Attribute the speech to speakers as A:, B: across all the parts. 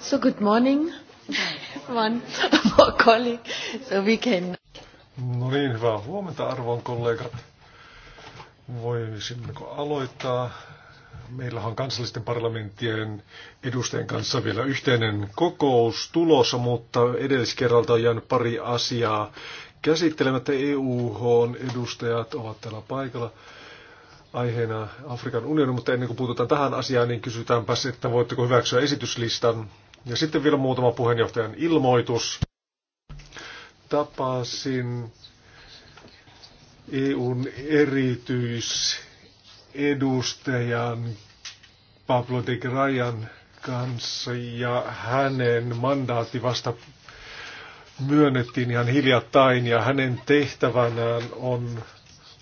A: So good morning, one
B: colleague, so we can...
C: No niin, hyvää huomenta arvon kollegat. Voisimmeko aloittaa? Meillä on kansallisten parlamenttien edustajien kanssa vielä yhteinen kokous tulossa, mutta edelliskerralta on jäänyt pari asiaa käsittelemättä. EUH edustajat ovat täällä paikalla aiheena Afrikan unioni, mutta ennen kuin puututaan tähän asiaan, niin kysytäänpäs, että voitteko hyväksyä esityslistan. Ja sitten vielä muutama puheenjohtajan ilmoitus. Tapasin EUn erityisedustajan Pablo de Grajan kanssa ja hänen mandaatti vasta myönnettiin ihan hiljattain ja hänen tehtävänään on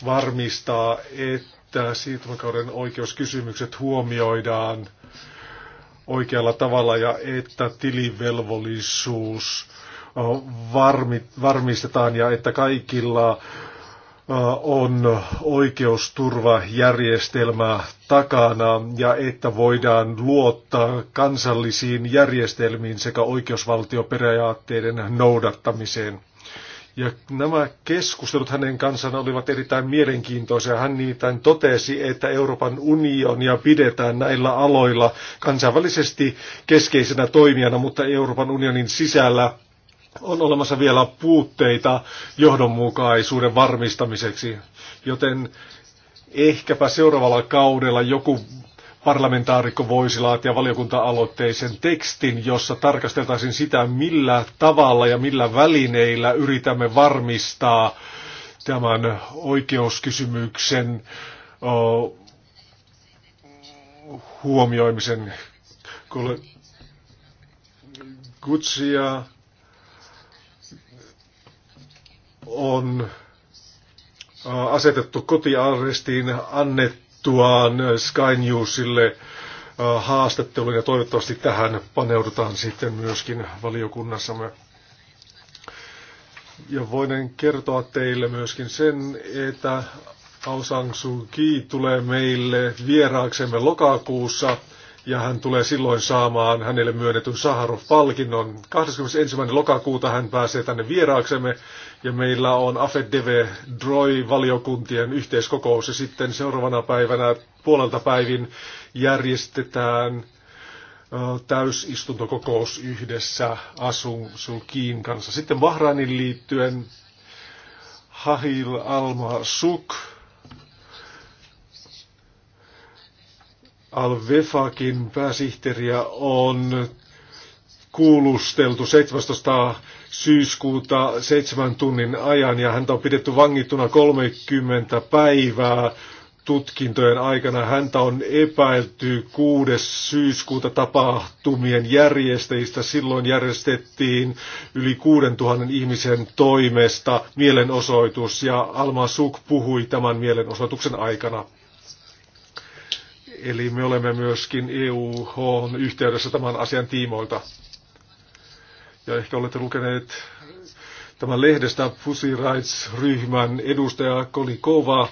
C: varmistaa, että että siirtymäkauden oikeuskysymykset huomioidaan oikealla tavalla ja että tilivelvollisuus varmistetaan ja että kaikilla on oikeusturvajärjestelmä takana ja että voidaan luottaa kansallisiin järjestelmiin sekä oikeusvaltioperiaatteiden noudattamiseen. Ja nämä keskustelut hänen kanssaan olivat erittäin mielenkiintoisia. Hän niitä totesi, että Euroopan unionia pidetään näillä aloilla kansainvälisesti keskeisenä toimijana, mutta Euroopan unionin sisällä on olemassa vielä puutteita johdonmukaisuuden varmistamiseksi. Joten ehkäpä seuraavalla kaudella joku parlamentaarikko voisi laatia valiokunta-aloitteisen tekstin, jossa tarkasteltaisiin sitä, millä tavalla ja millä välineillä yritämme varmistaa tämän oikeuskysymyksen huomioimisen. Kutsia on asetettu kotiarrestiin annettu kuultuaan Sky Newsille äh, haastattelun ja toivottavasti tähän paneudutaan sitten myöskin valiokunnassamme. Ja voinen kertoa teille myöskin sen, että Aung San Suu Kyi tulee meille vieraaksemme lokakuussa – ja hän tulee silloin saamaan hänelle myönnetyn Saharov-palkinnon. 21. lokakuuta hän pääsee tänne vieraaksemme ja meillä on AFEDV DROI-valiokuntien yhteiskokous ja sitten seuraavana päivänä puolelta päivin järjestetään täysistuntokokous yhdessä Asun Sukiin kanssa. Sitten Bahrainin liittyen Hahil Alma Suk, Al-Wefakin pääsihteeriä on kuulusteltu 17. syyskuuta seitsemän tunnin ajan ja häntä on pidetty vangittuna 30 päivää tutkintojen aikana. Häntä on epäilty 6. syyskuuta tapahtumien järjestäjistä. Silloin järjestettiin yli 6000 ihmisen toimesta mielenosoitus ja Alma Suk puhui tämän mielenosoituksen aikana. Eli me olemme myöskin EUH yhteydessä tämän asian tiimoilta. Ja ehkä olette lukeneet tämän lehdestä Pussy Rights-ryhmän edustaja Kolikova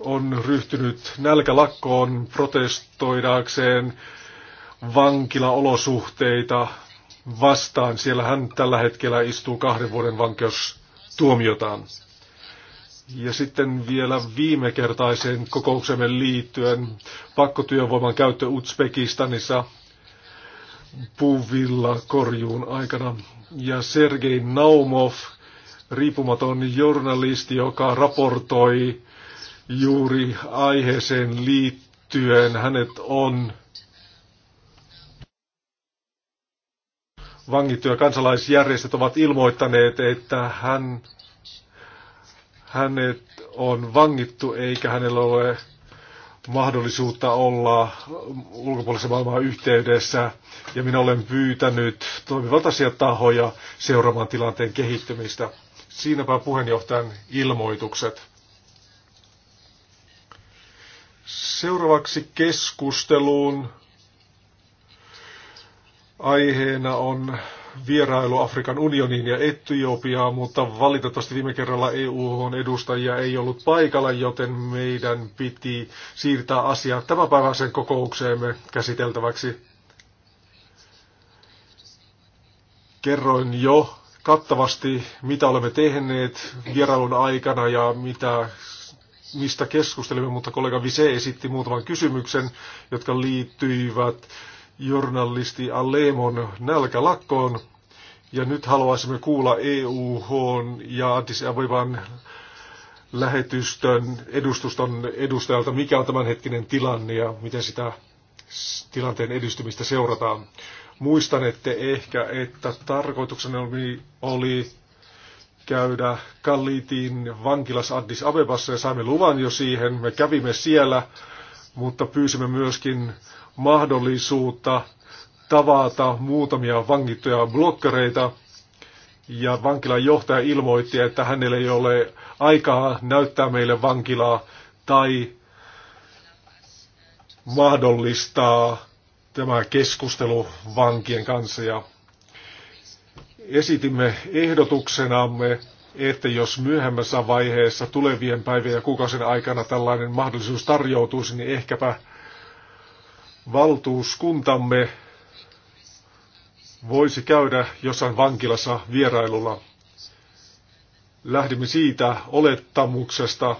C: on ryhtynyt nälkälakkoon protestoidaakseen vankilaolosuhteita vastaan. Siellä hän tällä hetkellä istuu kahden vuoden vankeustuomiotaan. Ja sitten vielä viime kertaisen kokouksemme liittyen pakkotyövoiman käyttö Uzbekistanissa puuvilla korjuun aikana. Ja Sergei Naumov, riippumaton journalisti, joka raportoi juuri aiheeseen liittyen, hänet on vangittu ja kansalaisjärjestöt ovat ilmoittaneet, että hän hänet on vangittu eikä hänellä ole mahdollisuutta olla ulkopuolisen maailman yhteydessä. Ja minä olen pyytänyt toimivaltaisia tahoja seuraamaan tilanteen kehittymistä. Siinäpä puheenjohtajan ilmoitukset. Seuraavaksi keskusteluun. Aiheena on vierailu Afrikan unioniin ja Etiopiaan, mutta valitettavasti viime kerralla EU-edustajia ei ollut paikalla, joten meidän piti siirtää asia sen kokoukseemme käsiteltäväksi. Kerroin jo kattavasti, mitä olemme tehneet vierailun aikana ja mitä mistä keskustelimme, mutta kollega Vise esitti muutaman kysymyksen, jotka liittyivät journalisti Alemon nälkälakkoon. Ja nyt haluaisimme kuulla EUH ja Addis Abeban lähetystön edustuston edustajalta, mikä on tämänhetkinen tilanne ja miten sitä tilanteen edistymistä seurataan. Muistan, että ehkä, että tarkoituksena oli, oli käydä Kalitin vankilas Addis Abebassa ja saimme luvan jo siihen. Me kävimme siellä, mutta pyysimme myöskin mahdollisuutta tavata muutamia vangittuja blokkereita. Ja vankilan johtaja ilmoitti, että hänellä ei ole aikaa näyttää meille vankilaa tai mahdollistaa tämä keskustelu vankien kanssa. Ja esitimme ehdotuksenamme, että jos myöhemmässä vaiheessa tulevien päivien ja kuukausien aikana tällainen mahdollisuus tarjoutuisi, niin ehkäpä valtuuskuntamme voisi käydä jossain vankilassa vierailulla. Lähdimme siitä olettamuksesta,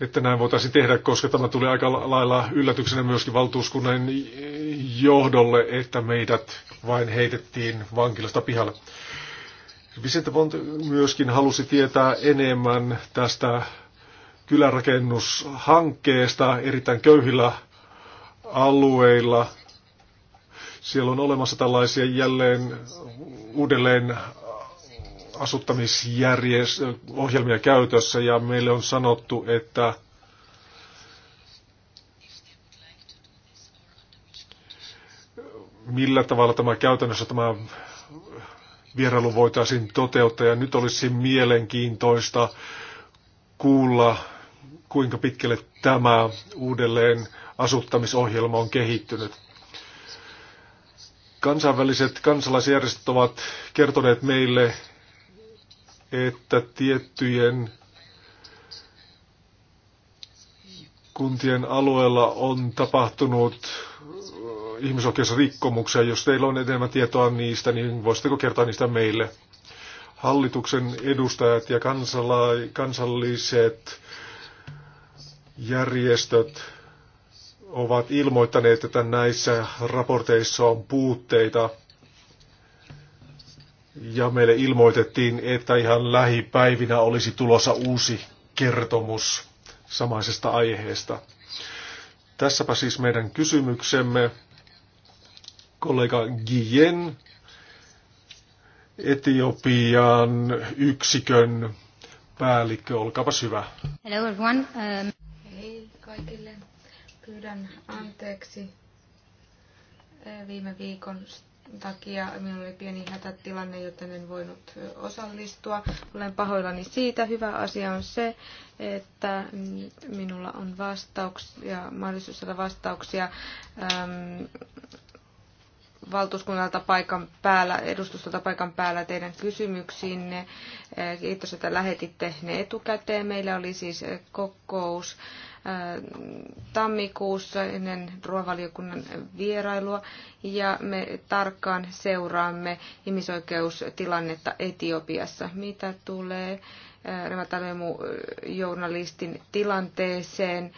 C: että näin voitaisiin tehdä, koska tämä tuli aika lailla yllätyksenä myöskin valtuuskunnan johdolle, että meidät vain heitettiin vankilasta pihalle. Vicente Bond myöskin halusi tietää enemmän tästä kylärakennushankkeesta erittäin köyhillä alueilla. Siellä on olemassa tällaisia jälleen uudelleen asuttamisjärjestelmiä käytössä ja meille on sanottu, että millä tavalla tämä käytännössä tämä vierailu voitaisiin toteuttaa. Ja nyt olisi mielenkiintoista kuulla, kuinka pitkälle tämä uudelleen asuttamisohjelma on kehittynyt. Kansainväliset kansalaisjärjestöt ovat kertoneet meille, että tiettyjen kuntien alueella on tapahtunut äh, ihmisoikeusrikkomuksia. Jos teillä on enemmän tietoa niistä, niin voisitteko kertoa niistä meille? hallituksen edustajat ja kansala- kansalliset järjestöt ovat ilmoittaneet, että näissä raporteissa on puutteita. Ja meille ilmoitettiin, että ihan lähipäivinä olisi tulossa uusi kertomus samaisesta aiheesta. Tässäpä siis meidän kysymyksemme. Kollega Guillen Etiopian yksikön päällikkö. Olkaapas hyvä.
D: Hello everyone. Um... Hei kaikille. Pyydän anteeksi eh, viime viikon takia minulla oli pieni hätätilanne, joten en voinut eh, osallistua. Olen pahoillani siitä. Hyvä asia on se, että minulla on vastauksia, mahdollisuus saada vastauksia Um valtuuskunnalta paikan päällä, edustustolta paikan päällä teidän kysymyksiinne. Kiitos, että lähetitte ne etukäteen. Meillä oli siis kokous äh, tammikuussa ennen ruovaliokunnan vierailua ja me tarkkaan seuraamme ihmisoikeustilannetta Etiopiassa. Mitä tulee Rematavemu-journalistin tilanteeseen.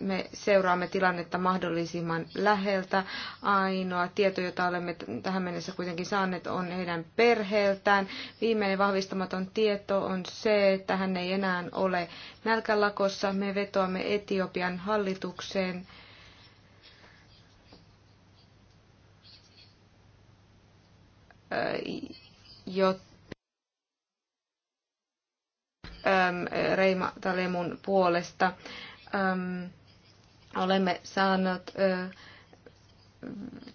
D: Me seuraamme tilannetta mahdollisimman läheltä. Ainoa tieto, jota olemme tähän mennessä kuitenkin saaneet, on heidän perheeltään. Viimeinen vahvistamaton tieto on se, että hän ei enää ole nälkälakossa. Me vetoamme Etiopian hallitukseen. jotta Reima Talemun puolesta. Olemme saaneet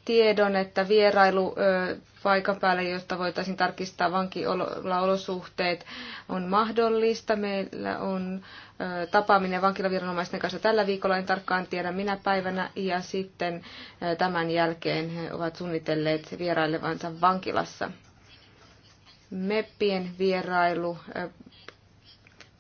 D: tiedon, että vierailu paikan päälle, josta voitaisiin tarkistaa vankilaolosuhteet, on mahdollista. Meillä on tapaaminen vankilaviranomaisten kanssa tällä viikolla, en tarkkaan tiedä minä päivänä, ja sitten tämän jälkeen he ovat suunnitelleet vierailevansa
E: vankilassa.
D: Meppien vierailu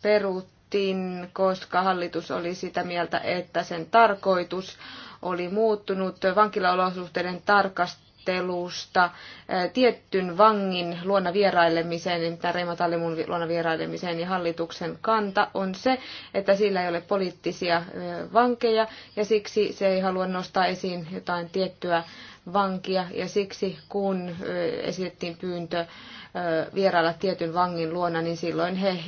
D: peruttiin, koska hallitus oli sitä mieltä, että sen tarkoitus oli muuttunut vankilaolosuhteiden tarkastelusta eh, tiettyn vangin luona vierailemiseen, nimittäin Reima Tallimun luona vierailemiseen, ja hallituksen kanta on se, että sillä ei ole poliittisia eh, vankeja, ja siksi se ei halua nostaa esiin jotain tiettyä vankia ja siksi kun esitettiin pyyntö vierailla tietyn vangin luona, niin silloin he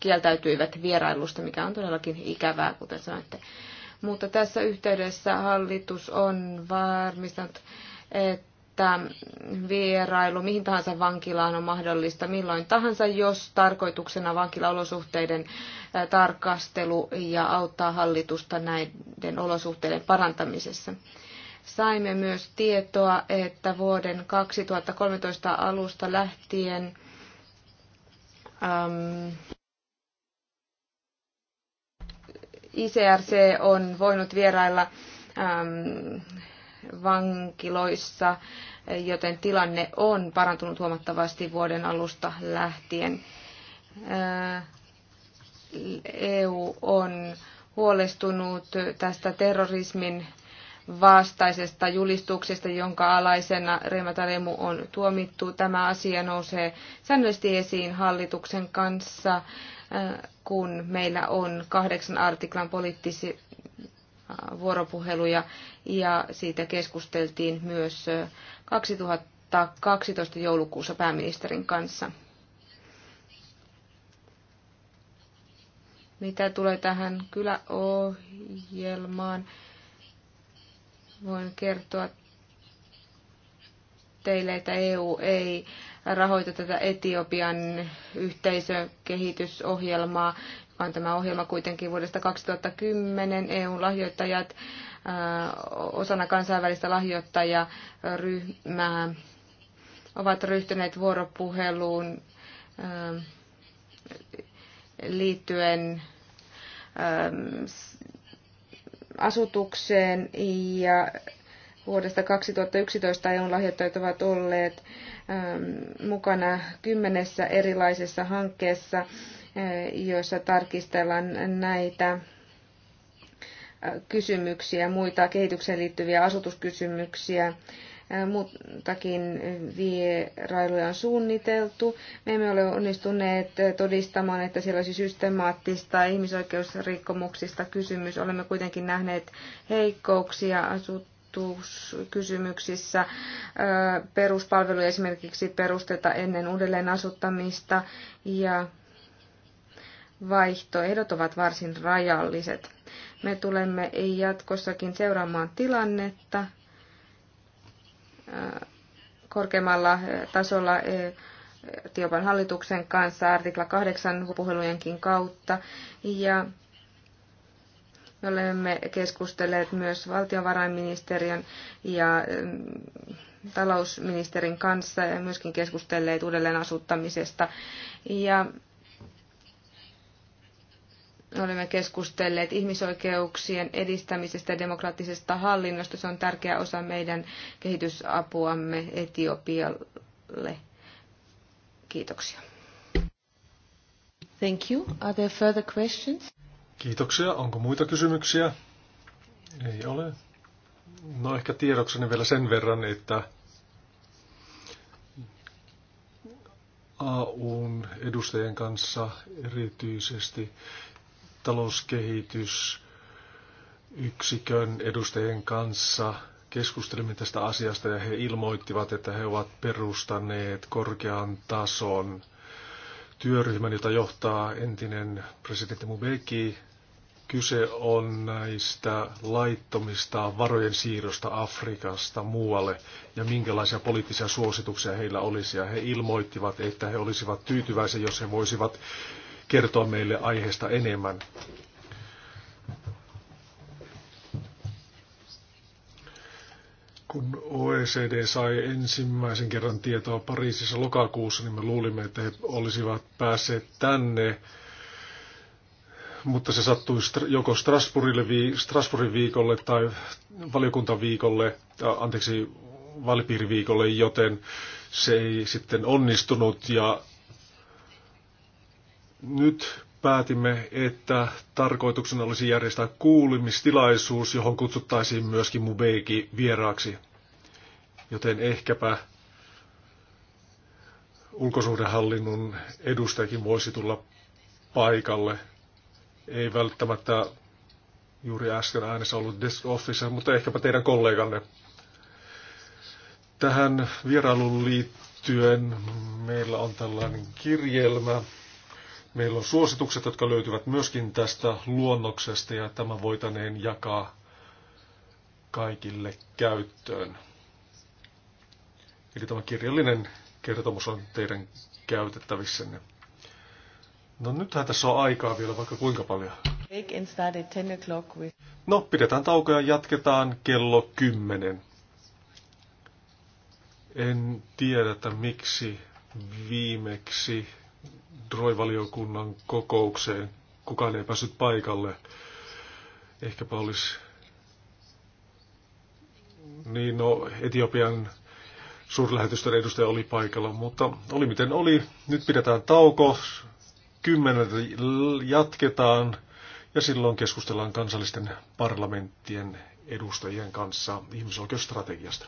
D: kieltäytyivät vierailusta, mikä on todellakin ikävää, kuten sanoitte. Mutta tässä yhteydessä hallitus on varmistanut, että vierailu mihin tahansa vankilaan on mahdollista milloin tahansa, jos tarkoituksena vankilaolosuhteiden tarkastelu ja auttaa hallitusta näiden olosuhteiden parantamisessa. Saimme myös tietoa, että vuoden 2013 alusta lähtien äm, ICRC on voinut vierailla äm, vankiloissa, joten tilanne on parantunut huomattavasti vuoden alusta lähtien. Äh, EU on huolestunut tästä terrorismin vastaisesta julistuksesta, jonka alaisena Remataremu on tuomittu. Tämä asia nousee säännöllisesti esiin hallituksen kanssa, äh, kun meillä on kahdeksan artiklan poliittisia vuoropuheluja ja siitä keskusteltiin myös 2012 äh, joulukuussa pääministerin kanssa. Mitä tulee tähän kyläohjelmaan? Voin kertoa teille, että EU ei rahoita tätä Etiopian yhteisökehitysohjelmaa, joka on tämä ohjelma kuitenkin vuodesta 2010. eu lahjoittajat äh, osana kansainvälistä lahjoittajaryhmää ovat ryhtyneet vuoropuheluun äh, liittyen ähm, asutukseen ja vuodesta 2011 EUn lahjoittajat ovat olleet ähm, mukana kymmenessä erilaisessa hankkeessa, äh, joissa tarkistellaan näitä äh, kysymyksiä, muita kehitykseen liittyviä asutuskysymyksiä muutakin vierailuja on suunniteltu. Me emme ole onnistuneet todistamaan, että siellä olisi systemaattista ihmisoikeusrikkomuksista kysymys. Olemme kuitenkin nähneet heikkouksia asutuskysymyksissä. Peruspalveluja esimerkiksi perusteta ennen uudelleen asuttamista ja vaihtoehdot ovat varsin rajalliset. Me tulemme jatkossakin seuraamaan tilannetta korkeammalla eh, tasolla eh, tiopan hallituksen kanssa artikla 8 puhelujenkin kautta. Ja me olemme keskustelleet myös valtiovarainministeriön ja mm, talousministerin kanssa ja myöskin keskustelleet uudelleen asuttamisesta. Ja olemme keskustelleet ihmisoikeuksien edistämisestä ja demokraattisesta hallinnosta. Se on tärkeä osa meidän kehitysapuamme Etiopialle. Kiitoksia.
B: Thank you. Are there further questions?
C: Kiitoksia. Onko muita kysymyksiä? Ei ole. No ehkä tiedokseni vielä sen verran, että AUn edustajien kanssa erityisesti talouskehitysyksikön edustajien kanssa keskustelimme tästä asiasta ja he ilmoittivat, että he ovat perustaneet korkean tason työryhmän, jota johtaa entinen presidentti Mubeki. Kyse on näistä laittomista varojen siirrosta Afrikasta muualle ja minkälaisia poliittisia suosituksia heillä olisi. Ja he ilmoittivat, että he olisivat tyytyväisiä, jos he voisivat kertoa meille aiheesta enemmän. Kun OECD sai ensimmäisen kerran tietoa Pariisissa lokakuussa, niin me luulimme, että he olisivat päässeet tänne mutta se sattui joko Strasbourgille, Strasbourgin viikolle tai valiokuntaviikolle, anteeksi, valipiiriviikolle, joten se ei sitten onnistunut ja nyt päätimme, että tarkoituksena olisi järjestää kuulimistilaisuus, johon kutsuttaisiin myöskin Mubeiki vieraaksi. Joten ehkäpä ulkosuhdehallinnon edustajakin voisi tulla paikalle. Ei välttämättä juuri äsken äänessä ollut Desk Office, mutta ehkäpä teidän kolleganne. Tähän vierailuun liittyen meillä on tällainen kirjelmä Meillä on suositukset, jotka löytyvät myöskin tästä luonnoksesta ja tämä voitaneen jakaa kaikille käyttöön. Eli tämä kirjallinen kertomus on teidän käytettävissänne. No nythän tässä on aikaa vielä vaikka kuinka paljon. No, pidetään tauko ja jatketaan kello 10. En tiedä, että miksi viimeksi DROI-valiokunnan kokoukseen. Kukaan ei päässyt paikalle. Ehkäpä olisi... Niin, no, Etiopian suurlähetystön edustaja oli paikalla, mutta oli miten oli. Nyt pidetään tauko, kymmeneltä jatketaan ja silloin keskustellaan kansallisten parlamenttien edustajien kanssa ihmisoikeusstrategiasta.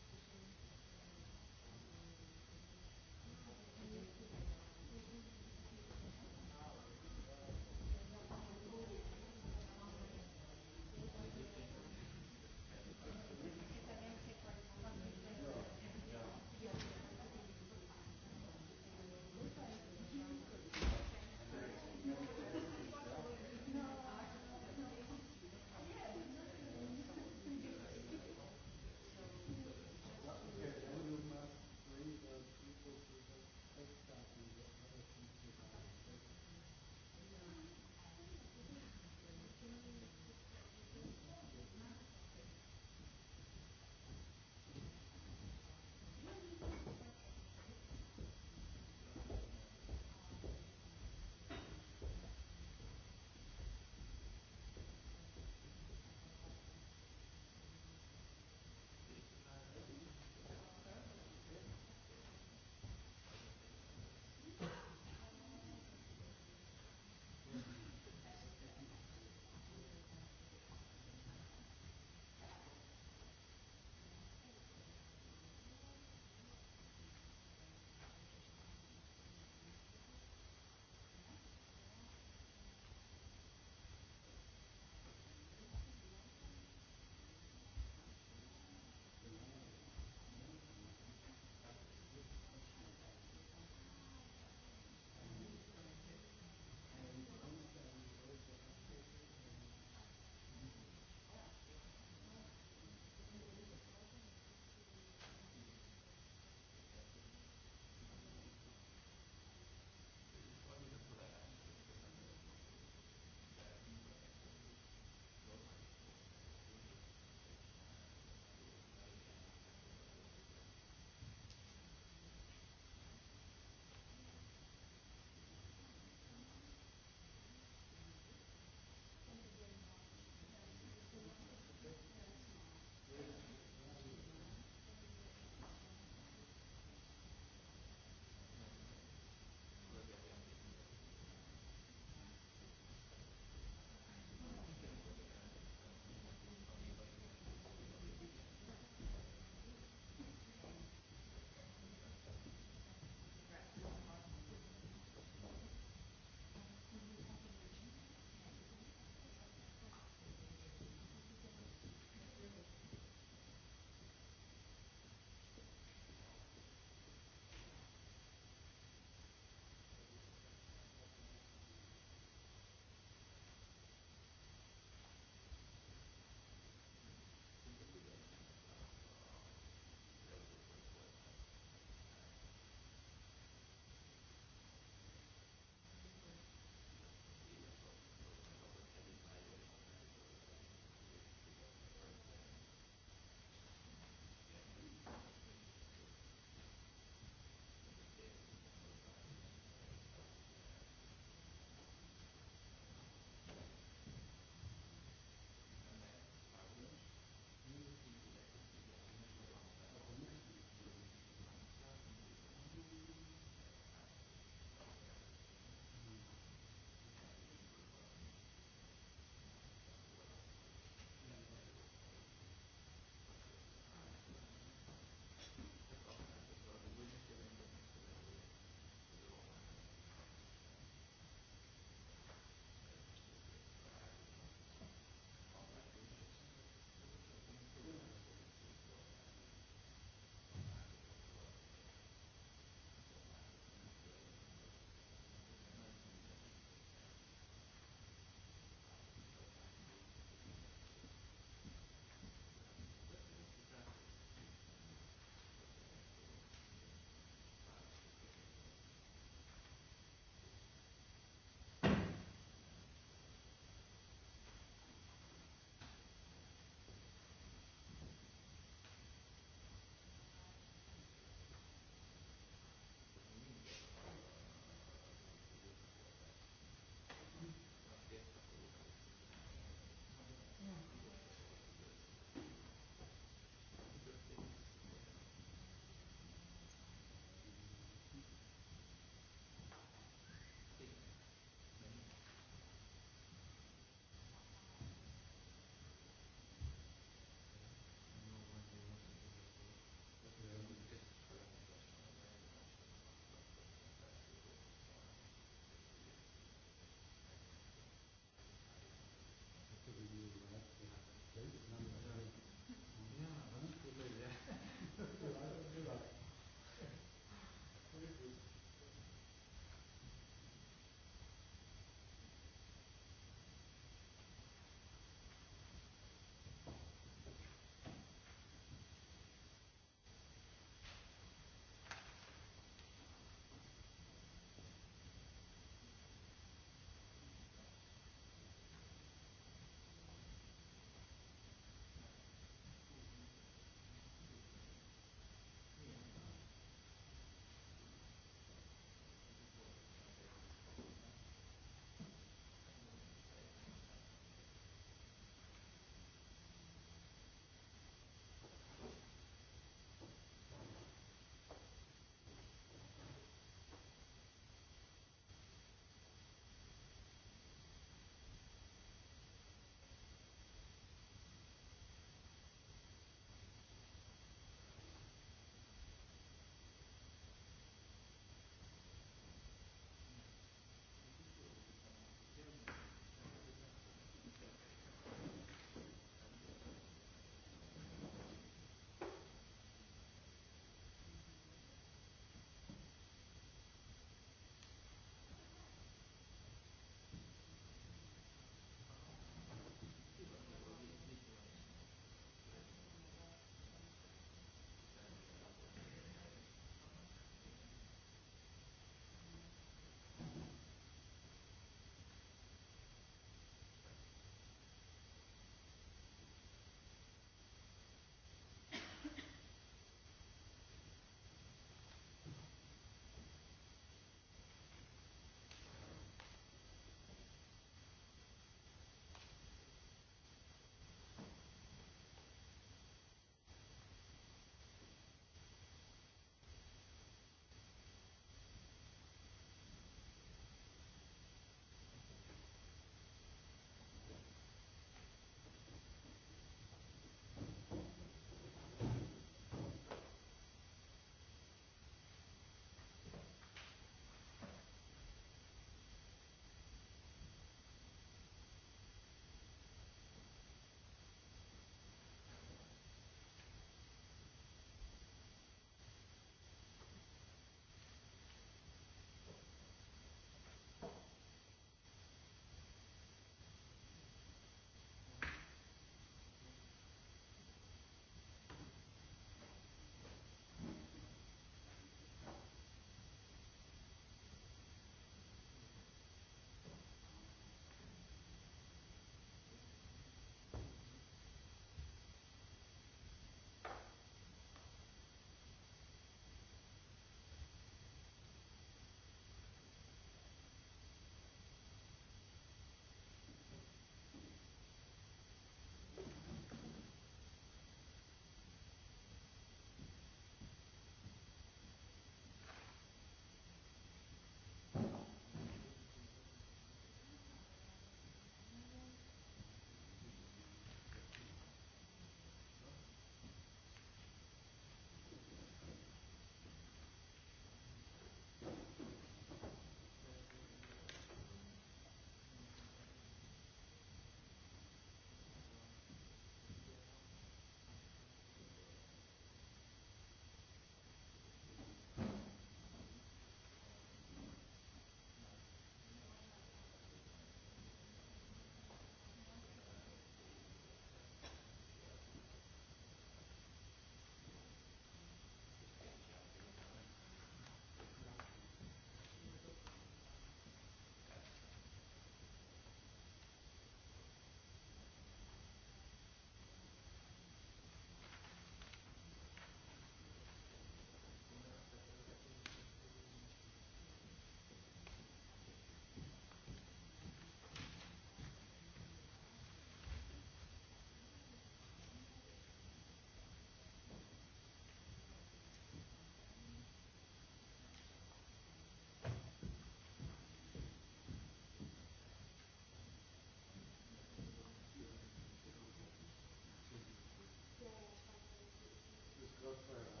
C: prayer.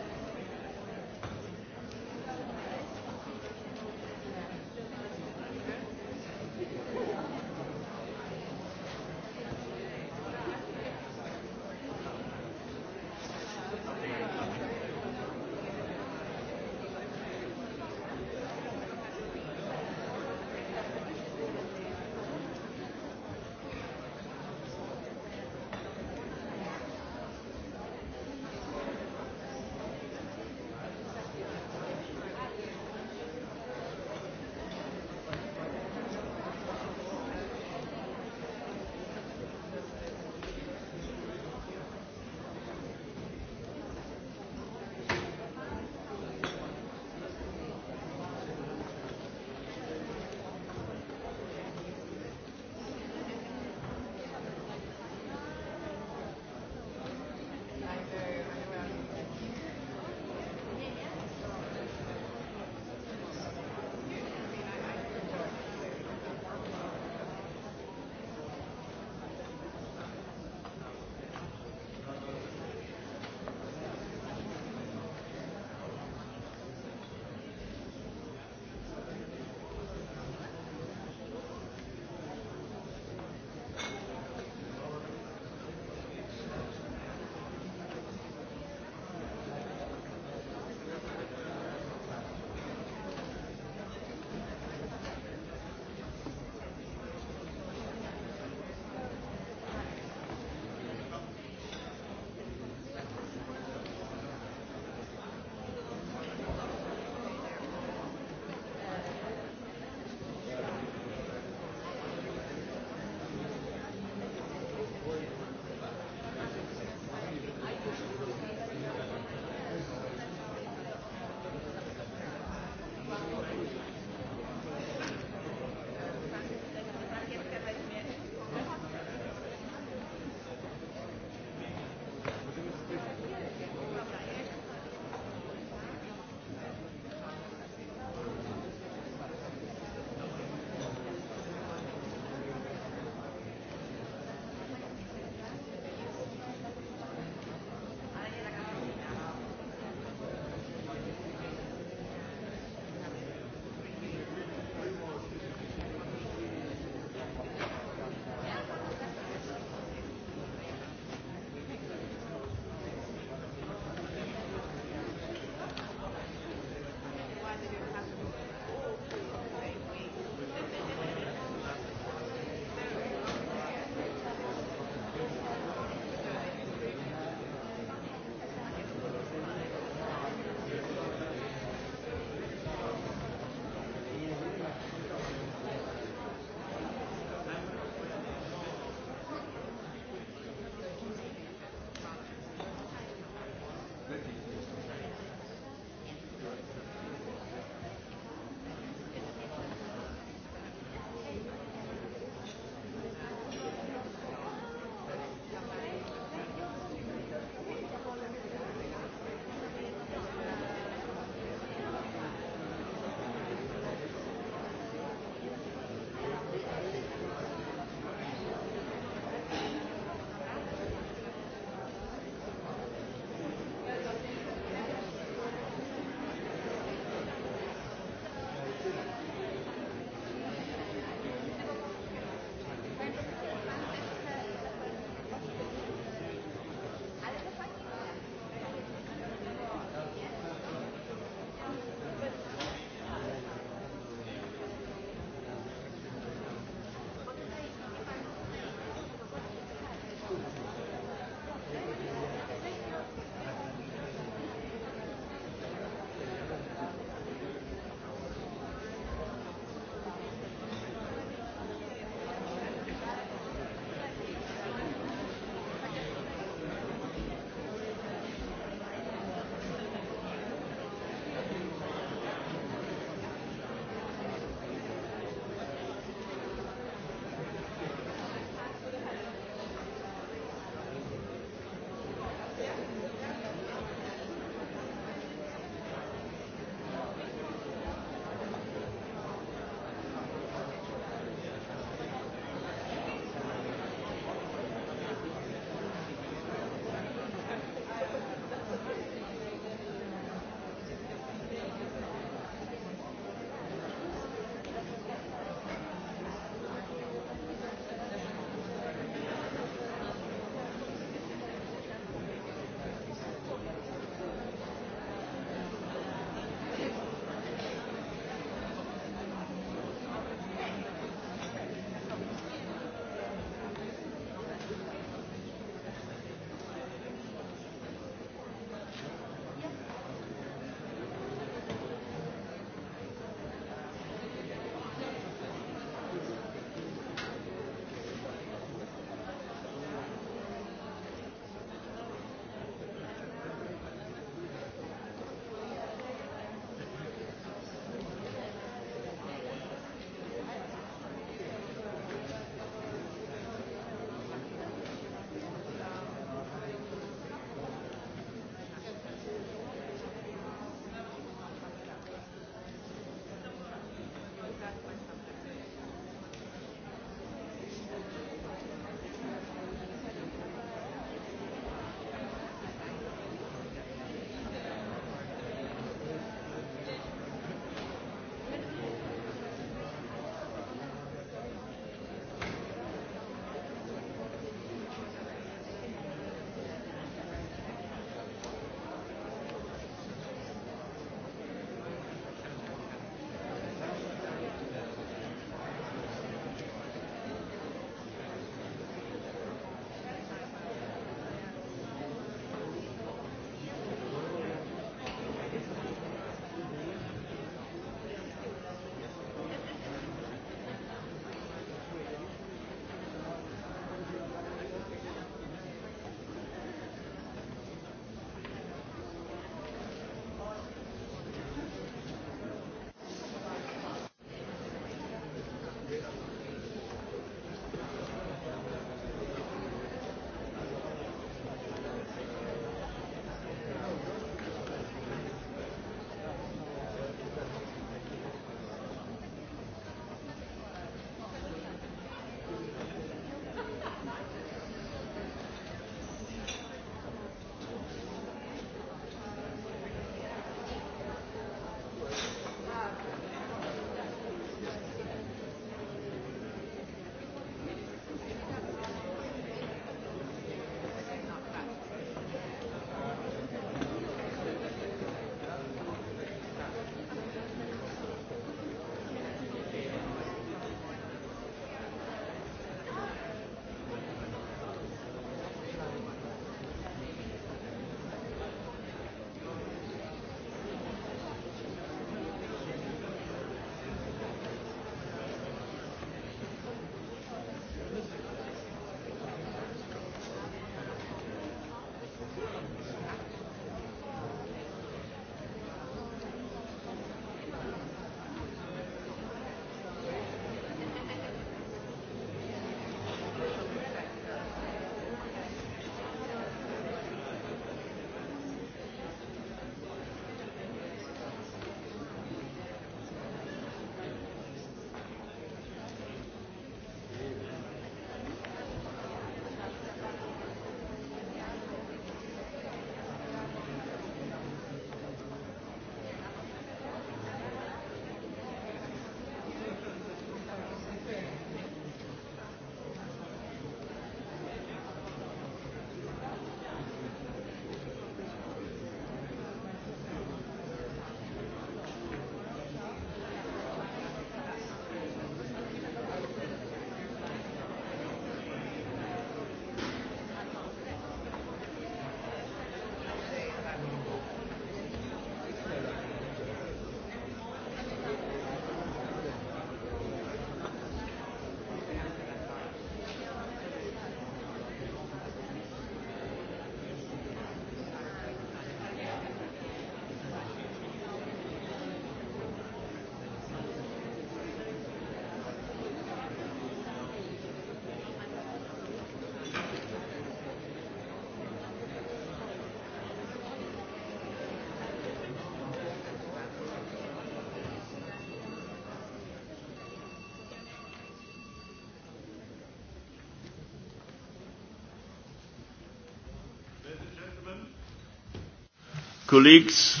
C: Colleagues,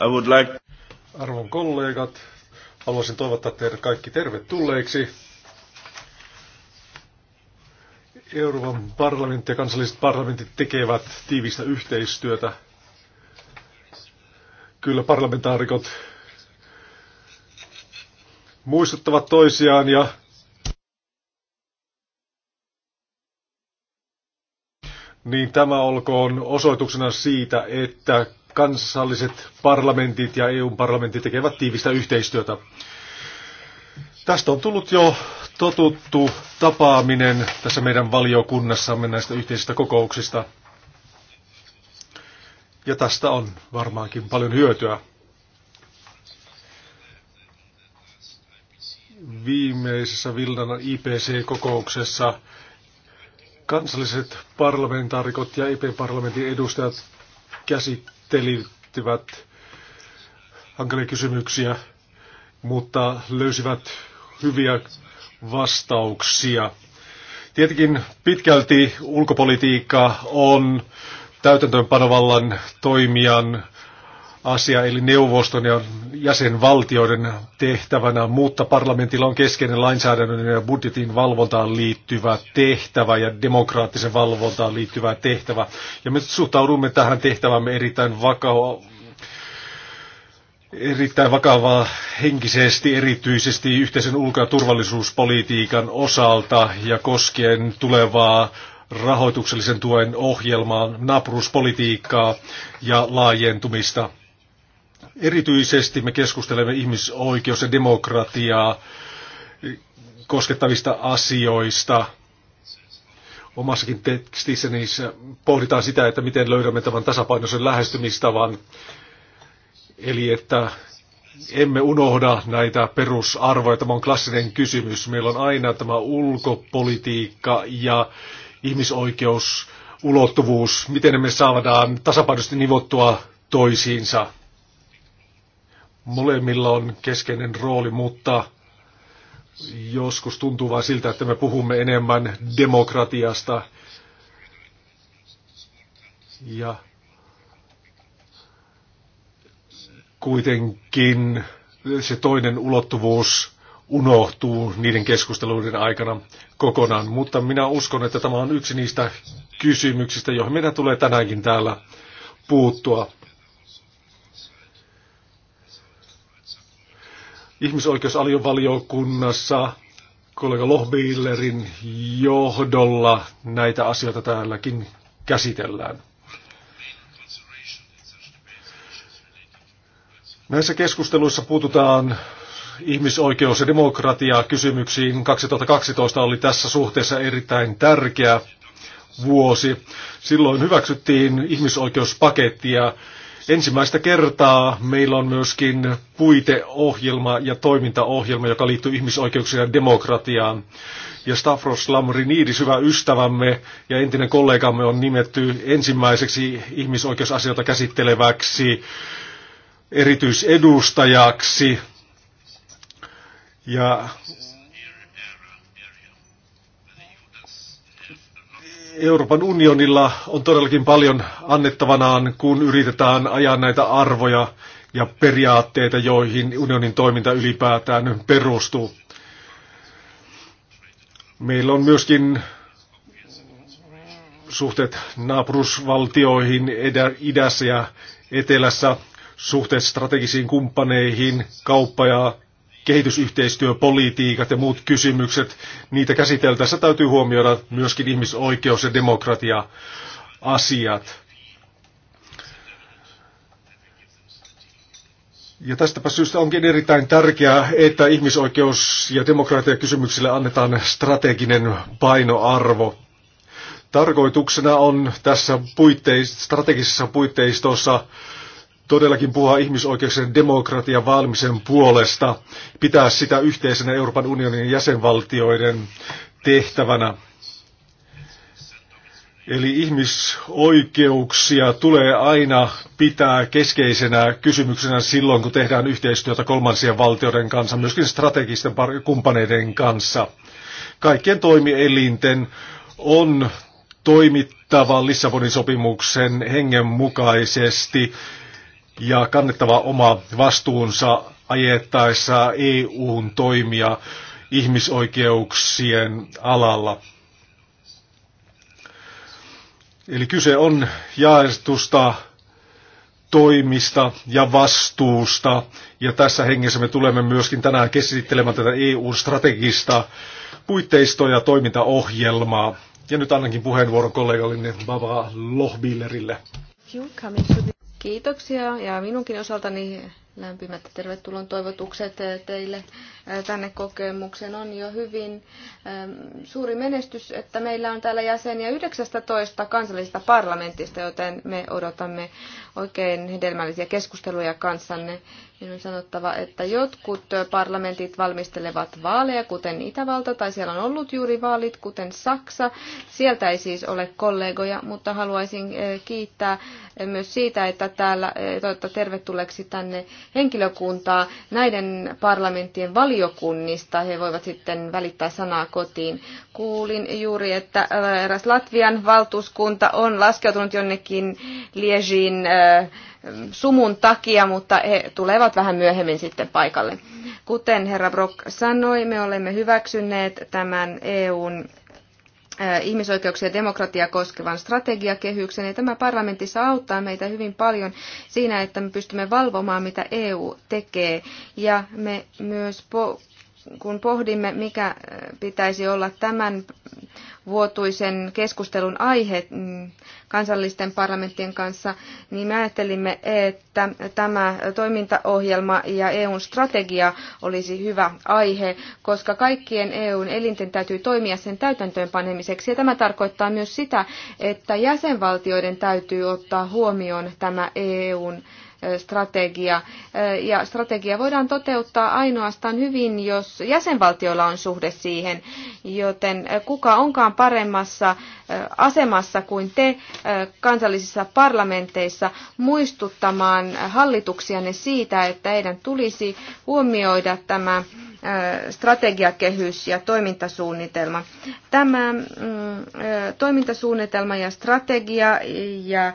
C: I would like... Arvon kollegat, haluaisin toivottaa teidät kaikki tervetulleiksi. Euroopan parlamentti ja kansalliset parlamentit tekevät tiivistä yhteistyötä. Kyllä parlamentaarikot muistuttavat toisiaan ja niin tämä olkoon osoituksena siitä, että kansalliset parlamentit ja EU-parlamentit tekevät tiivistä yhteistyötä. Tästä on tullut jo totuttu tapaaminen tässä meidän valiokunnassamme näistä yhteisistä kokouksista. Ja tästä on varmaankin paljon hyötyä. Viimeisessä Vildan IPC-kokouksessa kansalliset parlamentaarikot ja EP-parlamentin edustajat käsittelivät hankalia kysymyksiä, mutta löysivät hyviä vastauksia. Tietenkin pitkälti ulkopolitiikka on täytäntöönpanovallan toimijan asia, eli neuvoston ja jäsenvaltioiden tehtävänä, mutta parlamentilla on keskeinen lainsäädännön ja budjetin valvontaan liittyvä tehtävä ja demokraattisen valvontaan liittyvä tehtävä. Ja me suhtaudumme tähän tehtävämme erittäin vakavaa, erittäin vakavaa henkisesti, erityisesti yhteisen ulko- ja turvallisuuspolitiikan osalta ja koskien tulevaa rahoituksellisen tuen ohjelmaa, napruspolitiikkaa ja laajentumista erityisesti me keskustelemme ihmisoikeus- ja demokratiaa koskettavista asioista. Omassakin tekstissä niissä pohditaan sitä, että miten löydämme tämän tasapainoisen lähestymistavan. Eli että emme unohda näitä perusarvoja. Tämä on klassinen kysymys. Meillä on aina tämä ulkopolitiikka ja ihmisoikeus, ulottuvuus, miten me saadaan tasapainoisesti nivottua toisiinsa. Molemmilla on keskeinen rooli, mutta joskus tuntuu vain siltä, että me puhumme enemmän demokratiasta ja kuitenkin se toinen ulottuvuus unohtuu niiden keskusteluiden aikana kokonaan. Mutta minä uskon, että tämä on yksi niistä kysymyksistä, joihin meidän tulee tänäänkin täällä puuttua. ihmisoikeusaliovaliokunnassa kollega Lohbillerin johdolla näitä asioita täälläkin käsitellään. Näissä keskusteluissa puututaan ihmisoikeus- ja kysymyksiin. 2012 oli tässä suhteessa erittäin tärkeä vuosi. Silloin hyväksyttiin ihmisoikeuspakettia. Ensimmäistä kertaa meillä on myöskin puiteohjelma ja toimintaohjelma, joka liittyy ihmisoikeuksiin ja demokratiaan. Ja Stavros Lamrinidis, hyvä ystävämme ja entinen kollegamme, on nimetty ensimmäiseksi ihmisoikeusasioita käsitteleväksi erityisedustajaksi. Ja Euroopan unionilla on todellakin paljon annettavanaan, kun yritetään ajaa näitä arvoja ja periaatteita, joihin unionin toiminta ylipäätään perustuu. Meillä on myöskin suhteet naapurusvaltioihin idässä ja etelässä, suhteet strategisiin kumppaneihin, kauppa- ja kehitysyhteistyöpolitiikat ja muut kysymykset, niitä käsiteltäessä täytyy huomioida myöskin ihmisoikeus- ja demokratia-asiat. Ja tästäpä syystä onkin erittäin tärkeää, että ihmisoikeus- ja demokratiakysymyksille annetaan strateginen painoarvo. Tarkoituksena on tässä puitteis- strategisessa puitteistossa todellakin puhua ihmisoikeuksien demokratian valmisen puolesta, pitää sitä yhteisenä Euroopan unionin jäsenvaltioiden tehtävänä. Eli ihmisoikeuksia tulee aina pitää keskeisenä kysymyksenä silloin, kun tehdään yhteistyötä kolmansien valtioiden kanssa, myöskin strategisten kumppaneiden kanssa. Kaikkien toimielinten on toimittava Lissabonin sopimuksen hengen mukaisesti ja kannettava oma vastuunsa ajettaessa EUn toimia ihmisoikeuksien alalla. Eli kyse on jaetusta toimista ja vastuusta. Ja tässä hengessä me tulemme myöskin tänään käsittelemään tätä EU-strategista puitteistoa ja toimintaohjelmaa. Ja nyt annankin puheenvuoron kollegallinen Baba Lohbillerille.
D: Kiitoksia ja minunkin osaltani lämpimät tervetulon toivotukset teille tänne kokemukseen. On jo hyvin suuri menestys, että meillä on täällä jäseniä 19 kansallisesta parlamentista, joten me odotamme oikein hedelmällisiä keskusteluja kanssanne. Minun on sanottava, että jotkut parlamentit valmistelevat vaaleja, kuten Itävalta, tai siellä on ollut juuri vaalit, kuten Saksa. Sieltä ei siis ole kollegoja, mutta haluaisin kiittää myös siitä, että täällä toivottavasti tervetulleeksi tänne henkilökuntaa näiden parlamenttien valiokuntaan valiokunnista. He voivat sitten välittää sanaa kotiin. Kuulin juuri, että äh, eräs Latvian valtuuskunta on laskeutunut jonnekin Liegin äh, sumun takia, mutta he tulevat vähän myöhemmin sitten paikalle. Kuten herra Brock sanoi, me olemme hyväksyneet tämän EUn ihmisoikeuksia ja demokratiaa koskevan strategiakehyksen. Ja tämä parlamentissa auttaa meitä hyvin paljon siinä, että me pystymme valvomaan, mitä EU tekee. Ja me myös po- kun pohdimme, mikä äh, pitäisi olla tämän vuotuisen keskustelun aihe mm, kansallisten parlamenttien kanssa, niin me ajattelimme, että tämä toimintaohjelma ja EUn strategia olisi hyvä aihe, koska kaikkien EUn elinten täytyy toimia sen täytäntöönpanemiseksi. Ja tämä tarkoittaa myös sitä, että jäsenvaltioiden täytyy ottaa huomioon tämä EUn strategia. Ja strategia voidaan toteuttaa ainoastaan hyvin, jos jäsenvaltioilla on suhde siihen. Joten kuka onkaan paremmassa asemassa kuin te kansallisissa parlamenteissa muistuttamaan hallituksianne siitä, että heidän tulisi huomioida tämä strategiakehys ja toimintasuunnitelma. Tämä mm, toimintasuunnitelma ja strategia ja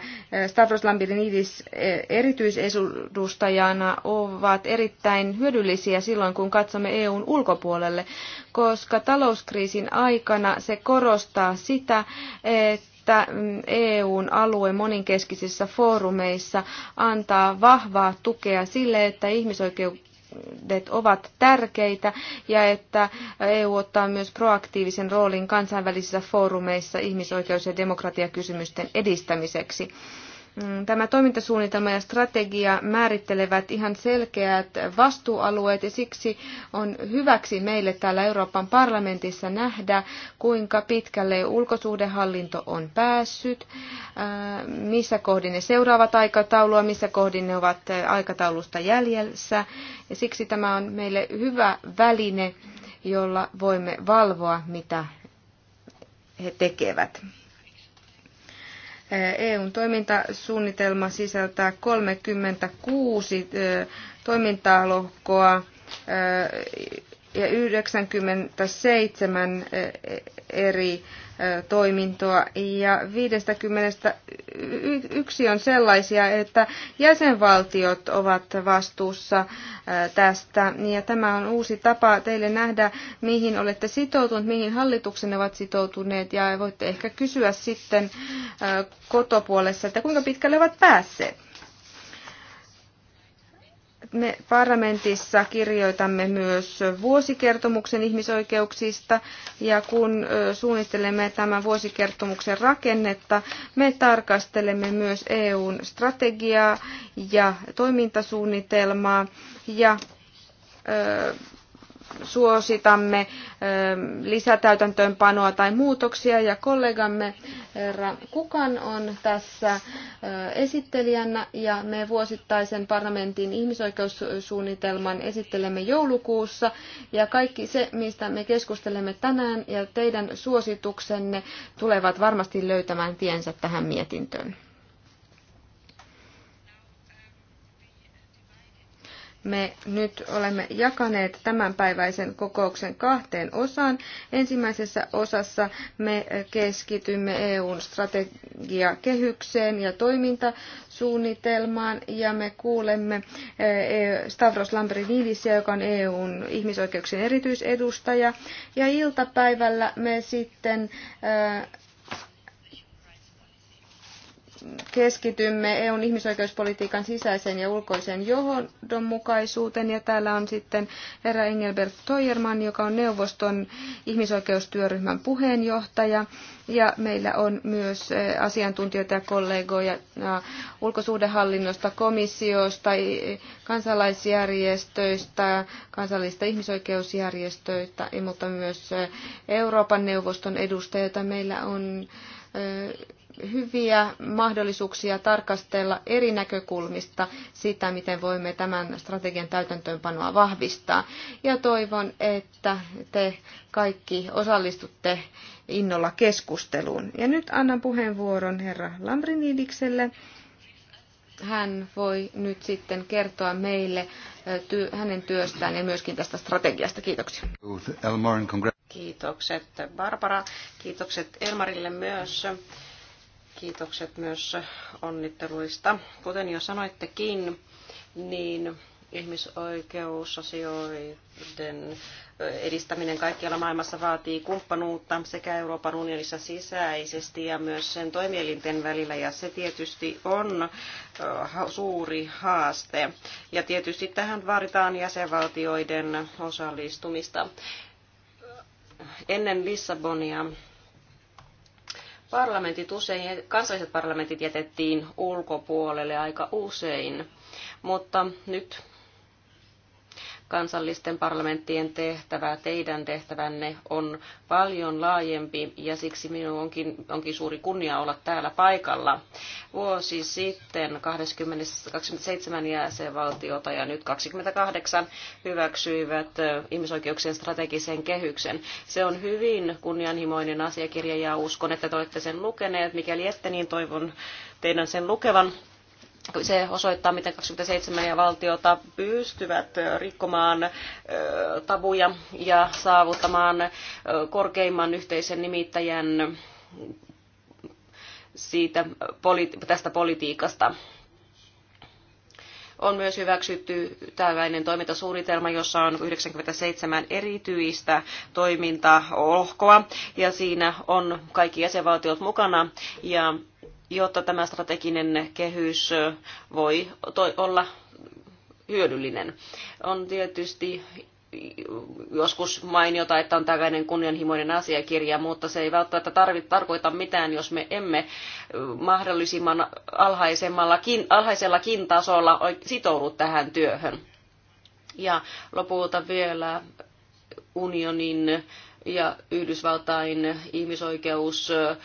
D: Stavros Lambirinidis erityisedustajana ovat erittäin hyödyllisiä silloin, kun katsomme EUn ulkopuolelle, koska talouskriisin aikana se korostaa sitä, että että mm, EUn alue moninkeskisissä foorumeissa antaa vahvaa tukea sille, että ihmisoikeuksia ovat tärkeitä ja että EU ottaa myös proaktiivisen roolin kansainvälisissä foorumeissa ihmisoikeus- ja demokratiakysymysten edistämiseksi. Mm, tämä toimintasuunnitelma ja strategia määrittelevät ihan selkeät vastuualueet ja siksi on hyväksi meille täällä Euroopan parlamentissa nähdä, kuinka pitkälle ulkosuhdehallinto on päässyt, äh, missä kohdin ne seuraavat aikataulua, missä kohdin ne ovat äh, aikataulusta jäljessä. Ja siksi tämä on meille hyvä väline, jolla voimme valvoa, mitä he tekevät. EUn toimintasuunnitelma sisältää 36 toimintalohkoa ja 97 e, eri toimintoa ja 51 on sellaisia, että jäsenvaltiot ovat vastuussa tästä ja tämä on uusi tapa teille nähdä, mihin olette sitoutuneet, mihin hallituksenne ovat sitoutuneet ja voitte ehkä kysyä sitten kotopuolessa, että kuinka pitkälle ovat päässeet. Me parlamentissa kirjoitamme myös vuosikertomuksen ihmisoikeuksista ja kun suunnittelemme tämän vuosikertomuksen rakennetta, me tarkastelemme myös EUn strategiaa ja toimintasuunnitelmaa ja suositamme lisätäytäntöönpanoa tai muutoksia ja kollegamme herra Kukan on tässä esittelijänä ja me vuosittaisen parlamentin ihmisoikeussuunnitelman esittelemme joulukuussa ja kaikki se, mistä me keskustelemme tänään ja teidän suosituksenne tulevat varmasti löytämään tiensä tähän mietintöön. Me nyt olemme jakaneet tämänpäiväisen kokouksen kahteen osaan. Ensimmäisessä osassa me keskitymme EUn strategiakehykseen ja toimintasuunnitelmaan ja me kuulemme eh, Stavros Lambrinidisia, joka on EUn ihmisoikeuksien erityisedustaja. Ja iltapäivällä me sitten eh, keskitymme EUn ihmisoikeuspolitiikan sisäiseen ja ulkoiseen johdonmukaisuuteen. Ja täällä on sitten herra Engelbert Toijerman, joka on neuvoston ihmisoikeustyöryhmän puheenjohtaja. Ja meillä on myös eh, asiantuntijoita ja kollegoja ulkosuhdehallinnosta, komissiosta, kansalaisjärjestöistä, kansallista ihmisoikeusjärjestöistä, eh, mutta myös eh, Euroopan neuvoston edustajia. Meillä on hyviä mahdollisuuksia tarkastella eri näkökulmista sitä, miten voimme tämän strategian täytäntöönpanoa vahvistaa. Ja toivon, että te kaikki osallistutte innolla keskusteluun. Ja nyt annan puheenvuoron herra Lambrinidikselle. Hän voi nyt sitten kertoa meille hänen työstään ja myöskin tästä strategiasta. Kiitoksia.
E: Kiitokset Barbara, kiitokset Elmarille myös Kiitokset myös onnitteluista. Kuten jo sanoittekin, niin ihmisoikeusasioiden edistäminen kaikkialla maailmassa vaatii kumppanuutta sekä Euroopan unionissa sisäisesti ja myös sen toimielinten välillä ja se tietysti on suuri haaste. Ja tietysti tähän vaaditaan jäsenvaltioiden osallistumista. Ennen Lissabonia Parlamentit usein, kansalliset parlamentit jätettiin ulkopuolelle aika usein, mutta nyt kansallisten parlamenttien tehtävä, teidän tehtävänne on paljon laajempi ja siksi minun onkin, onkin suuri kunnia olla täällä paikalla. Vuosi sitten 20, 27 jäsenvaltiota ja nyt 28 hyväksyivät ihmisoikeuksien strategisen kehyksen. Se on hyvin kunnianhimoinen asiakirja ja uskon, että te olette sen lukeneet. Mikäli ette, niin toivon teidän sen lukevan se osoittaa, miten 27 ja valtiota pystyvät rikkomaan tabuja ja saavuttamaan korkeimman yhteisen nimittäjän siitä, tästä politiikasta on myös hyväksytty tällainen toimintasuunnitelma, jossa on 97 erityistä toimintaohkoa ja siinä on kaikki jäsenvaltiot mukana ja jotta tämä strateginen kehys voi olla hyödyllinen. On tietysti joskus mainiota, että on tällainen kunnianhimoinen asiakirja, mutta se ei välttämättä tarvit, tarkoita mitään, jos me emme mahdollisimman alhaisemmallakin, alhaisellakin tasolla sitoudu tähän työhön. Ja lopulta vielä unionin ja Yhdysvaltain ihmisoikeusasia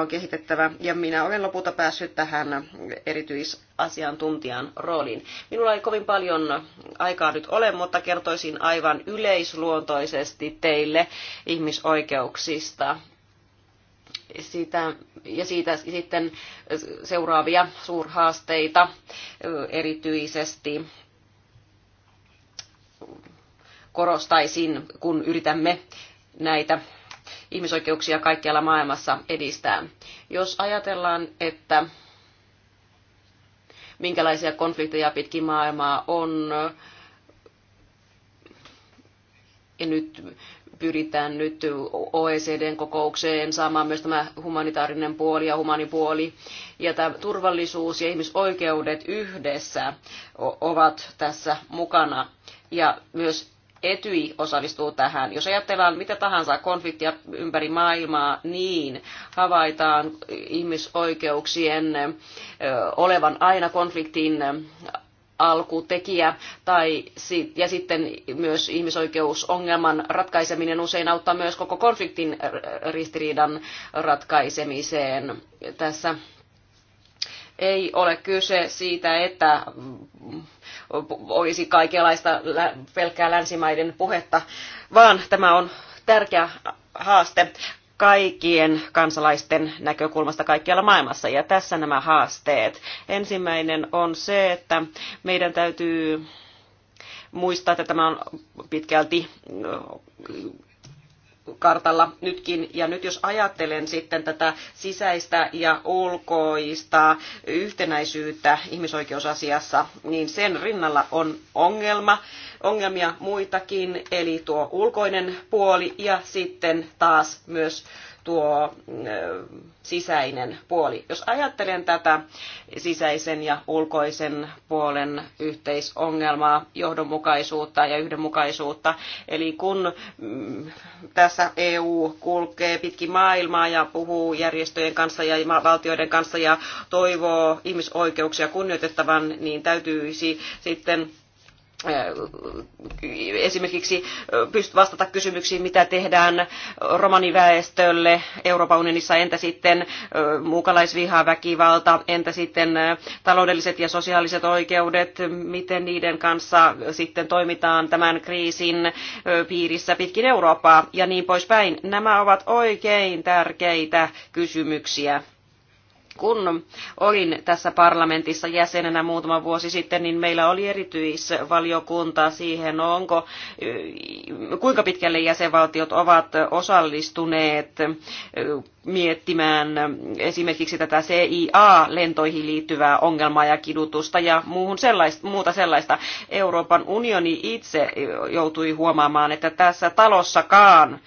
E: on kehitettävä. Ja minä olen lopulta päässyt tähän erityisasiantuntijan rooliin. Minulla ei kovin paljon aikaa nyt ole, mutta kertoisin aivan yleisluontoisesti teille ihmisoikeuksista sitä, ja siitä sitten seuraavia suurhaasteita erityisesti korostaisin, kun yritämme näitä ihmisoikeuksia kaikkialla maailmassa edistää. Jos ajatellaan, että minkälaisia konflikteja pitkin maailmaa on, ja nyt pyritään nyt OECDn kokoukseen saamaan myös tämä humanitaarinen puoli ja humanipuoli. Ja tämä turvallisuus ja ihmisoikeudet yhdessä ovat tässä mukana. Ja myös Etyi osallistuu tähän. Jos ajatellaan mitä tahansa konfliktia ympäri maailmaa, niin havaitaan ihmisoikeuksien olevan aina konfliktin alkutekijä tai, ja sitten myös ihmisoikeusongelman ratkaiseminen usein auttaa myös koko konfliktin ristiriidan ratkaisemiseen. Tässä ei ole kyse siitä, että olisi kaikenlaista pelkkää länsimaiden puhetta, vaan tämä on tärkeä haaste kaikkien kansalaisten näkökulmasta kaikkialla maailmassa. Ja tässä nämä haasteet. Ensimmäinen on se, että meidän täytyy muistaa, että tämä on pitkälti kartalla nytkin. Ja nyt jos ajattelen sitten tätä sisäistä ja ulkoista yhtenäisyyttä ihmisoikeusasiassa, niin sen rinnalla on ongelma, ongelmia muitakin, eli tuo ulkoinen puoli ja sitten taas myös tuo sisäinen puoli. Jos ajattelen tätä sisäisen ja ulkoisen puolen yhteisongelmaa, johdonmukaisuutta ja yhdenmukaisuutta, eli kun mm, tässä EU kulkee pitkin maailmaa ja puhuu järjestöjen kanssa ja valtioiden kanssa ja toivoo ihmisoikeuksia kunnioitettavan, niin täytyisi sitten Äh, esimerkiksi äh, vastata kysymyksiin, mitä tehdään romaniväestölle Euroopan unionissa, entä sitten äh, muukalaisviha, väkivalta, entä sitten taloudelliset ja sosiaaliset oikeudet, miten niiden kanssa sitten toimitaan tämän kriisin piirissä pitkin Eurooppaa ja niin poispäin. Nämä ovat oikein tärkeitä kysymyksiä kun olin tässä parlamentissa jäsenenä muutama vuosi sitten, niin meillä oli erityisvaliokunta siihen, onko, kuinka pitkälle jäsenvaltiot ovat osallistuneet miettimään esimerkiksi tätä CIA-lentoihin liittyvää ongelmaa ja kidutusta ja muuhun sellaista, muuta sellaista. Euroopan unioni itse joutui huomaamaan, että tässä talossakaan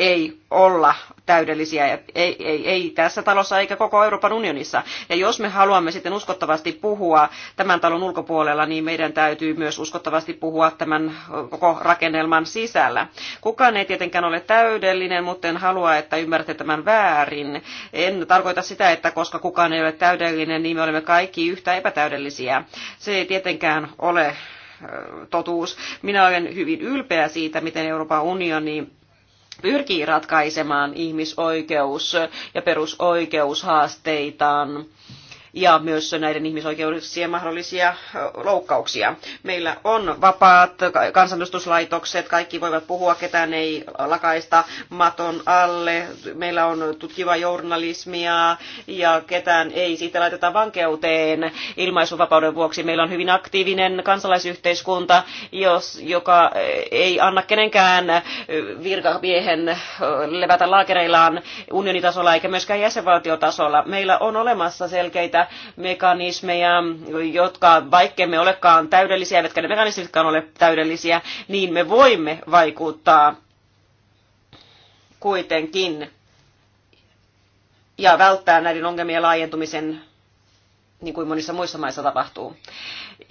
E: ei olla täydellisiä, ei, ei, ei tässä talossa eikä koko Euroopan unionissa. Ja jos me haluamme sitten uskottavasti puhua tämän talon ulkopuolella, niin meidän täytyy myös uskottavasti puhua tämän koko rakennelman sisällä. Kukaan ei tietenkään ole täydellinen, mutta en halua, että ymmärrätte tämän väärin. En tarkoita sitä, että koska kukaan ei ole täydellinen, niin me olemme kaikki yhtä epätäydellisiä. Se ei tietenkään ole totuus. Minä olen hyvin ylpeä siitä, miten Euroopan unioni pyrkii ratkaisemaan ihmisoikeus- ja perusoikeushaasteitaan ja myös näiden ihmisoikeuksien mahdollisia loukkauksia. Meillä on vapaat kansanedustuslaitokset, kaikki voivat puhua, ketään ei lakaista maton alle. Meillä on tutkiva journalismia ja ketään ei siitä laiteta vankeuteen ilmaisuvapauden vuoksi. Meillä on hyvin aktiivinen kansalaisyhteiskunta, jos, joka ei anna kenenkään virkamiehen levätä laakereillaan unionitasolla eikä myöskään jäsenvaltiotasolla. Meillä on olemassa selkeitä niitä mekanismeja, jotka, vaikkei me olekaan täydellisiä, eivätkä ne mekanismitkaan ole täydellisiä, niin me voimme vaikuttaa kuitenkin ja välttää näiden ongelmien laajentumisen, niin kuin monissa muissa maissa tapahtuu.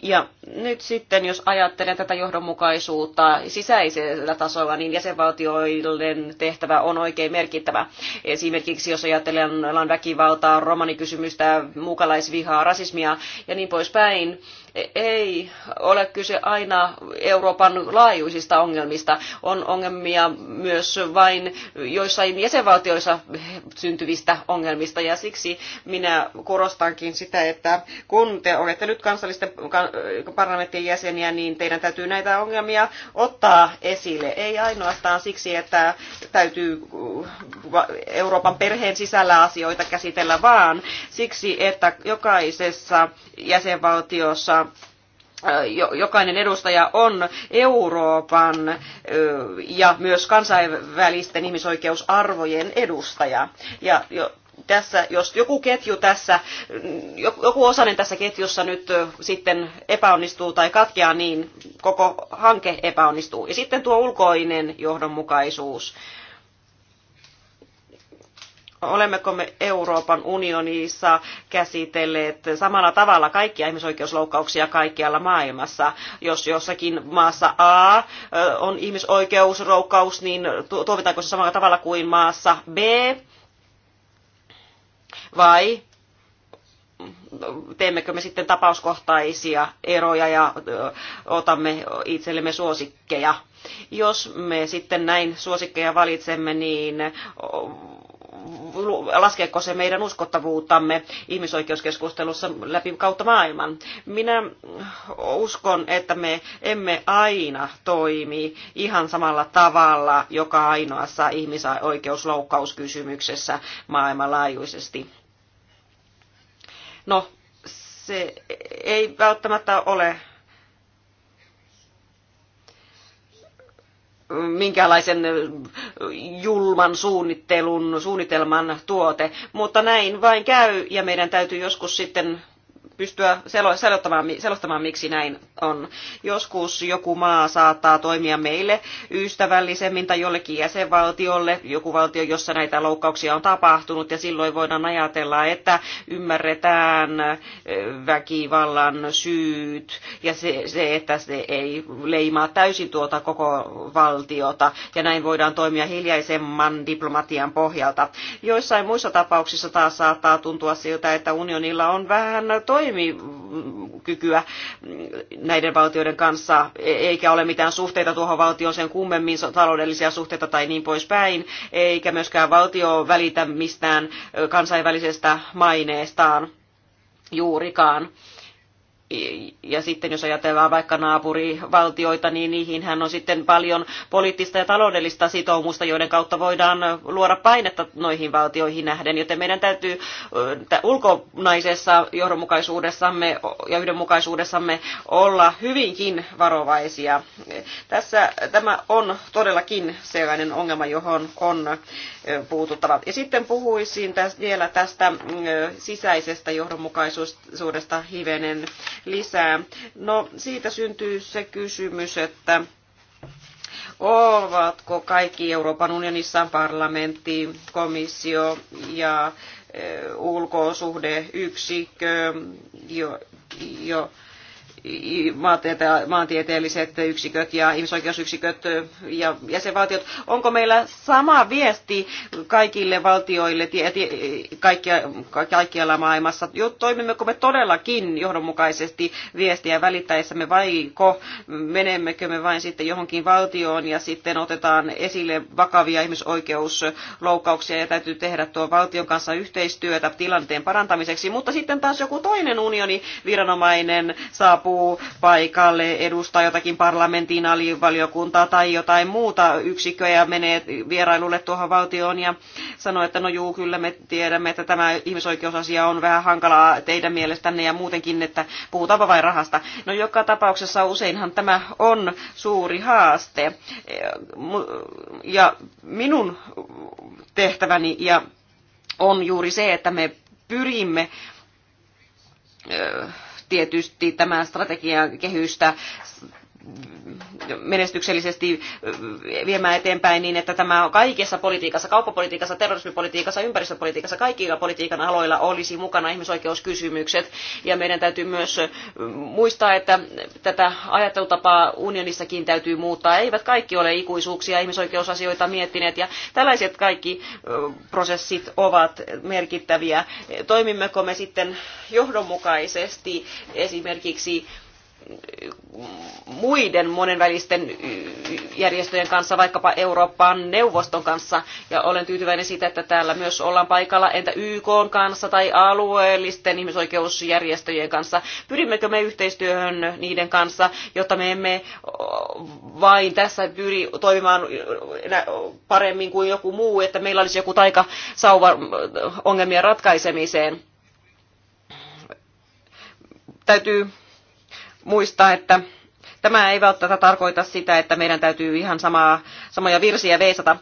E: Ja nyt sitten, jos ajattelen tätä johdonmukaisuutta sisäisellä tasolla, niin jäsenvaltioiden tehtävä on oikein merkittävä. Esimerkiksi jos ajatellaan väkivaltaa, romanikysymystä, muukalaisvihaa, rasismia ja niin poispäin, ei ole kyse aina Euroopan laajuisista ongelmista. On ongelmia myös vain joissain jäsenvaltioissa syntyvistä ongelmista ja siksi minä korostankin sitä, että kun te olette nyt kansallisten Äh, parlamentin jäseniä, niin teidän täytyy näitä ongelmia ottaa esille. Ei ainoastaan siksi, että täytyy äh, Euroopan perheen sisällä asioita käsitellä, vaan siksi, että jokaisessa jäsenvaltiossa äh, jokainen edustaja on Euroopan ja myös kansainvälisten ihmisoikeusarvojen edustaja. Ja tässä, jos joku ketju tässä, joku osainen tässä ketjussa nyt sitten epäonnistuu tai katkeaa, niin koko hanke epäonnistuu. Ja sitten tuo ulkoinen johdonmukaisuus. Olemmeko me Euroopan unionissa käsitelleet samalla tavalla kaikkia ihmisoikeusloukkauksia kaikkialla maailmassa? Jos jossakin maassa A on ihmisoikeusloukkaus, niin tuovitaanko se samalla tavalla kuin maassa B? vai teemmekö me sitten tapauskohtaisia eroja ja otamme itsellemme suosikkeja. Jos me sitten näin suosikkeja valitsemme, niin laskeeko se meidän uskottavuuttamme ihmisoikeuskeskustelussa läpi kautta maailman. Minä uskon, että me emme aina toimi ihan samalla tavalla joka ainoassa ihmisoikeusloukkauskysymyksessä maailmanlaajuisesti No, se ei välttämättä ole minkälaisen julman suunnittelun, suunnitelman tuote, mutta näin vain käy ja meidän täytyy joskus sitten pystyä selostamaan, selostamaan, miksi näin on. Joskus joku maa saattaa toimia meille ystävällisemmin tai jollekin jäsenvaltiolle, joku valtio, jossa näitä loukkauksia on tapahtunut, ja silloin voidaan ajatella, että ymmärretään väkivallan syyt ja se, se että se ei leimaa täysin tuota koko valtiota, ja näin voidaan toimia hiljaisemman diplomatian pohjalta. Joissain muissa tapauksissa taas saattaa tuntua siltä, että unionilla on vähän toinen toimikykyä näiden valtioiden kanssa, e- eikä ole mitään suhteita tuohon valtioon sen kummemmin, taloudellisia suhteita tai niin poispäin, eikä myöskään valtio välitä mistään kansainvälisestä maineestaan juurikaan ja sitten jos ajatellaan vaikka naapurivaltioita, niin niihin hän on sitten paljon poliittista ja taloudellista sitoumusta, joiden kautta voidaan luoda painetta noihin valtioihin nähden, joten meidän täytyy ulkonaisessa johdonmukaisuudessamme ja yhdenmukaisuudessamme olla hyvinkin varovaisia. Tässä tämä on todellakin sellainen ongelma, johon on puututtava. Ja sitten puhuisin tästä, vielä tästä sisäisestä johdonmukaisuudesta hivenen lisää. No siitä syntyy se kysymys, että ovatko kaikki Euroopan unionissa parlamentti, komissio ja eh, ulkosuhdeyksikkö jo, jo maantieteelliset yksiköt ja ihmisoikeusyksiköt ja jäsenvaltiot. Onko meillä sama viesti kaikille valtioille kaikkialla maailmassa? Toimimmeko me todellakin johdonmukaisesti viestiä välittäessämme vaiko menemmekö me vain sitten johonkin valtioon ja sitten otetaan esille vakavia ihmisoikeusloukkauksia ja täytyy tehdä tuo valtion kanssa yhteistyötä tilanteen parantamiseksi, mutta sitten taas joku toinen unioni viranomainen saapuu joku paikalle, edustaa jotakin parlamentin alivaliokuntaa tai jotain muuta yksikköä ja menee vierailulle tuohon valtioon ja sanoo, että no juu, kyllä me tiedämme, että tämä ihmisoikeusasia on vähän hankalaa teidän mielestänne ja muutenkin, että puhutaanpa vain rahasta. No joka tapauksessa useinhan tämä on suuri haaste. Ja minun tehtäväni ja on juuri se, että me pyrimme tietysti tämän strategian kehystä menestyksellisesti eh, viemään eteenpäin niin, että tämä kaikessa politiikassa, kauppapolitiikassa, terrorismipolitiikassa, ympäristöpolitiikassa, kaikilla politiikan aloilla olisi mukana ihmisoikeuskysymykset. Ja meidän täytyy myös eh, muistaa, että tätä ajattelutapaa unionissakin täytyy muuttaa. Eivät kaikki ole ikuisuuksia ihmisoikeusasioita miettineet ja tällaiset kaikki eh, prosessit ovat merkittäviä. Toimimmeko me sitten johdonmukaisesti esimerkiksi muiden monenvälisten järjestöjen kanssa, vaikkapa Euroopan neuvoston kanssa. Ja olen tyytyväinen siitä, että täällä myös ollaan paikalla, entä YK kanssa tai alueellisten ihmisoikeusjärjestöjen kanssa. Pyrimmekö me yhteistyöhön niiden kanssa, jotta me emme vain tässä pyri toimimaan paremmin kuin joku muu, että meillä olisi joku taika sauva ongelmien ratkaisemiseen. Täytyy muistaa, että tämä ei välttämättä tarkoita sitä, että meidän täytyy ihan samaa, samoja virsiä veisata.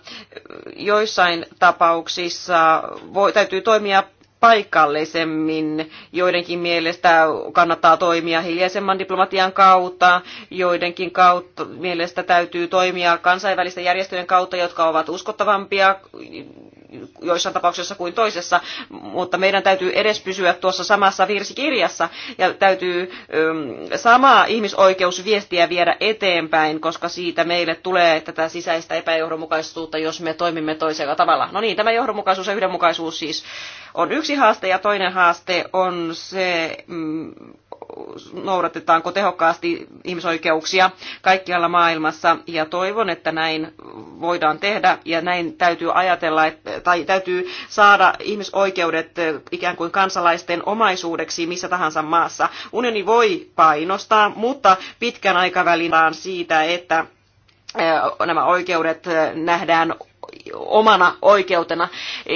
E: Joissain tapauksissa voi, täytyy toimia paikallisemmin. Joidenkin mielestä kannattaa toimia hiljaisemman diplomatian kautta, joidenkin kautta, mielestä täytyy toimia kansainvälisten järjestöjen kautta, jotka ovat uskottavampia joissain tapauksissa kuin toisessa, mutta meidän täytyy edes pysyä tuossa samassa virsikirjassa ja täytyy samaa ihmisoikeusviestiä viedä eteenpäin, koska siitä meille tulee tätä sisäistä epäjohdonmukaisuutta, jos me toimimme toisella tavalla. No niin, tämä johdonmukaisuus ja yhdenmukaisuus siis on yksi haaste ja toinen haaste on se, mm, noudatetaanko tehokkaasti ihmisoikeuksia kaikkialla maailmassa. Ja toivon, että näin voidaan tehdä ja näin täytyy ajatella, tai täytyy saada ihmisoikeudet eh, ikään kuin kansalaisten omaisuudeksi missä tahansa maassa. Unioni voi painostaa, mutta pitkän aikavälin siitä, että eh, nämä oikeudet eh, nähdään omana oikeutena.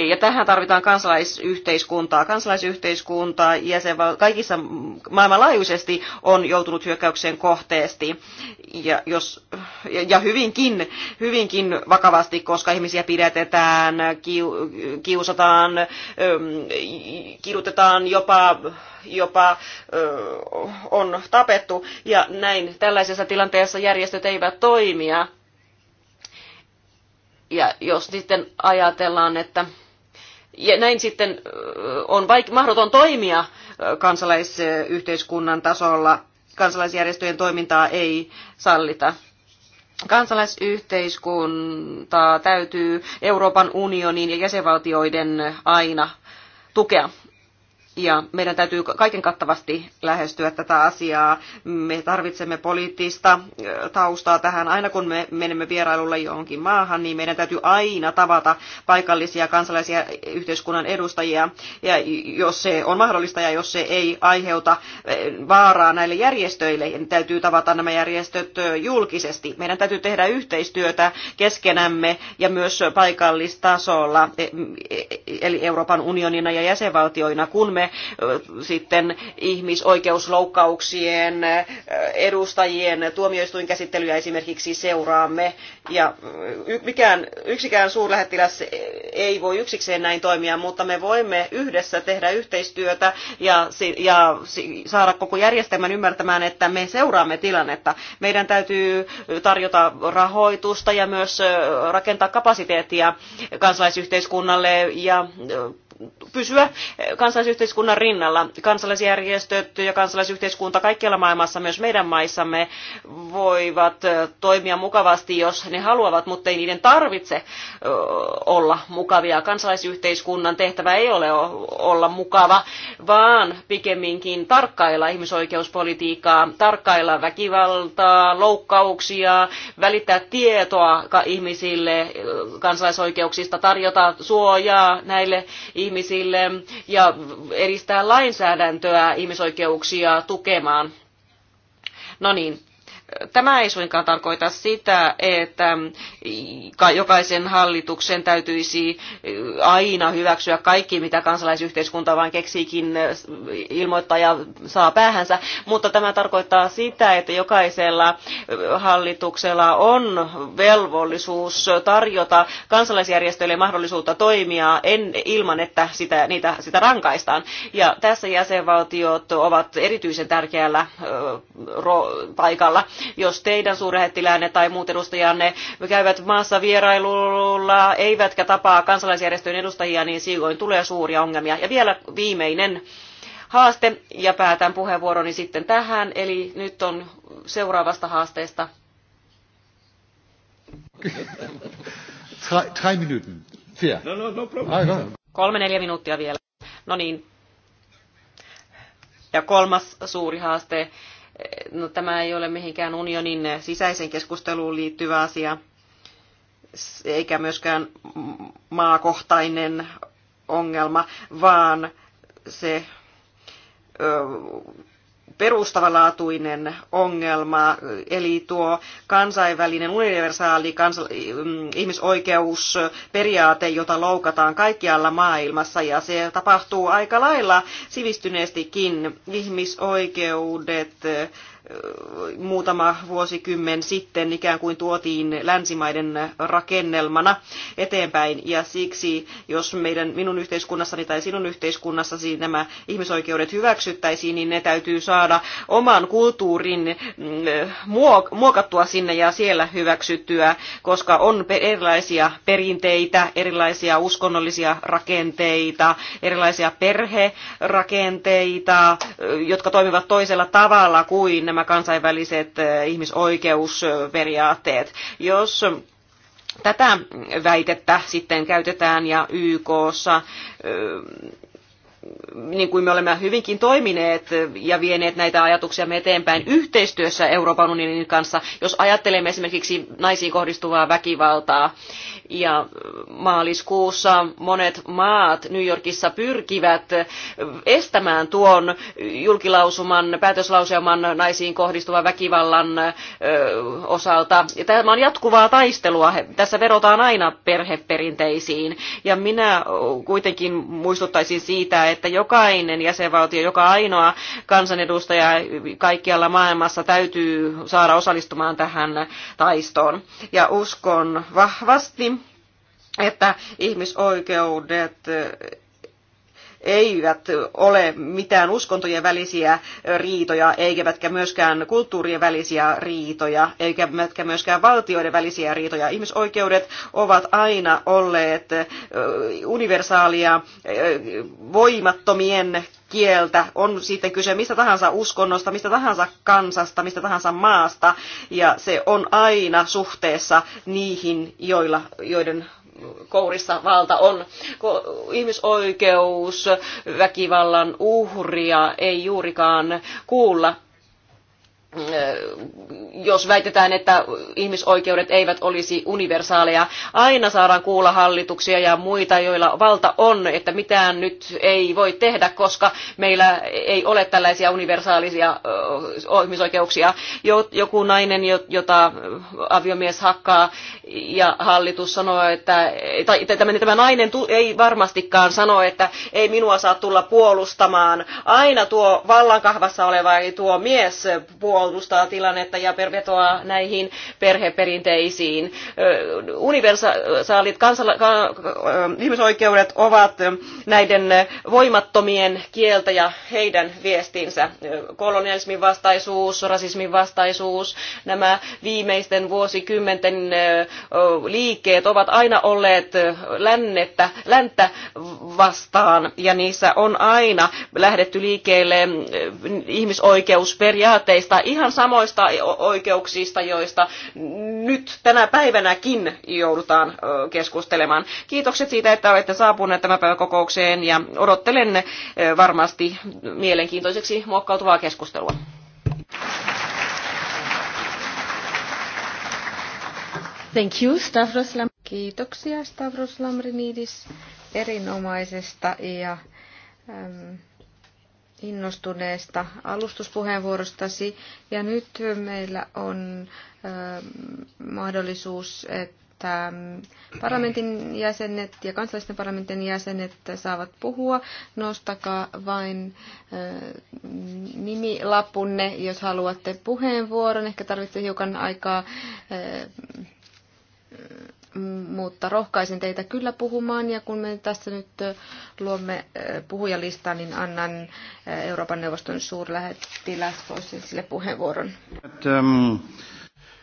E: Ja tähän tarvitaan kansalaisyhteiskuntaa. Kansalaisyhteiskuntaa jäsenval- kaikissa maailmanlaajuisesti on joutunut hyökkäyksen kohteesti ja, jos, ja hyvinkin, hyvinkin vakavasti, koska ihmisiä pidätetään, kiusataan, kidutetaan, jopa, jopa on tapettu ja näin tällaisessa tilanteessa järjestöt eivät toimia ja jos sitten ajatellaan, että ja näin sitten on vaik- mahdoton toimia kansalaisyhteiskunnan tasolla, kansalaisjärjestöjen toimintaa ei sallita. Kansalaisyhteiskuntaa täytyy Euroopan unionin ja jäsenvaltioiden aina tukea. Ja meidän täytyy kaiken kattavasti lähestyä tätä asiaa. Me tarvitsemme poliittista taustaa tähän. Aina kun me menemme vierailulle johonkin maahan, niin meidän täytyy aina tavata paikallisia kansalaisia yhteiskunnan edustajia, ja jos se on mahdollista ja jos se ei aiheuta vaaraa näille järjestöille, niin täytyy tavata nämä järjestöt julkisesti. Meidän täytyy tehdä yhteistyötä keskenämme ja myös paikallistasolla, e, e, e, eli Euroopan unionina ja jäsenvaltioina, kun me sitten ihmisoikeusloukkauksien edustajien tuomioistuinkäsittelyjä esimerkiksi seuraamme. Ja mikään, yksikään suurlähettiläs ei voi yksikseen näin toimia, mutta me voimme yhdessä tehdä yhteistyötä ja, ja saada koko järjestelmän ymmärtämään, että me seuraamme tilannetta. Meidän täytyy tarjota rahoitusta ja myös rakentaa kapasiteettia kansalaisyhteiskunnalle ja pysyä kansalaisyhteiskunnan rinnalla. Kansalaisjärjestöt ja kansalaisyhteiskunta kaikkialla maailmassa, myös meidän maissamme, voivat toimia mukavasti, jos ne haluavat, mutta ei niiden tarvitse olla mukavia. Kansalaisyhteiskunnan tehtävä ei ole olla mukava, vaan pikemminkin tarkkailla ihmisoikeuspolitiikkaa, tarkkailla väkivaltaa, loukkauksia, välittää tietoa ihmisille kansalaisoikeuksista, tarjota suojaa näille ihmisille ihmisille ja edistää lainsäädäntöä ihmisoikeuksia tukemaan. No niin, tämä ei suinkaan tarkoita sitä, että jokaisen hallituksen täytyisi äh, aina hyväksyä kaikki, mitä kansalaisyhteiskunta vain keksiikin äh, ilmoittaa ja saa päähänsä, mutta tämä tarkoittaa sitä, että jokaisella äh, hallituksella on velvollisuus tarjota kansalaisjärjestöille mahdollisuutta toimia en, ilman, että sitä, niitä, sitä rankaistaan. Ja tässä jäsenvaltiot ovat erityisen tärkeällä ro, paikalla jos teidän suurlähettiläänne tai muut edustajanne käyvät maassa vierailulla, eivätkä tapaa kansalaisjärjestöjen edustajia, niin silloin tulee suuria ongelmia. Ja vielä viimeinen haaste, ja päätän puheenvuoroni sitten tähän, eli nyt on seuraavasta haasteesta.
A: Drei Minuten. No, no, no
E: Kolme, neljä minuuttia vielä. No niin. Ja kolmas suuri haaste No, tämä ei ole mihinkään unionin sisäisen keskusteluun liittyvä asia, eikä myöskään maakohtainen ongelma, vaan se perustavanlaatuinen ongelma, eli tuo kansainvälinen universaali kansa- mm, ihmisoikeusperiaate, jota loukataan kaikkialla maailmassa, ja se tapahtuu aika lailla sivistyneestikin. Ihmisoikeudet muutama vuosikymmen sitten ikään kuin tuotiin länsimaiden rakennelmana eteenpäin. Ja siksi, jos meidän, minun yhteiskunnassani tai sinun yhteiskunnassasi nämä ihmisoikeudet hyväksyttäisiin, niin ne täytyy saada oman kulttuurin mm, muokattua sinne ja siellä hyväksyttyä, koska on erilaisia perinteitä, erilaisia uskonnollisia rakenteita, erilaisia perherakenteita, jotka toimivat toisella tavalla kuin nämä kansainväliset ihmisoikeusperiaatteet. Jos tätä väitettä sitten käytetään ja YKssa niin kuin me olemme hyvinkin toimineet ja vieneet näitä ajatuksia me eteenpäin yhteistyössä Euroopan unionin kanssa, jos ajattelemme esimerkiksi naisiin kohdistuvaa väkivaltaa. Ja maaliskuussa monet maat New Yorkissa pyrkivät estämään tuon julkilausuman, päätöslauselman naisiin kohdistuvan väkivallan osalta. Ja tämä on jatkuvaa taistelua. Tässä vedotaan aina perheperinteisiin. Ja minä kuitenkin muistuttaisin siitä, että jokainen jäsenvaltio, joka ainoa kansanedustaja kaikkialla maailmassa täytyy saada osallistumaan tähän taistoon. Ja uskon vahvasti, että ihmisoikeudet eivät ole mitään uskontojen välisiä riitoja, eivätkä myöskään kulttuurien välisiä riitoja, eivätkä myöskään valtioiden välisiä riitoja. Ihmisoikeudet ovat aina olleet universaalia voimattomien kieltä, on sitten kyse mistä tahansa uskonnosta, mistä tahansa kansasta, mistä tahansa maasta, ja se on aina suhteessa niihin, joilla, joiden kourissa valta on. Ihmisoikeus, väkivallan uhria ei juurikaan kuulla jos väitetään, että ihmisoikeudet eivät olisi universaaleja, aina saadaan kuulla hallituksia ja muita, joilla valta on, että mitään nyt ei voi tehdä, koska meillä ei ole tällaisia universaalisia ihmisoikeuksia. Joku nainen, jota aviomies hakkaa ja hallitus sanoo, että, tai tämä nainen ei varmastikaan sano, että ei minua saa tulla puolustamaan. Aina tuo vallankahvassa oleva ei tuo mies puolustaa puolustaa tilannetta ja vetoaa näihin perheperinteisiin. Universaalit kansala- ka- ihmisoikeudet ovat näiden voimattomien kieltä ja heidän viestinsä. Kolonialismin vastaisuus, rasismin vastaisuus, nämä viimeisten vuosikymmenten liikkeet ovat aina olleet lännettä, länttä vastaan ja niissä on aina lähdetty liikkeelle mm, ihmisoikeusperiaatteista, ihan samoista oikeuksista, joista nyt tänä päivänäkin joudutaan keskustelemaan. Kiitokset siitä, että olette saapuneet tämän päivän kokoukseen ja odottelen varmasti mielenkiintoiseksi muokkautuvaa keskustelua.
D: Thank you, Stavros Lam- Kiitoksia, Stavros Lamrinidis erinomaisesta ja innostuneesta alustuspuheenvuorostasi. Ja nyt meillä on mahdollisuus, että parlamentin jäsenet ja kansallisten parlamentin jäsenet saavat puhua. Nostakaa vain äh, nimilapunne, jos haluatte puheenvuoron. Ehkä tarvitsee hiukan aikaa äh, mutta rohkaisen teitä kyllä puhumaan ja kun me tästä nyt luomme puhujalistaa, niin annan Euroopan neuvoston suurlähettiläs sille puheenvuoron.
C: Um,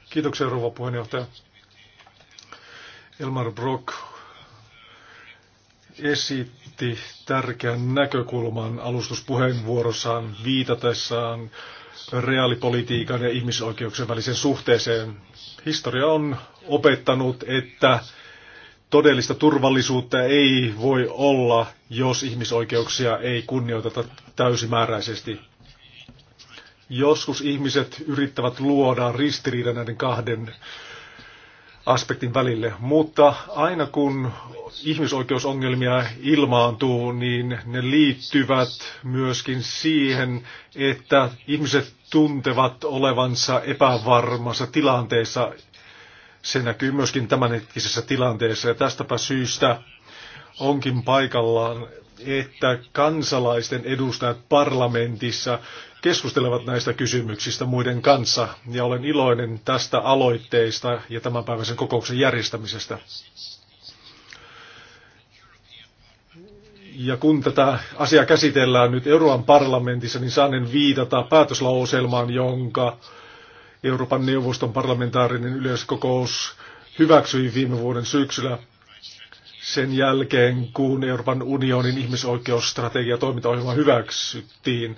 C: Kiitoksia rouva puheenjohtaja. Elmar Brock esitti tärkeän näkökulman alustuspuheenvuorossaan viitatessaan reaalipolitiikan ja ihmisoikeuksien välisen suhteeseen. Historia on opettanut, että todellista turvallisuutta ei voi olla, jos ihmisoikeuksia ei kunnioiteta täysimääräisesti. Joskus ihmiset yrittävät luoda ristiriidan näiden kahden aspektin välille. Mutta aina kun ihmisoikeusongelmia ilmaantuu, niin ne liittyvät myöskin siihen, että ihmiset tuntevat olevansa epävarmassa tilanteessa. Se näkyy myöskin tämänhetkisessä tilanteessa ja tästäpä syystä onkin paikallaan, että kansalaisten edustajat parlamentissa keskustelevat näistä kysymyksistä muiden kanssa ja olen iloinen tästä aloitteesta ja tämänpäiväisen kokouksen järjestämisestä. Ja kun tätä asiaa käsitellään nyt Euroopan parlamentissa, niin saanen viitata päätöslauselmaan, jonka Euroopan neuvoston parlamentaarinen yleiskokous hyväksyi viime vuoden syksyllä sen jälkeen, kun Euroopan unionin ihmisoikeusstrategia toimintaohjelma hyväksyttiin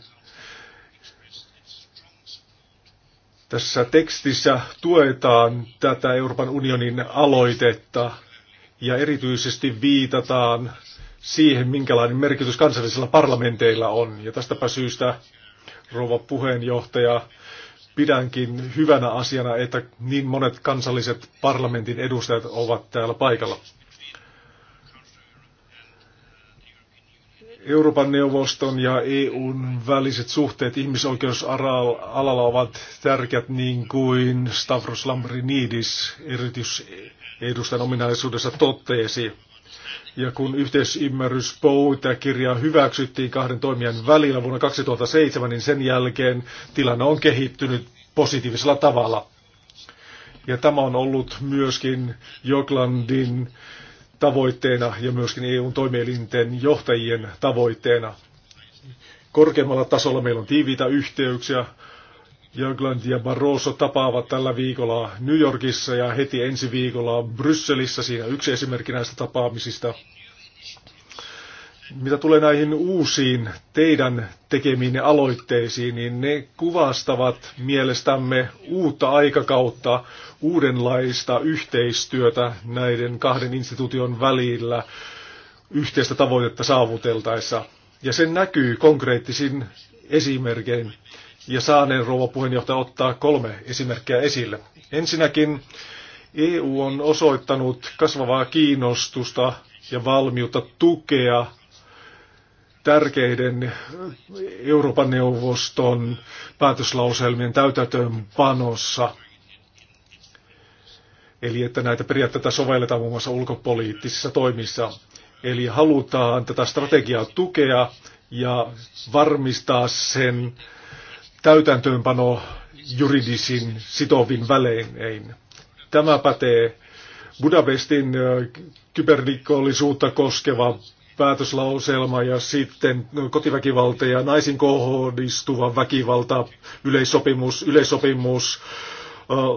C: Tässä tekstissä tuetaan tätä Euroopan unionin aloitetta ja erityisesti viitataan siihen, minkälainen merkitys kansallisilla parlamenteilla on. Ja tästäpä syystä, rouva puheenjohtaja, pidänkin hyvänä asiana, että niin monet kansalliset parlamentin edustajat ovat täällä paikalla. Euroopan neuvoston ja EUn väliset suhteet ihmisoikeusalalla ovat tärkeät niin kuin Stavros Lambrinidis erityisedustajan ominaisuudessa totteesi. Ja kun yhteisymmärrys kirja hyväksyttiin kahden toimijan välillä vuonna 2007, niin sen jälkeen tilanne on kehittynyt positiivisella tavalla. Ja tämä on ollut myöskin Joklandin tavoitteena ja myöskin EUn toimielinten johtajien tavoitteena. Korkeammalla tasolla meillä on tiiviitä yhteyksiä. Jörgland ja Barroso tapaavat tällä viikolla New Yorkissa ja heti ensi viikolla Brysselissä. Siinä yksi esimerkki näistä tapaamisista. Mitä tulee näihin uusiin teidän tekemiin aloitteisiin, niin ne kuvastavat mielestämme uutta aikakautta, uudenlaista yhteistyötä näiden kahden instituution välillä yhteistä tavoitetta saavuteltaessa. Ja sen näkyy konkreettisin esimerkein. Ja saaneen rouva puheenjohtaja ottaa kolme esimerkkiä esille. Ensinnäkin EU on osoittanut kasvavaa kiinnostusta ja valmiutta tukea tärkeiden Euroopan neuvoston päätöslauselmien täytäntöönpanossa. Eli että näitä periaatteita sovelletaan muun muassa ulkopoliittisissa toimissa. Eli halutaan tätä strategiaa tukea ja varmistaa sen täytäntöönpano juridisin sitovin välein. Tämä pätee Budapestin kyberrikollisuutta koskeva päätöslauselma ja sitten kotiväkivalta ja naisin kohdistuva väkivalta, yleissopimus, yleissopimus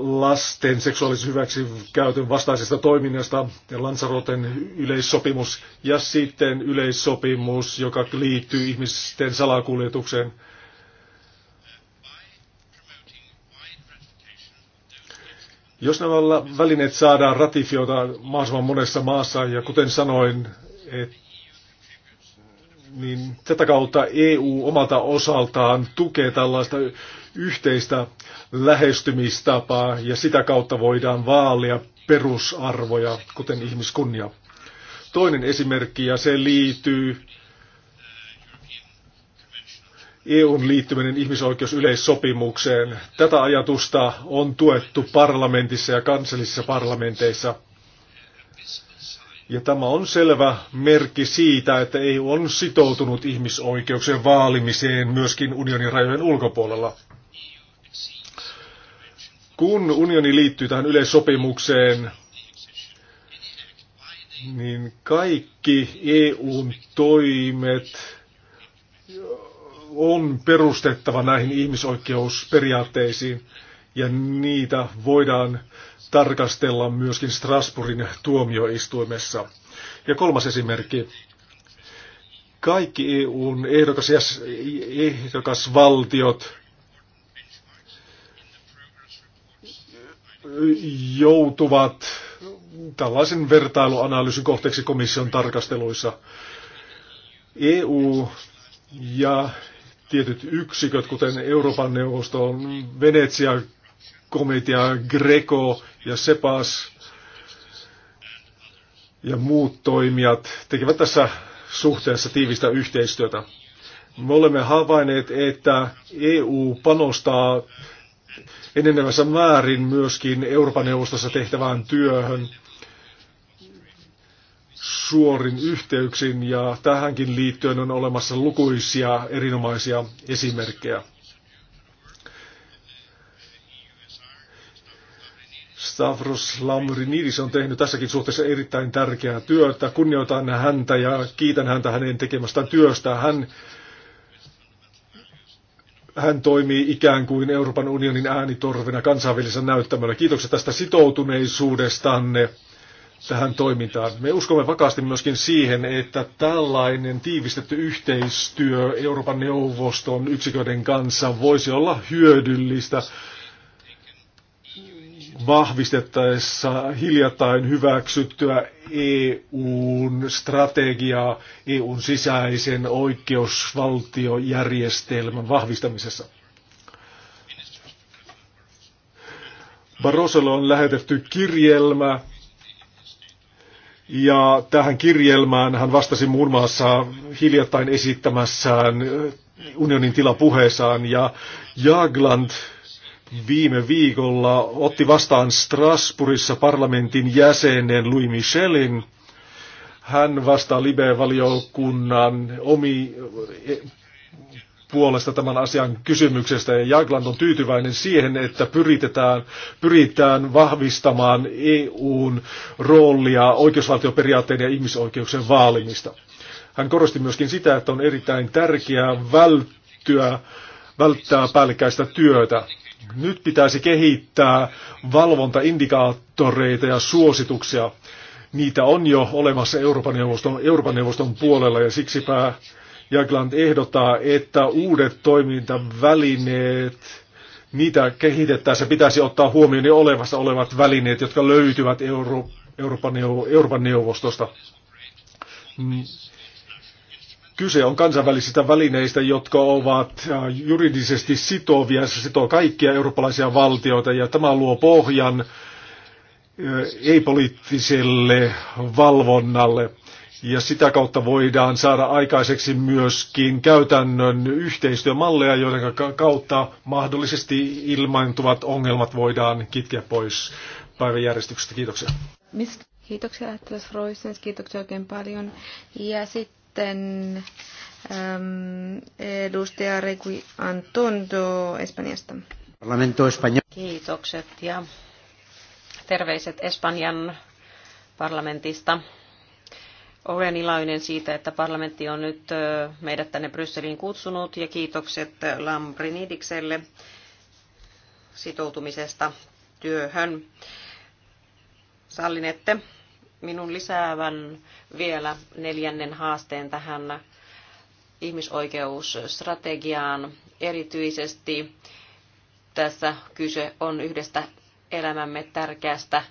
C: lasten seksuaalisen hyväksikäytön vastaisesta toiminnasta, Lansaroten yleissopimus ja sitten yleissopimus, joka liittyy ihmisten salakuljetukseen. Jos nämä välineet saadaan ratifioita mahdollisimman monessa maassa, ja kuten sanoin, että niin tätä kautta EU omalta osaltaan tukee tällaista yhteistä lähestymistapaa ja sitä kautta voidaan vaalia perusarvoja, kuten ihmiskunnia. Toinen esimerkki, ja se liittyy EUn liittyminen ihmisoikeusyleissopimukseen. Tätä ajatusta on tuettu parlamentissa ja kansallisissa parlamenteissa – ja tämä on selvä merkki siitä, että EU on sitoutunut ihmisoikeuksien vaalimiseen myöskin unionin rajojen ulkopuolella. Kun unioni liittyy tähän yleissopimukseen, niin kaikki EUn toimet on perustettava näihin ihmisoikeusperiaatteisiin ja niitä voidaan tarkastella myöskin Strasbourgin tuomioistuimessa. Ja kolmas esimerkki. Kaikki EUn ehdokas, ehdokasvaltiot joutuvat tällaisen vertailuanalyysin kohteeksi komission tarkasteluissa. EU ja tietyt yksiköt, kuten Euroopan neuvoston, Venetsia, komitea, Greco ja Sepas ja muut toimijat tekevät tässä suhteessa tiivistä yhteistyötä. Me olemme havainneet, että EU panostaa enenevässä määrin myöskin Euroopan neuvostossa tehtävään työhön suorin yhteyksin ja tähänkin liittyen on olemassa lukuisia erinomaisia esimerkkejä. Stavros Lamrinidis on tehnyt tässäkin suhteessa erittäin tärkeää työtä. Kunnioitan häntä ja kiitän häntä hänen tekemästään työstä. Hän, hän toimii ikään kuin Euroopan unionin äänitorvena kansainvälisessä näyttämöllä. Kiitokset tästä sitoutuneisuudestanne tähän toimintaan. Me uskomme vakaasti myöskin siihen, että tällainen tiivistetty yhteistyö Euroopan neuvoston yksiköiden kanssa voisi olla hyödyllistä vahvistettaessa hiljattain hyväksyttyä EUn strategiaa EUn sisäisen oikeusvaltiojärjestelmän vahvistamisessa. Barrosolle on lähetetty kirjelmä, ja tähän kirjelmään hän vastasi muun muassa hiljattain esittämässään unionin tilapuheessaan, ja Jagland viime viikolla otti vastaan Strasbourgissa parlamentin jäsenen Louis Michelin. Hän vastaa Libe-valiokunnan omi e, puolesta tämän asian kysymyksestä ja Jagland on tyytyväinen siihen, että pyritetään, pyritään vahvistamaan EUn roolia oikeusvaltioperiaatteiden ja ihmisoikeuksien vaalimista. Hän korosti myöskin sitä, että on erittäin tärkeää välttyä, välttää päällekkäistä työtä. Nyt pitäisi kehittää valvontaindikaattoreita ja suosituksia. Niitä on jo olemassa Euroopan neuvoston, Euroopan neuvoston puolella ja siksipä Jagland ehdottaa, että uudet toimintavälineet, niitä kehitettäessä pitäisi ottaa huomioon jo olemassa olevat välineet, jotka löytyvät Euro, Euroopan, Euroopan neuvostosta mm. Kyse on kansainvälisistä välineistä, jotka ovat äh, juridisesti sitovia. Se sitoo kaikkia eurooppalaisia valtioita ja tämä luo pohjan äh, ei-poliittiselle valvonnalle. Ja sitä kautta voidaan saada aikaiseksi myöskin käytännön yhteistyömalleja, joiden kautta mahdollisesti ilmaantuvat ongelmat voidaan kitkeä pois päiväjärjestyksestä. Kiitoksia.
D: Kiitoksia lähettiläs Roisens, kiitoksia oikein paljon. Ja sitten sitten ähm, edustaja Regui
E: Antondo Espanjasta.
B: Parlamento Espanja.
E: Kiitokset ja terveiset Espanjan parlamentista. Olen iloinen siitä, että parlamentti on nyt meidät tänne Brysseliin kutsunut ja kiitokset Lambrinidikselle sitoutumisesta työhön. Sallinette minun lisäävän vielä neljännen haasteen tähän ihmisoikeusstrategiaan. Erityisesti tässä kyse on yhdestä elämämme tärkeästä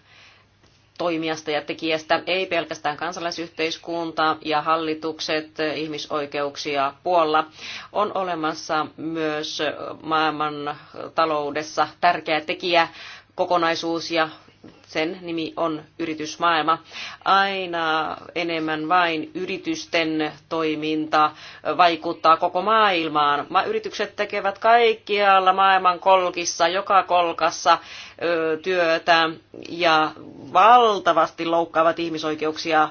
E: toimijasta ja tekijästä, ei pelkästään kansalaisyhteiskunta ja hallitukset ihmisoikeuksia puolla. On olemassa myös maailman taloudessa tärkeä tekijä kokonaisuus ja sen nimi on yritysmaailma. Aina enemmän vain yritysten toiminta vaikuttaa koko maailmaan. Yritykset tekevät kaikkialla maailman kolkissa, joka kolkassa työtä ja valtavasti loukkaavat ihmisoikeuksia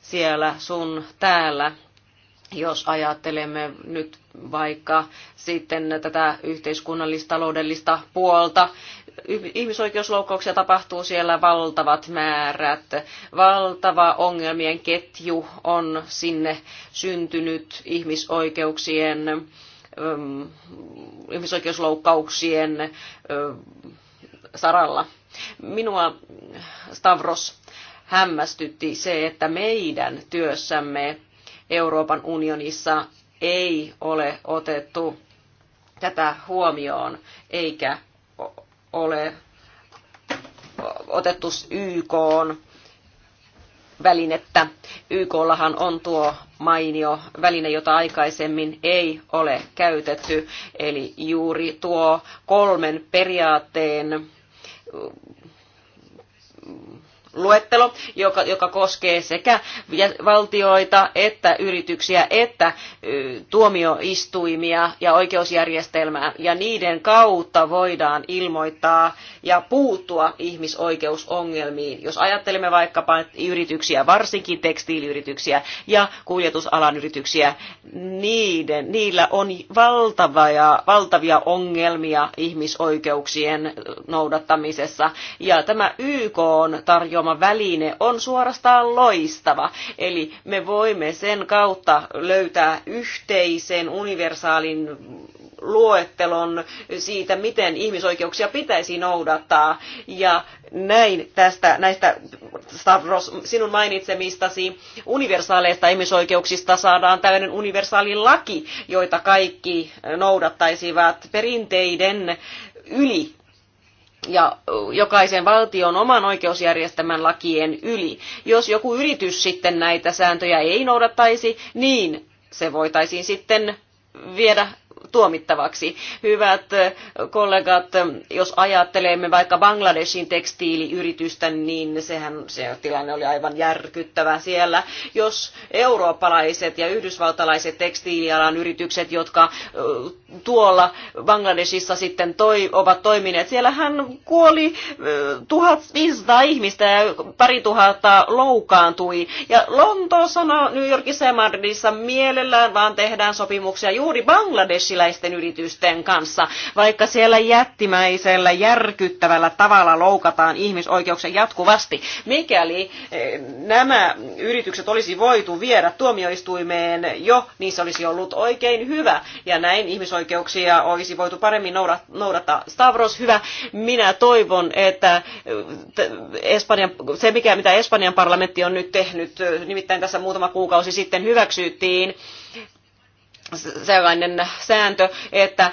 E: siellä sun täällä jos ajattelemme nyt vaikka sitten tätä yhteiskunnallista, taloudellista puolta, ihmisoikeusloukkauksia tapahtuu siellä valtavat määrät. Valtava ongelmien ketju on sinne syntynyt ihmisoikeuksien, ihmisoikeusloukkauksien saralla. Minua Stavros hämmästytti se, että meidän työssämme Euroopan unionissa ei ole otettu tätä huomioon eikä ole otettu YK välinettä. YKllahan on tuo mainio väline, jota aikaisemmin ei ole käytetty, eli juuri tuo kolmen periaatteen luettelo, joka, joka koskee sekä valtioita että yrityksiä että tuomioistuimia ja oikeusjärjestelmää. Ja niiden kautta voidaan ilmoittaa ja puuttua ihmisoikeusongelmiin. Jos ajattelemme vaikkapa yrityksiä, varsinkin tekstiiliyrityksiä ja kuljetusalan yrityksiä, niiden, niillä on valtavia, valtavia ongelmia ihmisoikeuksien noudattamisessa. Ja tämä YK on tarjoaa tarjoama väline on suorastaan loistava. Eli me voimme sen kautta löytää yhteisen universaalin luettelon siitä, miten ihmisoikeuksia pitäisi noudattaa. Ja näin tästä, näistä Stavros, sinun mainitsemistasi universaaleista ihmisoikeuksista saadaan tällainen universaali laki, joita kaikki noudattaisivat perinteiden yli ja jokaisen valtion oman oikeusjärjestelmän lakien yli. Jos joku yritys sitten näitä sääntöjä ei noudattaisi, niin se voitaisiin sitten viedä tuomittavaksi. Hyvät kollegat, jos ajattelemme vaikka Bangladeshin tekstiiliyritystä, niin sehän se tilanne oli aivan järkyttävä siellä. Jos eurooppalaiset ja yhdysvaltalaiset tekstiilialan yritykset, jotka tuolla Bangladesissa sitten toi, ovat toimineet, siellähän kuoli 1500 ihmistä ja pari tuhatta loukkaantui. Ja Lontoossa, New Yorkissa ja Madridissa mielellään vaan tehdään sopimuksia juuri Bangladeshin pörssiläisten yritysten kanssa, vaikka siellä jättimäisellä järkyttävällä tavalla loukataan ihmisoikeuksia jatkuvasti. Mikäli eh, nämä yritykset olisi voitu viedä tuomioistuimeen jo, niin se olisi ollut oikein hyvä ja näin ihmisoikeuksia olisi voitu paremmin noudata. Stavros, hyvä. Minä toivon, että eh, Espanjan, se mikä, mitä Espanjan parlamentti on nyt tehnyt, eh, nimittäin tässä muutama kuukausi sitten hyväksyttiin sellainen sääntö, että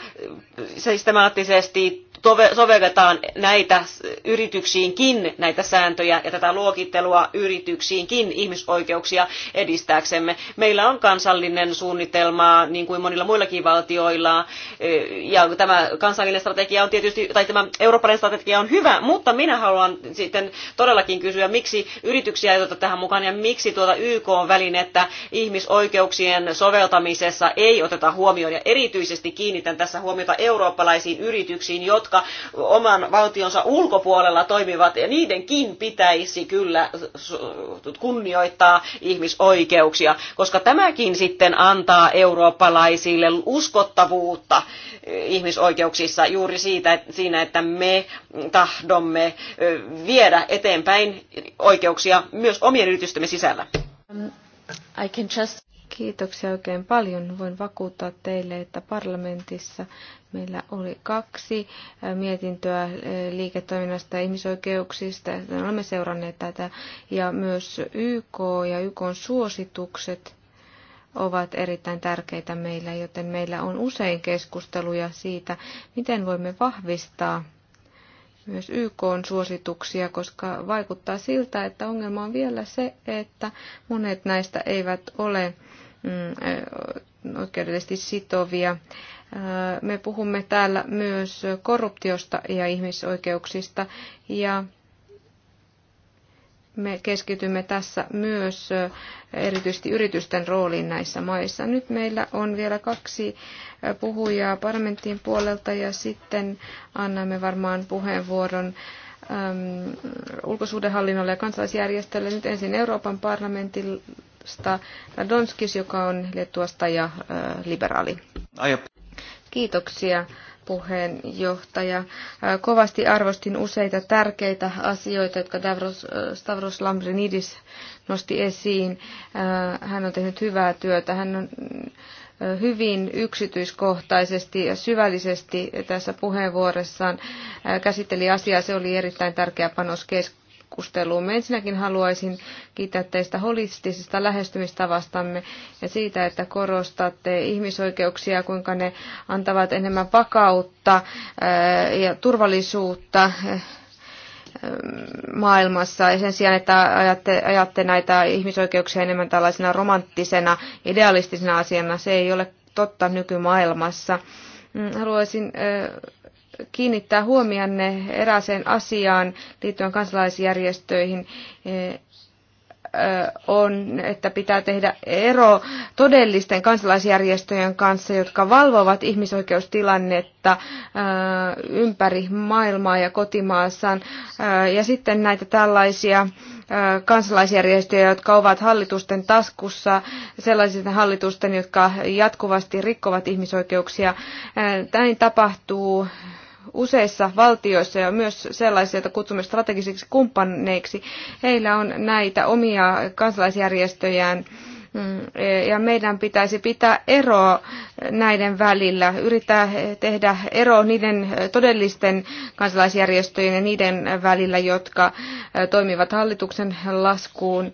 E: systemaattisesti sovelletaan näitä yrityksiinkin, näitä sääntöjä ja tätä luokittelua yrityksiinkin ihmisoikeuksia edistääksemme. Meillä on kansallinen suunnitelma, niin kuin monilla muillakin valtioilla, eh, ja tämä kansallinen strategia on tietysti, tai tämä eurooppalainen strategia on hyvä, mutta minä haluan sitten todellakin kysyä, miksi yrityksiä ei oteta tähän mukaan, ja miksi tuota YK-välinettä ihmisoikeuksien soveltamisessa ei oteta huomioon, ja erityisesti kiinnitän tässä huomiota eurooppalaisiin yrityksiin, jotka jotka oman valtionsa ulkopuolella toimivat, ja niidenkin pitäisi kyllä kunnioittaa ihmisoikeuksia, koska tämäkin sitten antaa eurooppalaisille uskottavuutta ihmisoikeuksissa juuri siitä, että siinä, että me tahdomme viedä eteenpäin oikeuksia myös omien yritystemme sisällä.
B: Um,
D: I can just... Kiitoksia oikein paljon. Voin vakuuttaa teille, että parlamentissa meillä oli kaksi mietintöä liiketoiminnasta ja ihmisoikeuksista. Olemme seuranneet tätä. Ja myös YK ja YK suositukset ovat erittäin tärkeitä meillä, joten meillä on usein keskusteluja siitä, miten voimme vahvistaa myös YK suosituksia, koska vaikuttaa siltä, että ongelma on vielä se, että monet näistä eivät ole mm, oikeudellisesti sitovia. Me puhumme täällä myös korruptiosta ja ihmisoikeuksista ja me keskitymme tässä myös erityisesti yritysten rooliin näissä maissa. Nyt meillä on vielä kaksi puhujaa parlamentin puolelta ja sitten annamme varmaan puheenvuoron äm, ulkosuudenhallinnolle ja kansalaisjärjestölle. Nyt ensin Euroopan parlamentista Radonskis, joka on Lettuasta ja ä, liberaali. Aio. Kiitoksia puheenjohtaja. Kovasti arvostin useita tärkeitä asioita, jotka Davros, Stavros Lambrinidis nosti esiin. Hän on tehnyt hyvää työtä. Hän on hyvin yksityiskohtaisesti ja syvällisesti tässä puheenvuorossaan käsitteli asiaa. Se oli erittäin tärkeä panos keskusteluun me Ensinnäkin haluaisin kiittää teistä holistisesta lähestymistavastamme ja siitä, että korostatte ihmisoikeuksia, kuinka ne antavat enemmän vakautta äh, ja turvallisuutta äh, maailmassa ja sen sijaan, että ajatte, ajatte näitä ihmisoikeuksia enemmän tällaisena romanttisena, idealistisena asiana, se ei ole totta nykymaailmassa. Mm, haluaisin äh, kiinnittää huomianne erääseen asiaan liittyen kansalaisjärjestöihin e, on, että pitää tehdä ero todellisten kansalaisjärjestöjen kanssa, jotka valvovat ihmisoikeustilannetta ympäri maailmaa ja kotimaassaan. Ja sitten näitä tällaisia kansalaisjärjestöjä, jotka ovat hallitusten taskussa, sellaisista hallitusten, jotka jatkuvasti rikkovat ihmisoikeuksia. Näin tapahtuu useissa valtioissa ja myös sellaisia, joita kutsumme strategisiksi kumppaneiksi, heillä on näitä omia kansalaisjärjestöjään mm, ja meidän pitäisi pitää eroa näiden välillä, yrittää tehdä ero niiden todellisten kansalaisjärjestöjen ja niiden välillä, jotka toimivat hallituksen laskuun.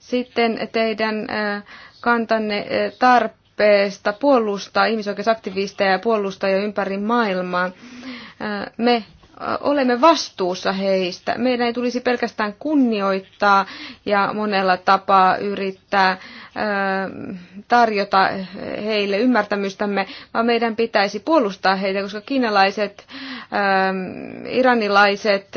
D: Sitten teidän kantanne tarpeen tarpeesta puolustaa ihmisoikeusaktivisteja ja jo ympäri maailmaa. Äh, me äh, olemme vastuussa heistä. Meidän ei tulisi pelkästään kunnioittaa ja monella tapaa yrittää äh, tarjota heille ymmärtämystämme, vaan meidän pitäisi puolustaa heitä, koska kiinalaiset, ähm, iranilaiset,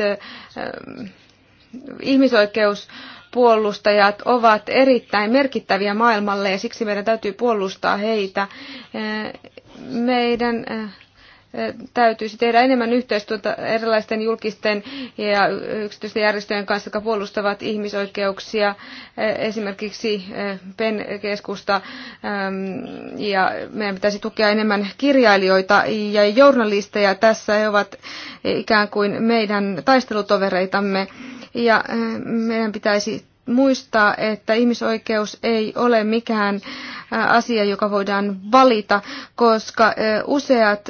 D: ihmisoikeus puolustajat ovat erittäin merkittäviä maailmalle ja siksi meidän täytyy puolustaa heitä. Eh, meidän eh, täytyisi tehdä enemmän yhteistyötä erilaisten julkisten ja yksityisten järjestöjen kanssa, jotka puolustavat ihmisoikeuksia, esimerkiksi PEN-keskusta, ja meidän pitäisi tukea enemmän kirjailijoita ja journalisteja. Tässä he ovat ikään kuin meidän taistelutovereitamme, ja meidän pitäisi muistaa, että ihmisoikeus ei ole mikään asia, joka voidaan valita, koska useat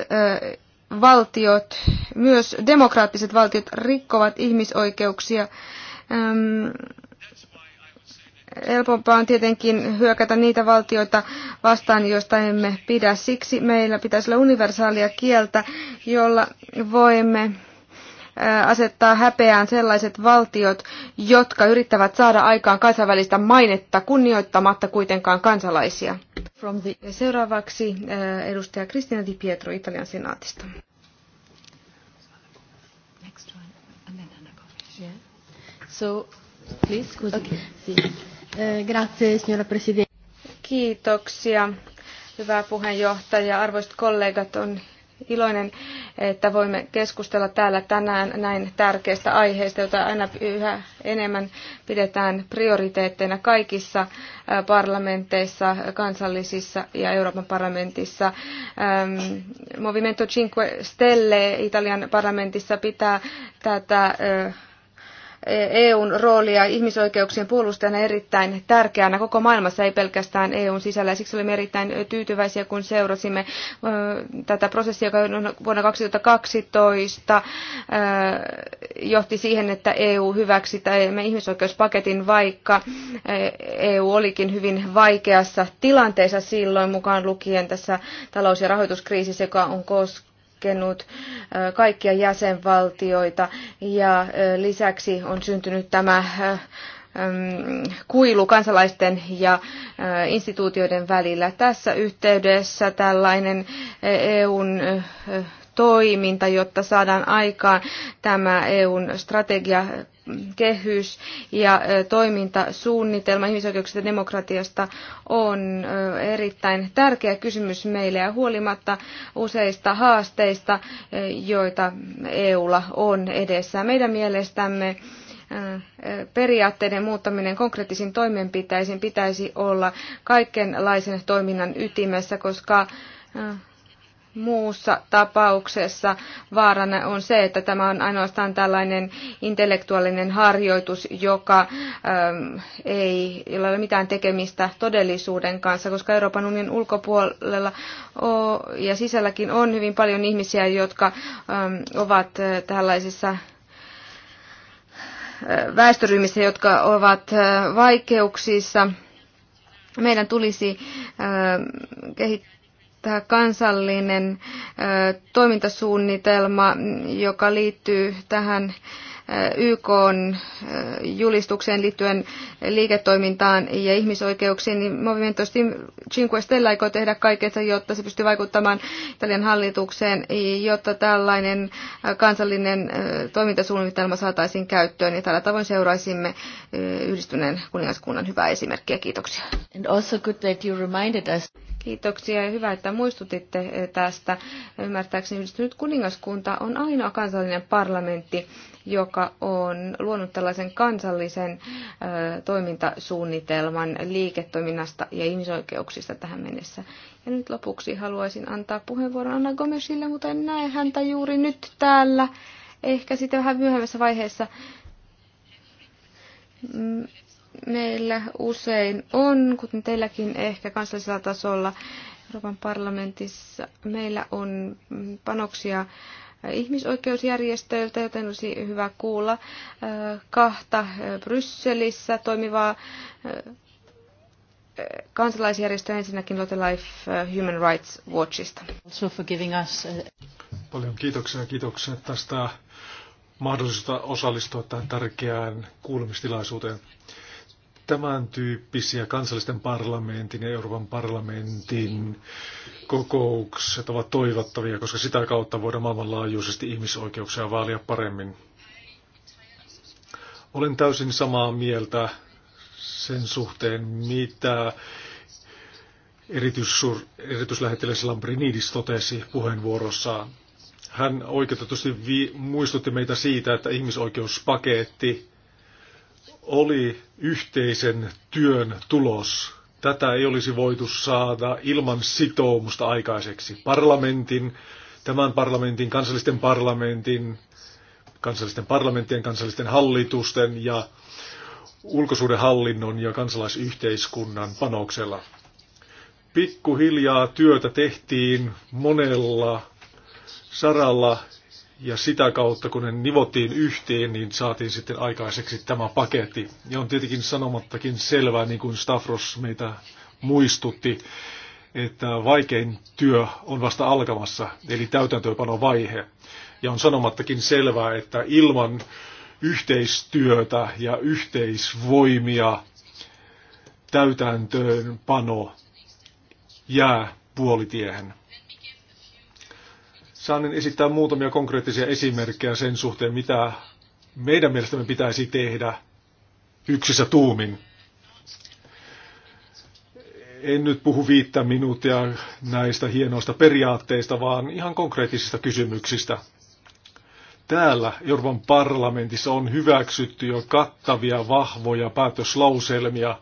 D: valtiot, myös demokraattiset valtiot, rikkovat ihmisoikeuksia. Helpompaa on tietenkin hyökätä niitä valtioita vastaan, joista emme pidä. Siksi meillä pitäisi olla universaalia kieltä, jolla voimme asettaa häpeään sellaiset valtiot, jotka yrittävät saada aikaan kansainvälistä mainetta kunnioittamatta kuitenkaan kansalaisia. Ja seuraavaksi edustaja Kristina Di Pietro Italian senaatista.
A: So, please,
B: eh, Grazie, signora Presidente.
D: Kiitoksia, hyvä puheenjohtaja. Arvoisat kollegat, on iloinen, että voimme keskustella täällä tänään näin tärkeistä aiheista, joita aina yhä enemmän pidetään prioriteetteina kaikissa parlamenteissa, kansallisissa ja Euroopan parlamentissa. Movimento Cinque Stelle Italian parlamentissa pitää tätä EUn roolia ihmisoikeuksien puolustajana erittäin tärkeänä koko maailmassa, ei pelkästään EUn sisällä. Siksi olimme erittäin tyytyväisiä, kun seurasimme tätä prosessia, joka vuonna 2012 johti siihen, että EU hyväksi tämän ihmisoikeuspaketin, vaikka EU olikin hyvin vaikeassa tilanteessa silloin, mukaan lukien tässä talous- ja rahoituskriisissä, joka on koskenut kaikkia jäsenvaltioita ja lisäksi on syntynyt tämä kuilu kansalaisten ja instituutioiden välillä. Tässä yhteydessä tällainen EUn toiminta, jotta saadaan aikaan tämä EUn strategia kehys ja toimintasuunnitelma ihmisoikeuksista ja demokratiasta on erittäin tärkeä kysymys meille ja huolimatta useista haasteista, joita EUlla on edessä. Meidän mielestämme periaatteiden muuttaminen konkreettisiin toimenpiteisiin pitäisi olla kaikenlaisen toiminnan ytimessä, koska muussa tapauksessa vaarana on se, että tämä on ainoastaan tällainen intellektuaalinen harjoitus, joka äm, ei jolla ole mitään tekemistä todellisuuden kanssa, koska Euroopan unionin ulkopuolella o, ja sisälläkin on hyvin paljon ihmisiä, jotka äm, ovat äh, tällaisissa äh, väestöryhmissä, jotka ovat äh, vaikeuksissa. Meidän tulisi kehittää tämä kansallinen toimintasuunnitelma, joka liittyy tähän YK julistukseen liittyen liiketoimintaan ja ihmisoikeuksiin, niin Movimento Cinque Stella aikoo tehdä kaikkea, jotta se pystyy vaikuttamaan Italian hallitukseen, jotta tällainen kansallinen toimintasuunnitelma saataisiin käyttöön. Ja tällä tavoin seuraisimme yhdistyneen kuningaskunnan hyvää esimerkkiä. Kiitoksia. And also good that you reminded us. Kiitoksia ja hyvä, että muistutitte eh, tästä. Ymmärtääkseni nyt kuningaskunta on ainoa kansallinen parlamentti, joka on luonut tällaisen kansallisen eh, toimintasuunnitelman liiketoiminnasta ja ihmisoikeuksista tähän mennessä. Ja nyt lopuksi haluaisin antaa puheenvuoron Anna Gomesille, mutta en näe häntä juuri nyt täällä. Ehkä sitten vähän myöhemmässä vaiheessa mm, meillä usein on, kuten teilläkin ehkä kansallisella tasolla, Euroopan parlamentissa meillä on panoksia ihmisoikeusjärjestöiltä, joten olisi hyvä kuulla äh, kahta äh, Brysselissä toimivaa äh, kansalaisjärjestöä ensinnäkin Lotte Life Human Rights Watchista. Uh,
C: Paljon kiitoksia kiitoksia tästä mahdollisuudesta osallistua tähän tärkeään kuulemistilaisuuteen tämän tyyppisiä kansallisten parlamentin ja Euroopan parlamentin kokoukset ovat toivottavia, koska sitä kautta voidaan maailmanlaajuisesti ihmisoikeuksia vaalia paremmin. Olen täysin samaa mieltä sen suhteen, mitä erityissur, erityislähettiläs Lambrinidis totesi puheenvuorossaan. Hän oikeutetusti vi, muistutti meitä siitä, että ihmisoikeuspaketti oli yhteisen työn tulos. Tätä ei olisi voitu saada ilman sitoumusta aikaiseksi. Parlamentin, tämän parlamentin, kansallisten parlamentin, kansallisten parlamenttien, kansallisten hallitusten ja ulkosuudenhallinnon ja kansalaisyhteiskunnan panoksella. Pikkuhiljaa työtä tehtiin monella saralla ja sitä kautta, kun ne nivottiin yhteen, niin saatiin sitten aikaiseksi tämä paketti. Ja on tietenkin sanomattakin selvää, niin kuin Stavros meitä muistutti, että vaikein työ on vasta alkamassa, eli täytäntöönpanovaihe. Ja on sanomattakin selvää, että ilman yhteistyötä ja yhteisvoimia täytäntöönpano jää puolitiehen saanen esittää muutamia konkreettisia esimerkkejä sen suhteen, mitä meidän mielestämme pitäisi tehdä yksissä tuumin. En nyt puhu viittä minuuttia näistä hienoista periaatteista, vaan ihan konkreettisista kysymyksistä. Täällä Euroopan parlamentissa on hyväksytty jo kattavia, vahvoja päätöslauselmia,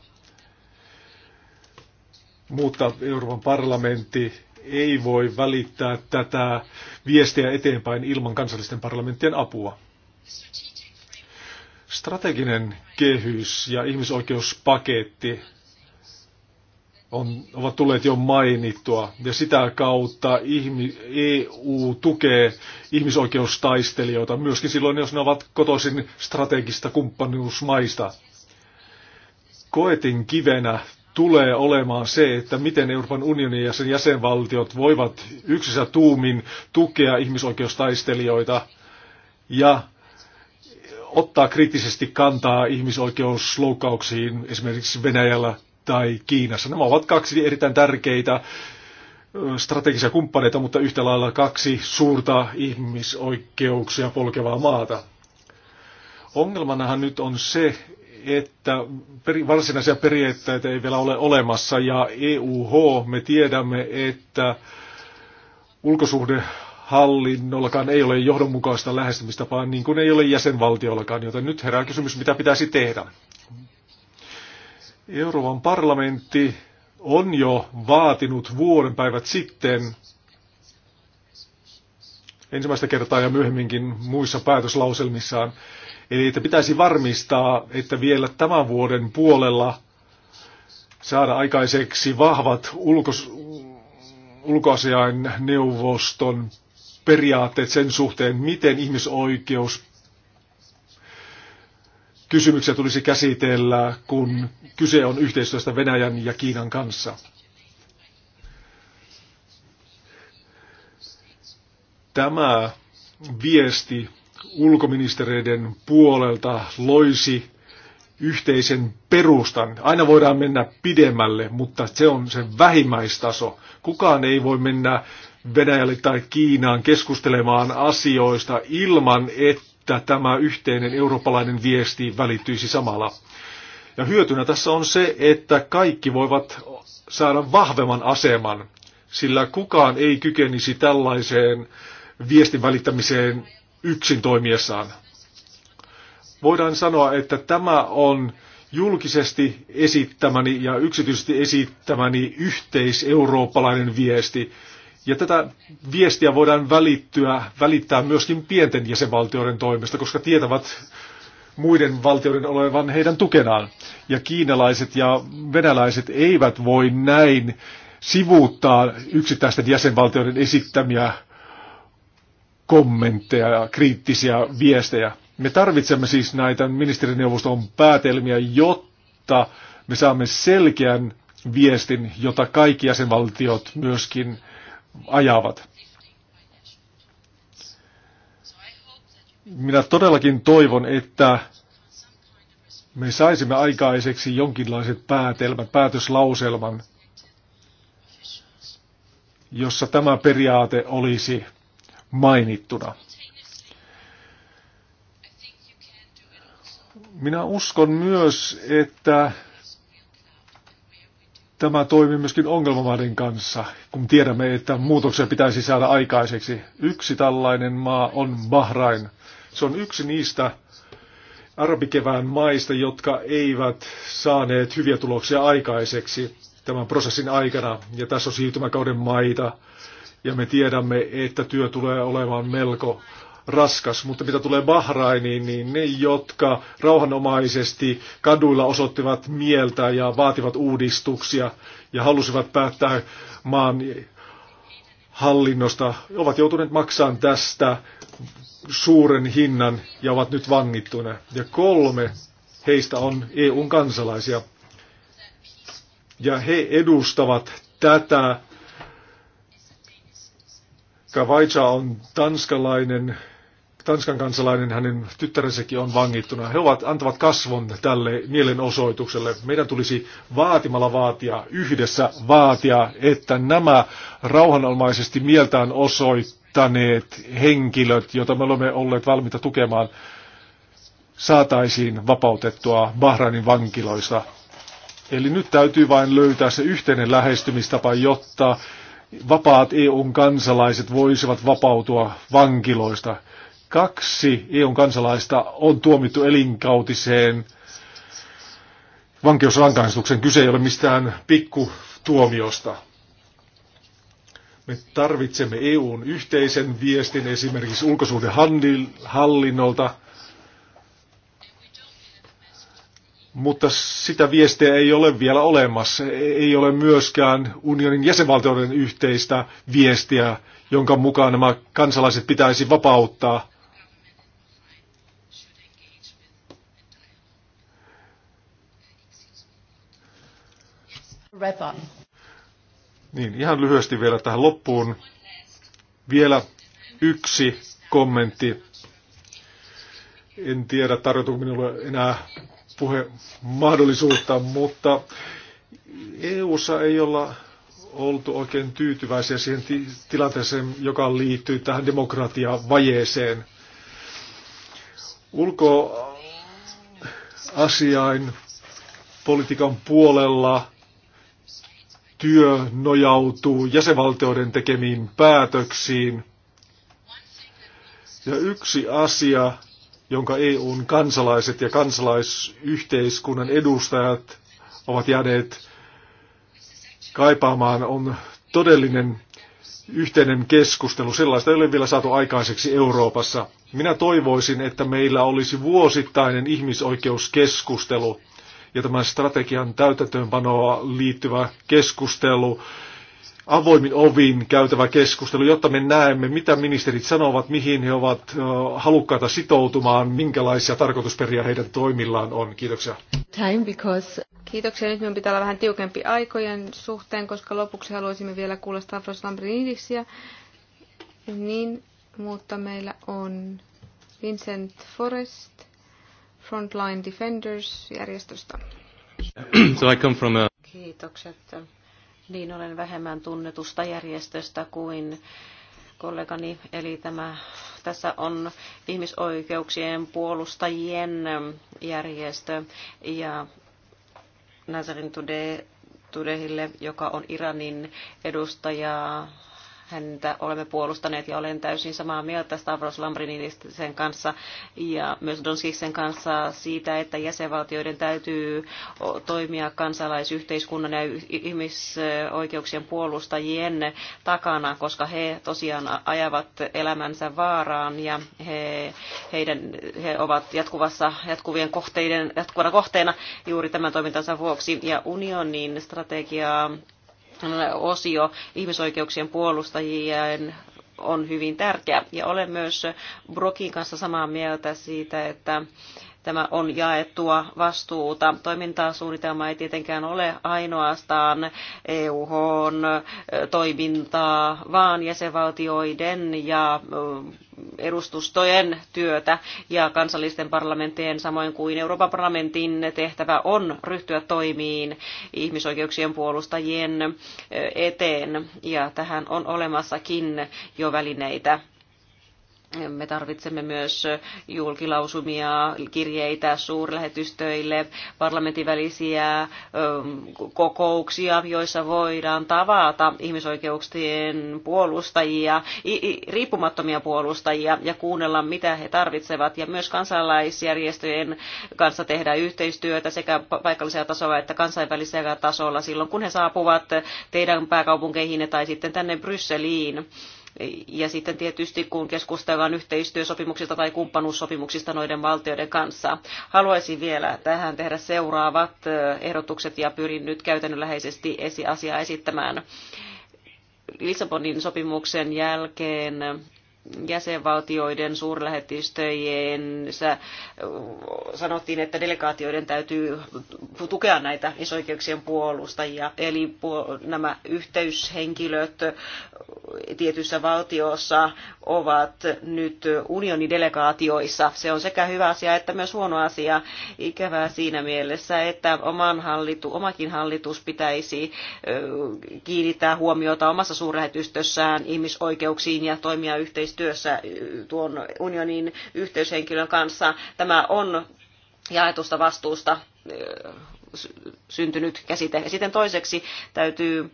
C: mutta Euroopan parlamentti ei voi välittää tätä viestiä eteenpäin ilman kansallisten parlamenttien apua. Strateginen kehys ja ihmisoikeuspaketti on, ovat tulleet jo mainittua, ja sitä kautta ihmi, EU tukee ihmisoikeustaistelijoita, myöskin silloin, jos ne ovat kotoisin strategista kumppanuusmaista. Koetin kivenä tulee olemaan se, että miten Euroopan unionin ja sen jäsenvaltiot voivat yksissä tuumin tukea ihmisoikeustaistelijoita ja ottaa kriittisesti kantaa ihmisoikeusloukkauksiin esimerkiksi Venäjällä tai Kiinassa. Nämä ovat kaksi erittäin tärkeitä strategisia kumppaneita, mutta yhtä lailla kaksi suurta ihmisoikeuksia polkevaa maata. Ongelmanahan nyt on se, että varsinaisia periaatteita ei vielä ole olemassa ja EUH, me tiedämme, että ulkosuhdehallinnollakaan ei ole johdonmukaista lähestymistapaa, niin kuin ei ole jäsenvaltiollakaan, joten nyt herää kysymys, mitä pitäisi tehdä. Euroopan parlamentti on jo vaatinut vuoden päivät sitten ensimmäistä kertaa ja myöhemminkin muissa päätöslauselmissaan Eli että pitäisi varmistaa, että vielä tämän vuoden puolella saada aikaiseksi vahvat ulkos, ulkoasiain neuvoston periaatteet sen suhteen, miten ihmisoikeus kysymyksiä tulisi käsitellä, kun kyse on yhteistyöstä Venäjän ja Kiinan kanssa. Tämä viesti ulkoministereiden puolelta loisi yhteisen perustan. Aina voidaan mennä pidemmälle, mutta se on se vähimmäistaso. Kukaan ei voi mennä Venäjälle tai Kiinaan keskustelemaan asioista ilman, että tämä yhteinen eurooppalainen viesti välittyisi samalla. Ja hyötynä tässä on se, että kaikki voivat saada vahvemman aseman, sillä kukaan ei kykenisi tällaiseen viestin välittämiseen yksin toimiessaan. Voidaan sanoa, että tämä on julkisesti esittämäni ja yksityisesti esittämäni yhteiseurooppalainen viesti. Ja tätä viestiä voidaan välittyä, välittää myöskin pienten jäsenvaltioiden toimesta, koska tietävät muiden valtioiden olevan heidän tukenaan. Ja kiinalaiset ja venäläiset eivät voi näin sivuuttaa yksittäisten jäsenvaltioiden esittämiä kommentteja ja kriittisiä viestejä. Me tarvitsemme siis näitä ministerineuvoston päätelmiä, jotta me saamme selkeän viestin, jota kaikki jäsenvaltiot myöskin ajavat. Minä todellakin toivon, että me saisimme aikaiseksi jonkinlaiset päätelmät, päätöslauselman, jossa tämä periaate olisi mainittuna. Minä uskon myös, että tämä toimii myöskin ongelmamaiden kanssa, kun tiedämme, että muutoksia pitäisi saada aikaiseksi. Yksi tällainen maa on Bahrain. Se on yksi niistä arabikevään maista, jotka eivät saaneet hyviä tuloksia aikaiseksi tämän prosessin aikana. Ja tässä on siirtymäkauden maita, ja me tiedämme, että työ tulee olemaan melko raskas, mutta mitä tulee Bahrainiin, niin ne, jotka rauhanomaisesti kaduilla osoittivat mieltä ja vaativat uudistuksia ja halusivat päättää maan hallinnosta, ovat joutuneet maksamaan tästä suuren hinnan ja ovat nyt vangittuna. Ja kolme heistä on EUn kansalaisia. Ja he edustavat tätä Vaija on tanskalainen, Tanskan kansalainen, hänen tyttärensäkin on vangittuna. He ovat, antavat kasvon tälle mielenosoitukselle. Meidän tulisi vaatimalla vaatia, yhdessä vaatia, että nämä rauhanomaisesti mieltään osoittaneet henkilöt, joita me olemme olleet valmiita tukemaan, saataisiin vapautettua Bahrainin vankiloista. Eli nyt täytyy vain löytää se yhteinen lähestymistapa, jotta vapaat EUn kansalaiset voisivat vapautua vankiloista. Kaksi EUn kansalaista on tuomittu elinkautiseen vankeusrankaistuksen. Kyse ei ole mistään pikkutuomiosta. Me tarvitsemme EUn yhteisen viestin esimerkiksi ulkosuuden hallinnolta mutta sitä viestiä ei ole vielä olemassa. Ei ole myöskään unionin jäsenvaltioiden yhteistä viestiä, jonka mukaan nämä kansalaiset pitäisi vapauttaa. Niin, ihan lyhyesti vielä tähän loppuun. Vielä yksi kommentti. En tiedä, tarjotuko minulle enää puhe mahdollisuutta, mutta EUssa ei olla oltu oikein tyytyväisiä siihen ti- tilanteeseen, joka liittyy tähän demokratiavajeeseen. Ulkoasiain politiikan puolella työ nojautuu jäsenvaltioiden tekemiin päätöksiin. Ja yksi asia, jonka EUn kansalaiset ja kansalaisyhteiskunnan edustajat ovat jääneet kaipaamaan, on todellinen yhteinen keskustelu. Sellaista ei ole vielä saatu aikaiseksi Euroopassa. Minä toivoisin, että meillä olisi vuosittainen ihmisoikeuskeskustelu ja tämän strategian täytäntöönpanoa liittyvä keskustelu avoimin ovin käytävä keskustelu, jotta me näemme, mitä ministerit sanovat, mihin he ovat halukkaita sitoutumaan, minkälaisia tarkoitusperiä heidän toimillaan on. Kiitoksia.
B: Time because...
D: Kiitoksia. Nyt minun pitää olla vähän tiukempi aikojen suhteen, koska lopuksi haluaisimme vielä kuulla Stavros Lambrinidisia. Niin, mutta meillä on Vincent Forrest, Frontline Defenders järjestöstä.
B: So I come from a...
E: Kiitokset niin olen vähemmän tunnetusta järjestöstä kuin kollegani. Eli tämä, tässä on ihmisoikeuksien puolustajien järjestö ja Nazarin Tudehille, joka on Iranin edustaja häntä olemme puolustaneet ja olen täysin samaa mieltä Stavros Lambrinidisen kanssa ja myös Donskiksen kanssa siitä, että jäsenvaltioiden täytyy toimia kansalaisyhteiskunnan ja ihmisoikeuksien puolustajien takana, koska he tosiaan ajavat elämänsä vaaraan ja he, heidän, he ovat jatkuvassa, jatkuvien kohteiden, jatkuvana kohteena juuri tämän toimintansa vuoksi. Ja unionin strategiaa osio ihmisoikeuksien puolustajien on hyvin tärkeä. Ja olen myös Brokin kanssa samaa mieltä siitä, että Tämä on jaettua vastuuta. Toimintasuunnitelma ei tietenkään ole ainoastaan EUH-toimintaa, vaan jäsenvaltioiden ja edustustojen työtä ja kansallisten parlamenttien samoin kuin Euroopan parlamentin tehtävä on ryhtyä toimiin ihmisoikeuksien puolustajien eteen ja tähän on olemassakin jo välineitä me tarvitsemme myös julkilausumia, kirjeitä suurlähetystöille, parlamentin välisiä ähm, kokouksia, joissa voidaan tavata ihmisoikeuksien puolustajia, riippumattomia puolustajia ja kuunnella, mitä he tarvitsevat. Ja myös kansalaisjärjestöjen kanssa tehdä yhteistyötä sekä paikallisella tasolla että kansainvälisellä tasolla silloin, kun he saapuvat teidän pääkaupunkeihin tai sitten tänne Brysseliin ja sitten tietysti kun keskustellaan yhteistyösopimuksista tai kumppanuussopimuksista noiden valtioiden kanssa, haluaisin vielä tähän tehdä seuraavat ehdotukset ja pyrin nyt käytännönläheisesti asiaa esittämään. Lissabonin sopimuksen jälkeen jäsenvaltioiden suurlähetystöjensä sanottiin, että delegaatioiden täytyy tukea näitä isoikeuksien puolustajia. Eli nämä yhteyshenkilöt tietyissä valtiossa ovat nyt unionidelegaatioissa. Se on sekä hyvä asia että myös huono asia. Ikävää siinä mielessä, että oman hallitu, omakin hallitus pitäisi kiinnittää huomiota omassa suurlähetystössään ihmisoikeuksiin ja toimia yhteistyössä yhteistyössä tuon unionin yhteyshenkilön kanssa. Tämä on jaetusta vastuusta syntynyt käsite. ja Sitten toiseksi täytyy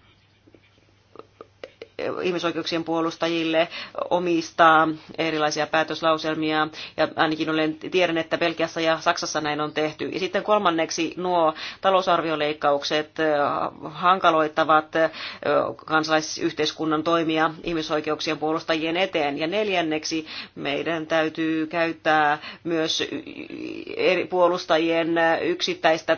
E: ihmisoikeuksien puolustajille omistaa erilaisia päätöslauselmia, ja ainakin olen tiedän, että Belgiassa ja Saksassa näin on tehty. Ja sitten kolmanneksi nuo talousarvioleikkaukset äh, hankaloittavat äh, kansalaisyhteiskunnan toimia ihmisoikeuksien puolustajien eteen. Ja neljänneksi meidän täytyy käyttää myös eri puolustajien yksittäistä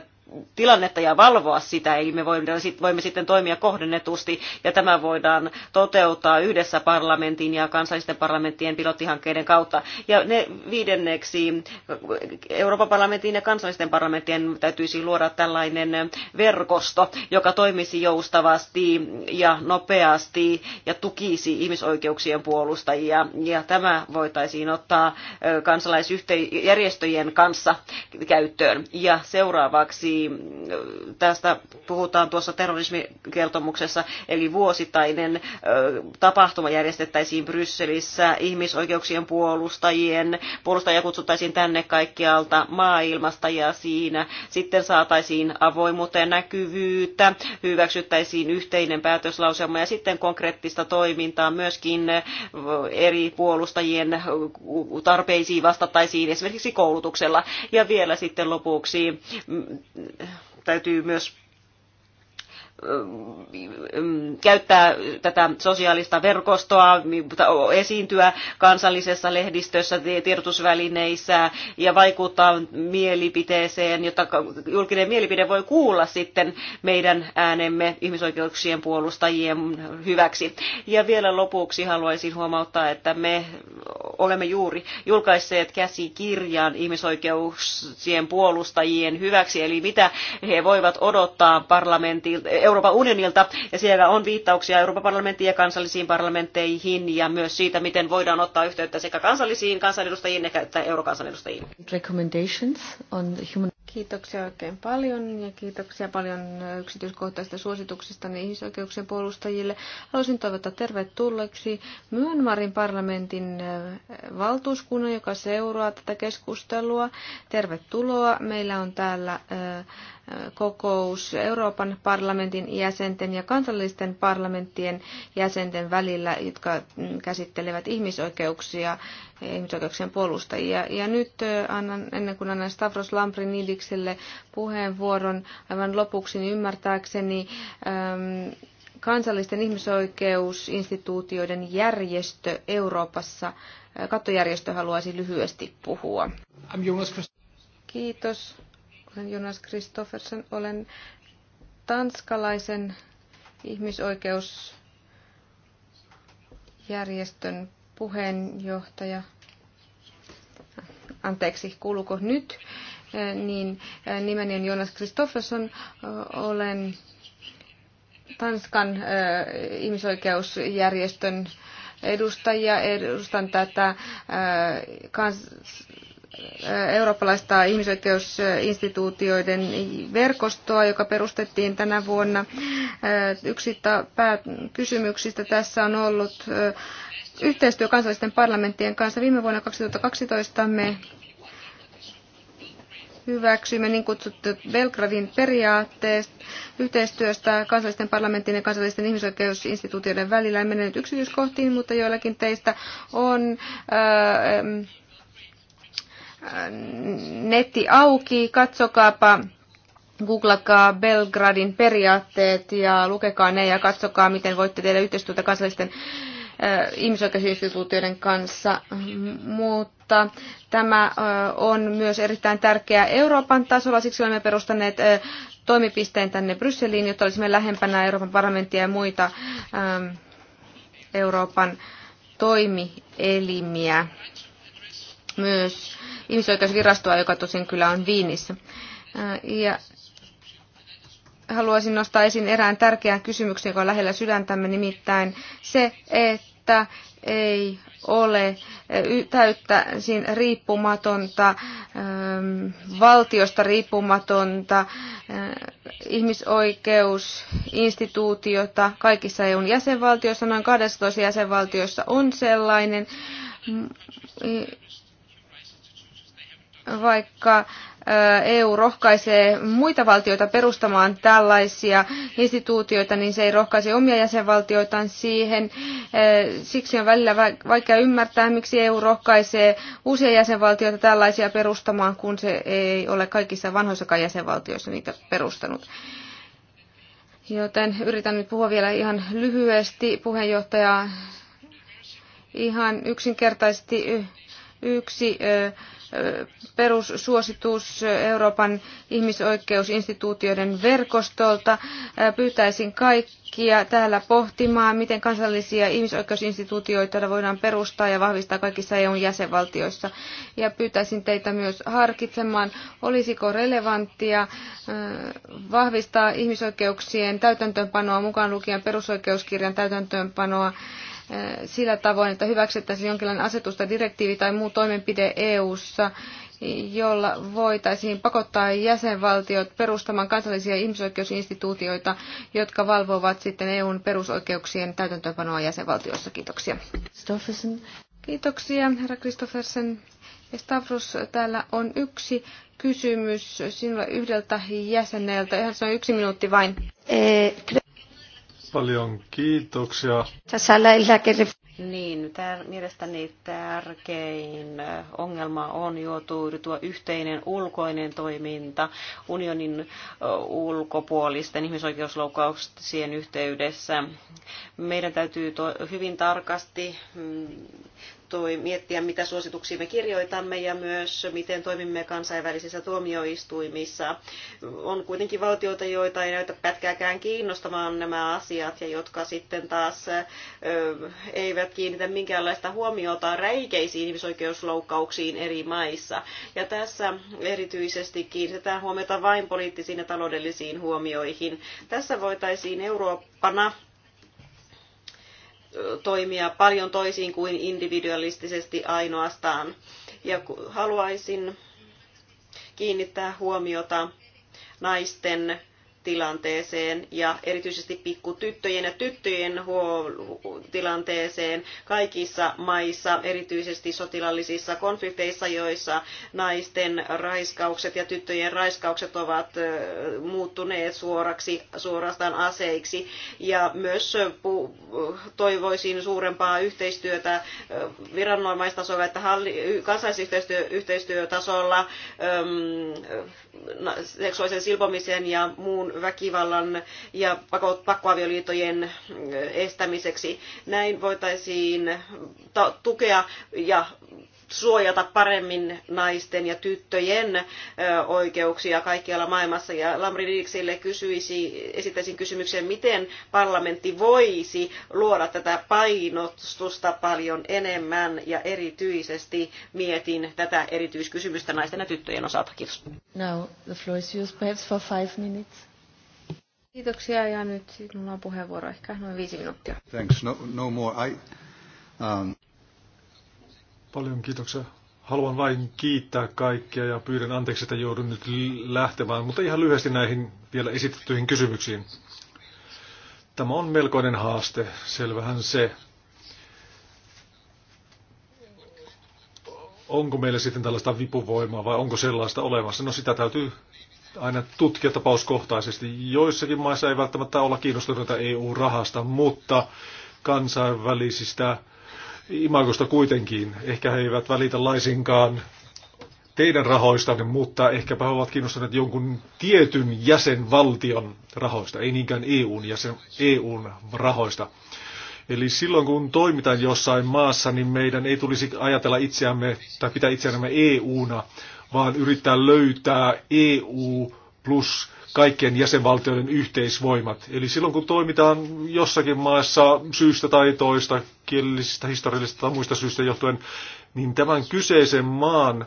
E: tilannetta ja valvoa sitä, eli me voimme sitten toimia kohdennetusti, ja tämä voidaan toteuttaa yhdessä parlamentin ja kansallisten parlamenttien pilottihankkeiden kautta. Ja ne viidenneksi Euroopan parlamentin ja kansallisten parlamenttien täytyisi luoda tällainen verkosto, joka toimisi joustavasti ja nopeasti ja tukisi ihmisoikeuksien puolustajia, ja tämä voitaisiin ottaa kansalaisjärjestöjen kanssa käyttöön. Ja seuraavaksi tästä puhutaan tuossa terrorismikertomuksessa, eli vuosittainen tapahtuma järjestettäisiin Brysselissä, ihmisoikeuksien puolustajien, puolustajia kutsuttaisiin tänne kaikkialta maailmasta ja siinä sitten saataisiin avoimuutta ja näkyvyyttä, hyväksyttäisiin yhteinen päätöslauselma ja sitten konkreettista toimintaa myöskin eri puolustajien tarpeisiin vastattaisiin esimerkiksi koulutuksella. Ja vielä sitten lopuksi täytyy myös Ähm, käyttää tätä sosiaalista verkostoa, esiintyä kansallisessa lehdistössä, tiedotusvälineissä ja vaikuttaa mielipiteeseen, jotta julkinen mielipide voi kuulla sitten meidän äänemme ihmisoikeuksien puolustajien hyväksi. Ja vielä lopuksi haluaisin huomauttaa, että me olemme juuri julkaisseet käsikirjan ihmisoikeuksien puolustajien hyväksi, eli mitä he voivat odottaa parlamentilta, Euroopan unionilta, ja siellä on viittauksia Euroopan parlamenttiin ja kansallisiin parlamentteihin, ja myös siitä, miten voidaan ottaa yhteyttä sekä kansallisiin kansanedustajiin että eurokansanedustajiin.
B: Recommendations on human...
D: Kiitoksia oikein paljon ja kiitoksia paljon yksityiskohtaisista suosituksista niin ihmisoikeuksien puolustajille. Haluaisin toivottaa tervetulleeksi Myönmarin parlamentin äh, valtuuskunnan, joka seuraa tätä keskustelua. Tervetuloa. Meillä on täällä äh, kokous Euroopan parlamentin jäsenten ja kansallisten parlamenttien jäsenten välillä, jotka mm, käsittelevät ihmisoikeuksia ihmisoikeuksien puolustajia. Ja nyt annan, ennen kuin annan Stavros Lamprinidikselle puheenvuoron aivan lopuksi, niin ymmärtääkseni äm, kansallisten ihmisoikeusinstituutioiden järjestö Euroopassa, kattojärjestö haluaisi lyhyesti puhua. Kiitos. Olen Jonas Kristoffersen. Olen tanskalaisen ihmisoikeusjärjestön puheenjohtaja, anteeksi, kuuluuko nyt, niin nimeni on Jonas Kristoffersson, olen Tanskan ihmisoikeusjärjestön edustajia, edustan tätä kans, eurooppalaista ihmisoikeusinstituutioiden verkostoa, joka perustettiin tänä vuonna. Yksi kysymyksistä tässä on ollut yhteistyö kansallisten parlamenttien kanssa. Viime vuonna 2012 me hyväksyimme niin kutsuttu Belgradin periaatteet yhteistyöstä kansallisten parlamenttien ja kansallisten ihmisoikeusinstituutioiden välillä. En mene nyt yksityiskohtiin, mutta joillakin teistä on ää, äh, äh, netti auki. Katsokaapa googlakaa Belgradin periaatteet ja lukekaa ne ja katsokaa, miten voitte tehdä yhteistyötä kansallisten ihmisoikeusinstituutioiden kanssa, mutta tämä on myös erittäin tärkeää Euroopan tasolla. Siksi olemme perustaneet toimipisteen tänne Brysseliin, jotta olisimme lähempänä Euroopan parlamenttia ja muita ähm, Euroopan toimielimiä. Myös ihmisoikeusvirastoa, joka tosin kyllä on Viinissä. Äh, ja haluaisin nostaa esiin erään tärkeän kysymyksen, joka on lähellä sydäntämme, nimittäin se, että ei ole täyttä riippumatonta, valtiosta riippumatonta ihmisoikeusinstituutiota kaikissa EUn jäsenvaltioissa. Noin 12 jäsenvaltiossa on sellainen, mm, vaikka EU rohkaisee muita valtioita perustamaan tällaisia instituutioita, niin se ei rohkaise omia jäsenvaltioitaan siihen. Siksi on välillä vaikea ymmärtää, miksi EU rohkaisee uusia jäsenvaltioita tällaisia perustamaan, kun se ei ole kaikissa vanhoissakaan jäsenvaltioissa niitä perustanut. Joten yritän nyt puhua vielä ihan lyhyesti. Puheenjohtaja ihan yksinkertaisesti yksi. Ö, perussuositus Euroopan ihmisoikeusinstituutioiden verkostolta. Pyytäisin kaikkia täällä pohtimaan, miten kansallisia ihmisoikeusinstituutioita voidaan perustaa ja vahvistaa kaikissa EUn jäsenvaltioissa. Ja pyytäisin teitä myös harkitsemaan, olisiko relevanttia äh, vahvistaa ihmisoikeuksien täytäntöönpanoa mukaan lukien perusoikeuskirjan täytäntöönpanoa sillä tavoin, että hyväksyttäisiin jonkinlainen asetus tai direktiivi tai muu toimenpide EU-ssa, jolla voitaisiin pakottaa jäsenvaltiot perustamaan kansallisia ihmisoikeusinstituutioita, jotka valvovat sitten EUn perusoikeuksien täytäntöönpanoa jäsenvaltioissa. Kiitoksia. Stoffersen. Kiitoksia, herra Kristoffersen. Ja Stavros, täällä on yksi kysymys sinulle yhdeltä jäseneltä. Ihan se on yksi minuutti vain.
C: Eh, Paljon kiitoksia. Tässä
E: Niin, tär, mielestäni tärkein äh, ongelma on juotuudutua yhteinen ulkoinen toiminta unionin äh, ulkopuolisten ihmisoikeusloukkauksien yhteydessä. Meidän täytyy to, hyvin tarkasti mm, toi, miettiä, mitä suosituksia me kirjoitamme ja myös miten toimimme kansainvälisissä tuomioistuimissa. On kuitenkin valtioita, joita ei näytä pätkääkään kiinnostamaan nämä asiat ja jotka sitten taas ö, eivät kiinnitä minkäänlaista huomiota räikeisiin ihmisoikeusloukkauksiin eri maissa. Ja tässä erityisesti kiinnitetään huomiota vain poliittisiin ja taloudellisiin huomioihin. Tässä voitaisiin Eurooppana toimia paljon toisin kuin individualistisesti ainoastaan. Ja haluaisin kiinnittää huomiota naisten tilanteeseen ja erityisesti pikkutyttöjen ja tyttöjen tilanteeseen kaikissa maissa, erityisesti sotilallisissa konflikteissa, joissa naisten raiskaukset ja tyttöjen raiskaukset ovat muuttuneet suoraksi, suorastaan aseiksi. Ja myös toivoisin suurempaa yhteistyötä viranomaistasolla, että halli- kansallisyhteistyötasolla seksuaalisen silpomisen ja muun väkivallan ja pakkoavioliittojen estämiseksi. Näin voitaisiin tukea ja suojata paremmin naisten ja tyttöjen oikeuksia kaikkialla maailmassa. Ja kysyisi, esittäisin kysymyksen, miten parlamentti voisi luoda tätä painostusta paljon enemmän ja erityisesti mietin tätä erityiskysymystä naisten ja tyttöjen osalta. Kiitos.
B: Now the floor is yours perhaps for five minutes.
D: Kiitoksia ja nyt minulla on puheenvuoro ehkä noin viisi minuuttia.
C: Thanks, no, no more. I, um... Paljon kiitoksia. Haluan vain kiittää kaikkia ja pyydän anteeksi, että joudun nyt lähtemään, mutta ihan lyhyesti näihin vielä esitettyihin kysymyksiin. Tämä on melkoinen haaste, selvähän se. Onko meillä sitten tällaista vipuvoimaa vai onko sellaista olemassa? No sitä täytyy aina tutkia tapauskohtaisesti. Joissakin maissa ei välttämättä olla kiinnostuneita EU-rahasta, mutta kansainvälisistä imagosta kuitenkin. Ehkä he eivät välitä laisinkaan teidän rahoistanne, mutta ehkäpä he ovat kiinnostuneet jonkun tietyn jäsenvaltion rahoista, ei niinkään EUn, jäsen, EUn rahoista. Eli silloin kun toimitaan jossain maassa, niin meidän ei tulisi ajatella itseämme tai pitää itseämme EUna, vaan yrittää löytää EU plus kaikkien jäsenvaltioiden yhteisvoimat. Eli silloin kun toimitaan jossakin maassa syystä tai toista, kielellisistä, historiallisista tai muista syistä johtuen, niin tämän kyseisen maan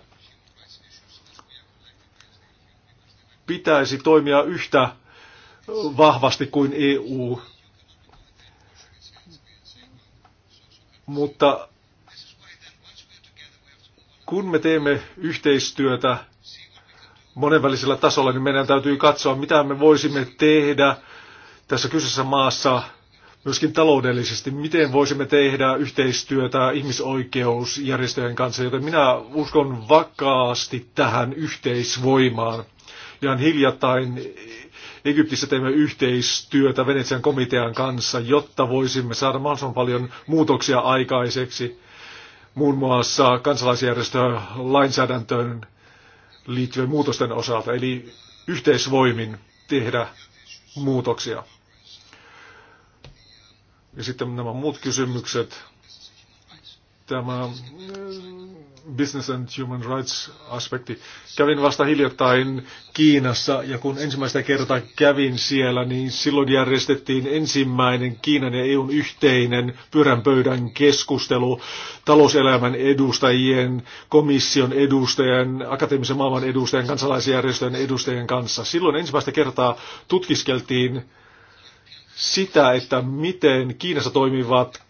C: pitäisi toimia yhtä vahvasti kuin EU. Mutta kun me teemme yhteistyötä monenvälisellä tasolla, niin meidän täytyy katsoa, mitä me voisimme tehdä tässä kyseisessä maassa myöskin taloudellisesti, miten voisimme tehdä yhteistyötä ihmisoikeusjärjestöjen kanssa, joten minä uskon vakaasti tähän yhteisvoimaan. Ihan hiljattain Egyptissä teimme yhteistyötä Venetsian komitean kanssa, jotta voisimme saada mahdollisimman paljon muutoksia aikaiseksi muun muassa kansalaisjärjestö lainsäädäntöön liittyvien muutosten osalta, eli yhteisvoimin tehdä muutoksia. Ja sitten nämä muut kysymykset. Tämä Business and Human Rights-aspekti. Kävin vasta hiljattain Kiinassa ja kun ensimmäistä kertaa kävin siellä, niin silloin järjestettiin ensimmäinen Kiinan ja EUn yhteinen pyörän pöydän keskustelu talouselämän edustajien, komission edustajien, akateemisen maailman edustajien, kansalaisjärjestöjen edustajien kanssa. Silloin ensimmäistä kertaa tutkiskeltiin sitä, että miten Kiinassa toimivat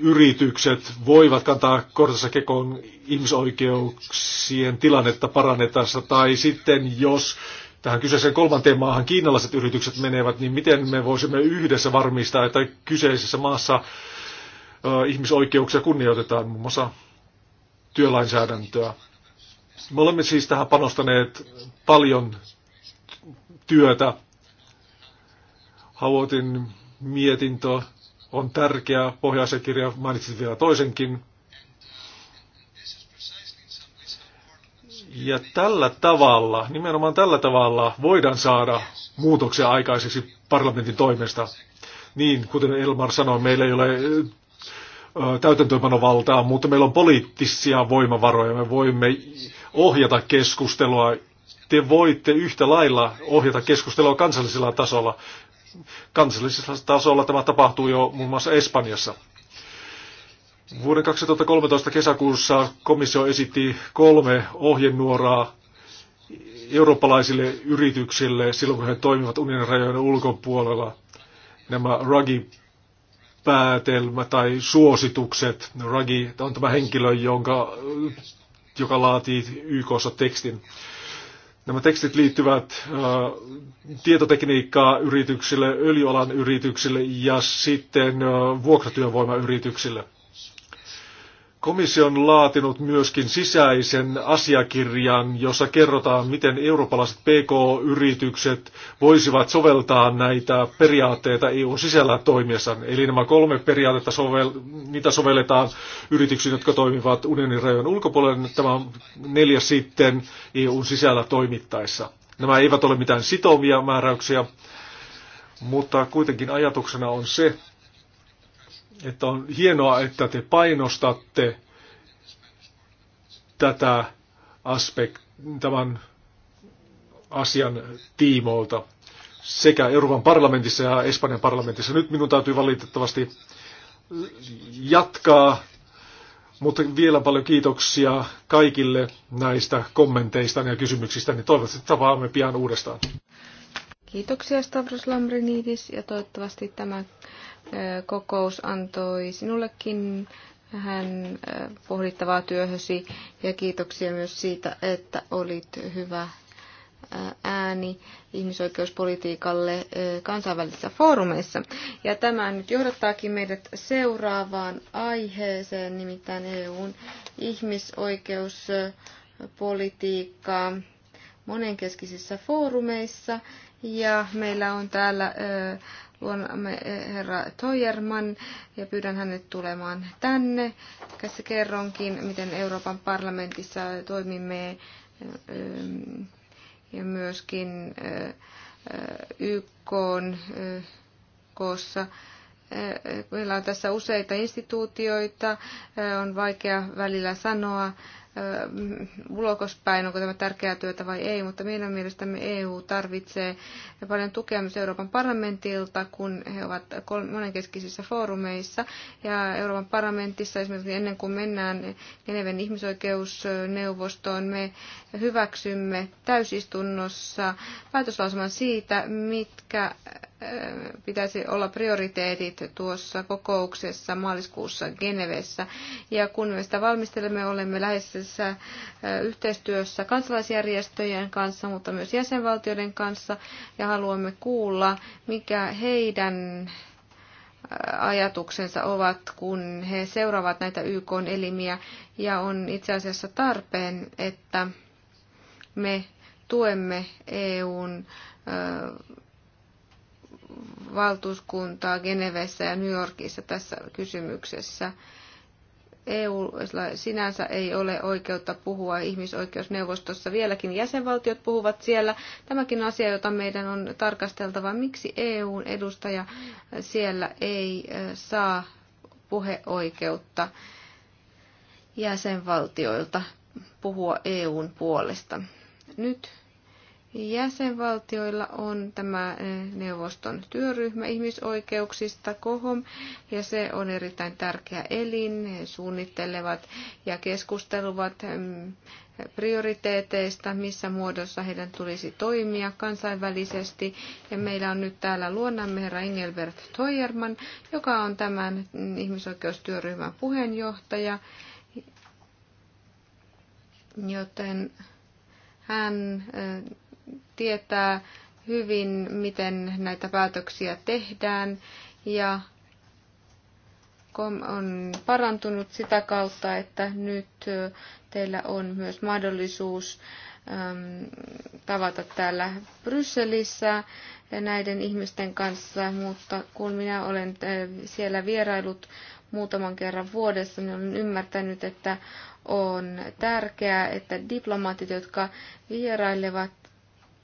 C: yritykset voivat kantaa kortensa kekoon ihmisoikeuksien tilannetta parannettaessa, tai sitten jos tähän kyseiseen kolmanteen maahan kiinalaiset yritykset menevät, niin miten me voisimme yhdessä varmistaa, että kyseisessä maassa ihmisoikeuksia kunnioitetaan, muun muassa työlainsäädäntöä. Me olemme siis tähän panostaneet paljon työtä. Havoitin mietintöä on tärkeä. Pohjaisen kirja mainitsit vielä toisenkin. Ja tällä tavalla, nimenomaan tällä tavalla, voidaan saada muutoksia aikaiseksi parlamentin toimesta. Niin, kuten Elmar sanoi, meillä ei ole täytäntöönpanovaltaa, mutta meillä on poliittisia voimavaroja. Me voimme ohjata keskustelua. Te voitte yhtä lailla ohjata keskustelua kansallisella tasolla. Kansallisella tasolla tämä tapahtuu jo muun muassa Espanjassa. Vuoden 2013 kesäkuussa komissio esitti kolme ohjenuoraa eurooppalaisille yrityksille silloin, kun he toimivat unionin rajojen ulkopuolella. Nämä RAGI päätelmä tai suositukset. No, Ragi on tämä henkilö, jonka, joka laatii YKssa tekstin. Nämä tekstit liittyvät äh, tietotekniikkaa yrityksille, öljyalan yrityksille ja sitten äh, vuokratyövoimayrityksille. Komissio on laatinut myöskin sisäisen asiakirjan, jossa kerrotaan, miten eurooppalaiset PK-yritykset voisivat soveltaa näitä periaatteita EUn sisällä toimiessaan. Eli nämä kolme periaatetta, sovel- niitä sovelletaan yrityksiin, jotka toimivat unionin rajojen ulkopuolella, tämä neljä sitten EUn sisällä toimittaessa. Nämä eivät ole mitään sitovia määräyksiä, mutta kuitenkin ajatuksena on se, että on hienoa, että te painostatte tätä aspekt, tämän asian tiimoilta sekä Euroopan parlamentissa ja Espanjan parlamentissa. Nyt minun täytyy valitettavasti jatkaa, mutta vielä paljon kiitoksia kaikille näistä kommenteista ja kysymyksistä, niin toivottavasti tapaamme pian uudestaan.
D: Kiitoksia Stavros Lambrinidis ja toivottavasti tämä kokous antoi sinullekin hän pohdittavaa työhösi ja kiitoksia myös siitä, että olit hyvä ääni ihmisoikeuspolitiikalle kansainvälisissä foorumeissa. Ja tämä nyt johdattaakin meidät seuraavaan aiheeseen, nimittäin EUn ihmisoikeuspolitiikkaa monenkeskisissä foorumeissa. Ja meillä on täällä luonamme eh, herra Toijerman ja pyydän hänet tulemaan tänne. Tässä kerronkin, miten Euroopan parlamentissa toimimme eh, ja myöskin eh, YK koossa. Meillä on tässä useita instituutioita, on vaikea välillä sanoa, ulokospäin, onko tämä tärkeää työtä vai ei, mutta meidän mielestämme EU tarvitsee paljon tukea myös Euroopan parlamentilta, kun he ovat monenkeskisissä foorumeissa. Ja Euroopan parlamentissa esimerkiksi ennen kuin mennään Geneven ihmisoikeusneuvostoon, me hyväksymme täysistunnossa päätöslausuman siitä, mitkä pitäisi olla prioriteetit tuossa kokouksessa maaliskuussa Genevessä. Ja kun me sitä valmistelemme, olemme lähes tekemässä yhteistyössä kansalaisjärjestöjen kanssa, mutta myös jäsenvaltioiden kanssa, ja haluamme kuulla, mikä heidän ajatuksensa ovat, kun he seuraavat näitä YK-elimiä, ja on itse asiassa tarpeen, että me tuemme EUn valtuuskuntaa Genevessä ja New Yorkissa tässä kysymyksessä. EU sinänsä ei ole oikeutta puhua ihmisoikeusneuvostossa. Vieläkin jäsenvaltiot puhuvat siellä. Tämäkin asia, jota meidän on tarkasteltava, miksi EUn edustaja siellä ei saa puheoikeutta jäsenvaltioilta puhua EUn puolesta. Nyt jäsenvaltioilla on tämä eh, neuvoston työryhmä ihmisoikeuksista, KOHOM, ja se on erittäin tärkeä elin. He suunnittelevat ja keskusteluvat mm, prioriteeteista, missä muodossa heidän tulisi toimia kansainvälisesti. Ja meillä on nyt täällä luonnamme herra Engelbert Toijerman, joka on tämän mm, ihmisoikeustyöryhmän puheenjohtaja. Joten hän eh, tietää hyvin, miten näitä päätöksiä tehdään ja on parantunut sitä kautta, että nyt teillä on myös mahdollisuus tavata täällä Brysselissä näiden ihmisten kanssa, mutta kun minä olen siellä vierailut muutaman kerran vuodessa, niin olen ymmärtänyt, että on tärkeää, että diplomaatit, jotka vierailevat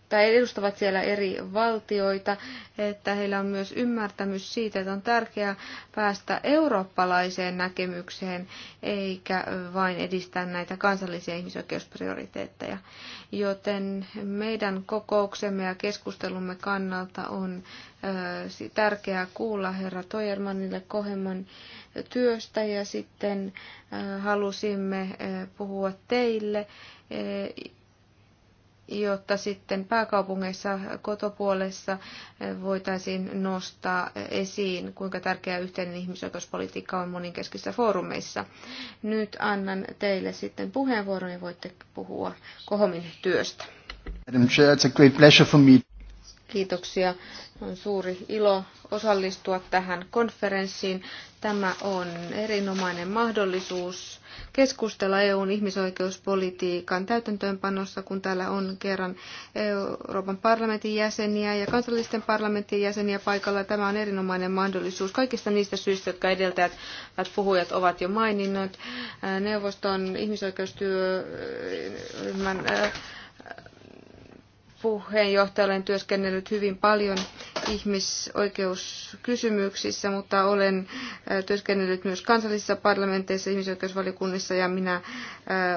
D: tai edustavat siellä eri valtioita, että heillä on myös ymmärtämys siitä, että on tärkeää päästä eurooppalaiseen näkemykseen, eikä vain edistää näitä kansallisia ihmisoikeusprioriteetteja. Joten meidän kokouksemme ja keskustelumme kannalta on tärkeää kuulla herra Toijermanille kohemman työstä ja sitten halusimme puhua teille jotta sitten pääkaupungeissa kotopuolessa eh, voitaisiin nostaa esiin, kuinka tärkeä yhteinen ihmisoikeuspolitiikka on moninkeskisissä foorumeissa. Nyt annan teille sitten puheenvuoron ja voitte puhua Kohomin työstä. Kiitoksia. On suuri ilo osallistua tähän konferenssiin. Tämä on erinomainen mahdollisuus keskustella EUn ihmisoikeuspolitiikan täytäntöönpanossa, kun täällä on kerran Euroopan parlamentin jäseniä ja kansallisten parlamentin jäseniä paikalla. Tämä on erinomainen mahdollisuus kaikista niistä syistä, jotka edeltäjät puhujat ovat jo maininneet. Neuvoston ihmisoikeustyöryhmän puheenjohtaja. Olen työskennellyt hyvin paljon ihmisoikeuskysymyksissä, mutta olen äh, työskennellyt myös kansallisissa parlamenteissa, ihmisoikeusvaliokunnissa ja minä äh,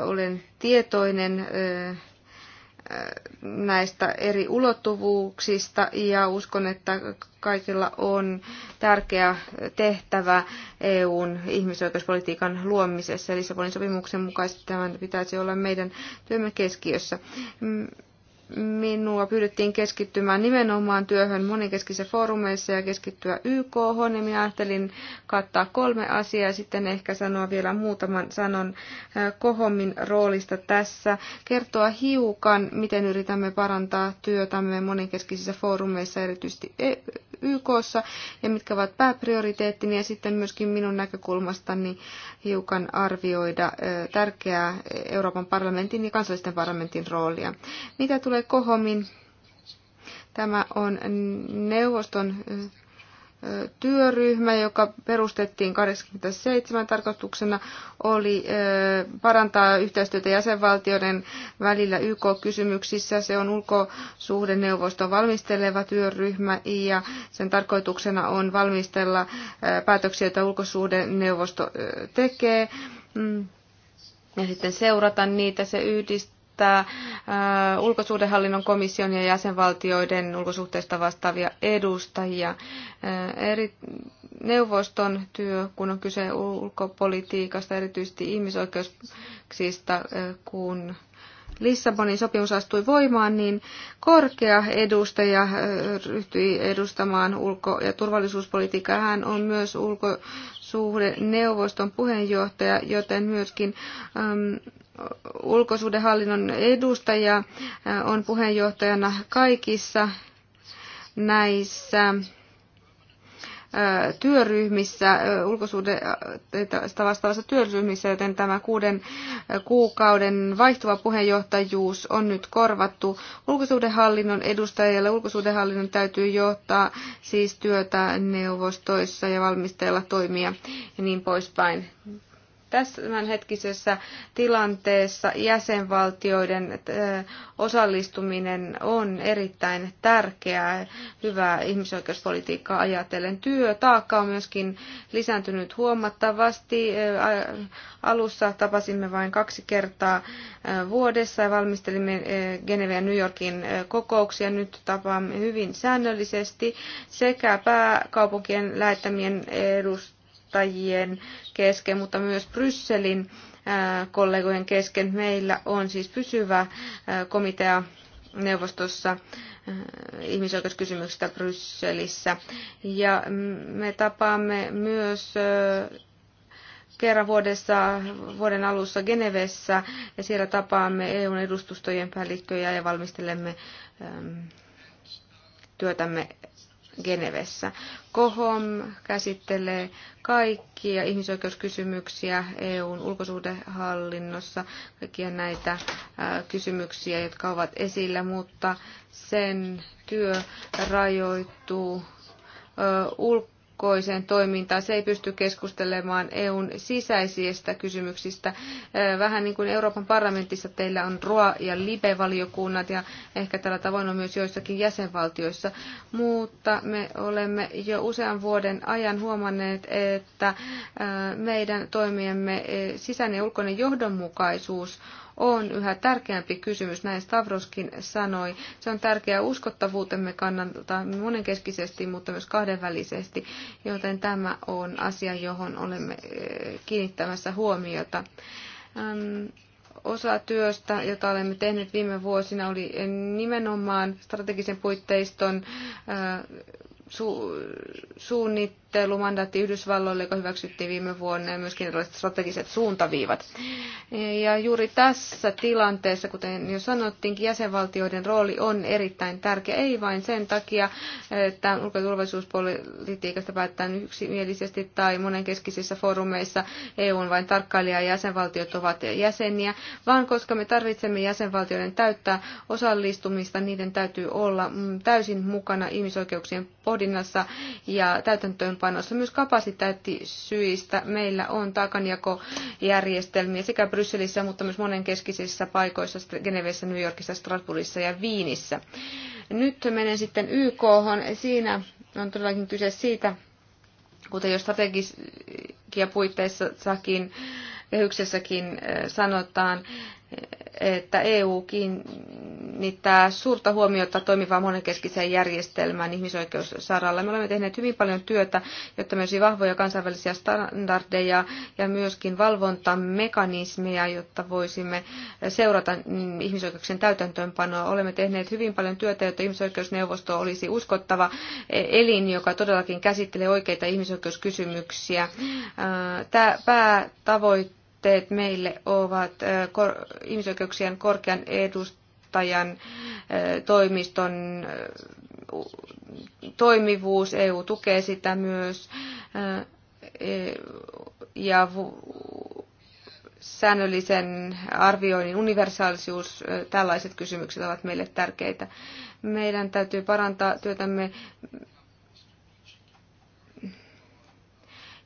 D: olen tietoinen äh, näistä eri ulottuvuuksista ja uskon, että kaikilla on tärkeä tehtävä EUn ihmisoikeuspolitiikan luomisessa. Lissabonin sopimuksen mukaisesti tämän pitäisi olla meidän työmme keskiössä. Mm, minua pyydettiin keskittymään nimenomaan työhön monikeskisissä foorumeissa ja keskittyä YK, ja minä ajattelin kattaa kolme asiaa ja sitten ehkä sanoa vielä muutaman sanon Kohomin roolista tässä, kertoa hiukan, miten yritämme parantaa työtämme monikeskisissä foorumeissa, erityisesti e- YKssa, ja mitkä ovat pääprioriteettini, ja sitten myöskin minun näkökulmastani hiukan arvioida tärkeää Euroopan parlamentin ja kansallisten parlamentin roolia. Mitä tulee tulee Kohomin, tämä on neuvoston työryhmä, joka perustettiin 87 tarkoituksena, oli parantaa yhteistyötä jäsenvaltioiden välillä YK-kysymyksissä. Se on ulkosuhdeneuvoston valmisteleva työryhmä ja sen tarkoituksena on valmistella päätöksiä, joita ulkosuhdeneuvosto tekee mm. ja sitten seurata niitä. Se yhdistää yhdistää Äh, ulkosuhdehallinnon komission ja jäsenvaltioiden ulkosuhteista vastaavia edustajia. Äh, eri neuvoston työ, kun on kyse ulkopolitiikasta, erityisesti ihmisoikeuksista, äh, kun Lissabonin sopimus astui voimaan, niin korkea edustaja ryhtyi edustamaan ulko- ja turvallisuuspolitiikkaa. Hän on myös neuvoston puheenjohtaja, joten myöskin ähm, ulkosuudenhallinnon edustajia äh, on puheenjohtajana kaikissa näissä äh, työryhmissä, äh, ulkosuudesta vastaavassa työryhmissä, joten tämä kuuden kuukauden vaihtuva puheenjohtajuus on nyt korvattu ulkosuudenhallinnon edustajille. Ulkosuudenhallinnon täytyy johtaa siis työtä neuvostoissa ja valmistella toimia ja niin poispäin tämänhetkisessä tilanteessa jäsenvaltioiden osallistuminen on erittäin tärkeää hyvää ihmisoikeuspolitiikkaa ajatellen. Työtaakka on myöskin lisääntynyt huomattavasti. Alussa tapasimme vain kaksi kertaa vuodessa ja valmistelimme Geneve ja New Yorkin kokouksia. Nyt tapaamme hyvin säännöllisesti sekä pääkaupunkien lähettämien edustajien johtajien kesken, mutta myös Brysselin kollegojen kesken. Meillä on siis pysyvä komitea neuvostossa ihmisoikeuskysymyksistä Brysselissä. Ja me tapaamme myös kerran vuodessa, vuoden alussa Genevessä ja siellä tapaamme EUn edustustojen päällikköjä ja valmistelemme työtämme Genevessä. KOHOM käsittelee kaikkia ihmisoikeuskysymyksiä EUn ulkosuhdehallinnossa, kaikkia näitä äh, kysymyksiä, jotka ovat esillä, mutta sen työ rajoittuu ulko ulkoiseen toimintaan. Se ei pysty keskustelemaan EUn sisäisistä kysymyksistä. Vähän niin kuin Euroopan parlamentissa teillä on ROA ja LIBE-valiokunnat ja ehkä tällä tavoin on myös joissakin jäsenvaltioissa. Mutta me olemme jo usean vuoden ajan huomanneet, että meidän toimiemme sisäinen ja ulkoinen johdonmukaisuus on yhä tärkeämpi kysymys, näin Stavroskin sanoi. Se on tärkeää uskottavuutemme kannalta monenkeskisesti, mutta myös kahdenvälisesti, joten tämä on asia, johon olemme eh, kiinnittämässä huomiota ähm, osa työstä, jota olemme tehneet viime vuosina, oli eh, nimenomaan strategisen puitteiston äh, su- suunnittelumandaatti Yhdysvalloille, joka hyväksyttiin viime vuonna, ja myöskin erilaiset strategiset suuntaviivat. Ja juuri tässä tilanteessa, kuten jo sanottiinkin, jäsenvaltioiden rooli on erittäin tärkeä, ei vain sen takia, että ulko- ja turvallisuuspolitiikasta päätetään yksimielisesti tai monenkeskisissä foorumeissa EU on vain tarkkailija ja jäsenvaltiot ovat jäseniä, vaan koska me tarvitsemme jäsenvaltioiden täyttää osallistumista, niiden täytyy olla täysin mukana ihmisoikeuksien pohdinnassa ja täytäntöönpanossa myös kapasiteettisyistä. Meillä on takanjakojärjestelmiä sekä Brysselissä, mutta myös monenkeskisissä paikoissa, Genevessä, New Yorkissa, Strasbourgissa ja Viinissä. Nyt menen sitten YK. -hon. Siinä on todellakin kyse siitä, kuten jo puitteissa sakin kehyksessäkin eh, sanotaan, että EU kiinnittää suurta huomiota toimivaan monenkeskiseen järjestelmään ihmisoikeussaralla. Me olemme tehneet hyvin paljon työtä, jotta myös vahvoja kansainvälisiä standardeja ja myöskin valvontamekanismeja, jotta voisimme seurata ihmisoikeuksien täytäntöönpanoa. Olemme tehneet hyvin paljon työtä, jotta ihmisoikeusneuvosto olisi uskottava elin, joka todellakin käsittelee oikeita ihmisoikeuskysymyksiä. Tämä päätavoite tavoitteet meille ovat ihmisoikeuksien korkean edustajan toimiston toimivuus. EU tukee sitä myös e, ja säännöllisen arvioinnin universaalisuus, tällaiset kysymykset ovat meille tärkeitä. Meidän täytyy parantaa työtämme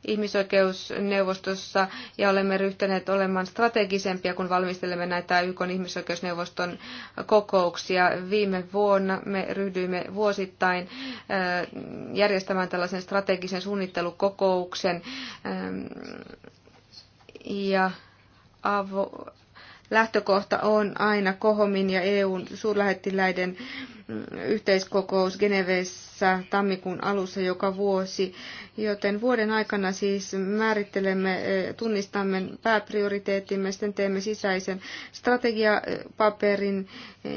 D: ihmisoikeusneuvostossa ja olemme ryhtyneet olemaan strategisempia, kun valmistelemme näitä YK ihmisoikeusneuvoston kokouksia. Viime vuonna me ryhdyimme vuosittain äh, järjestämään tällaisen strategisen suunnittelukokouksen ähm, ja avo, lähtökohta on aina Kohomin ja EUn suurlähettiläiden mm, yhteiskokous Genevessä tammikuun alussa joka vuosi. Joten vuoden aikana siis määrittelemme, e, tunnistamme pääprioriteettimme, sitten teemme sisäisen strategiapaperin, e,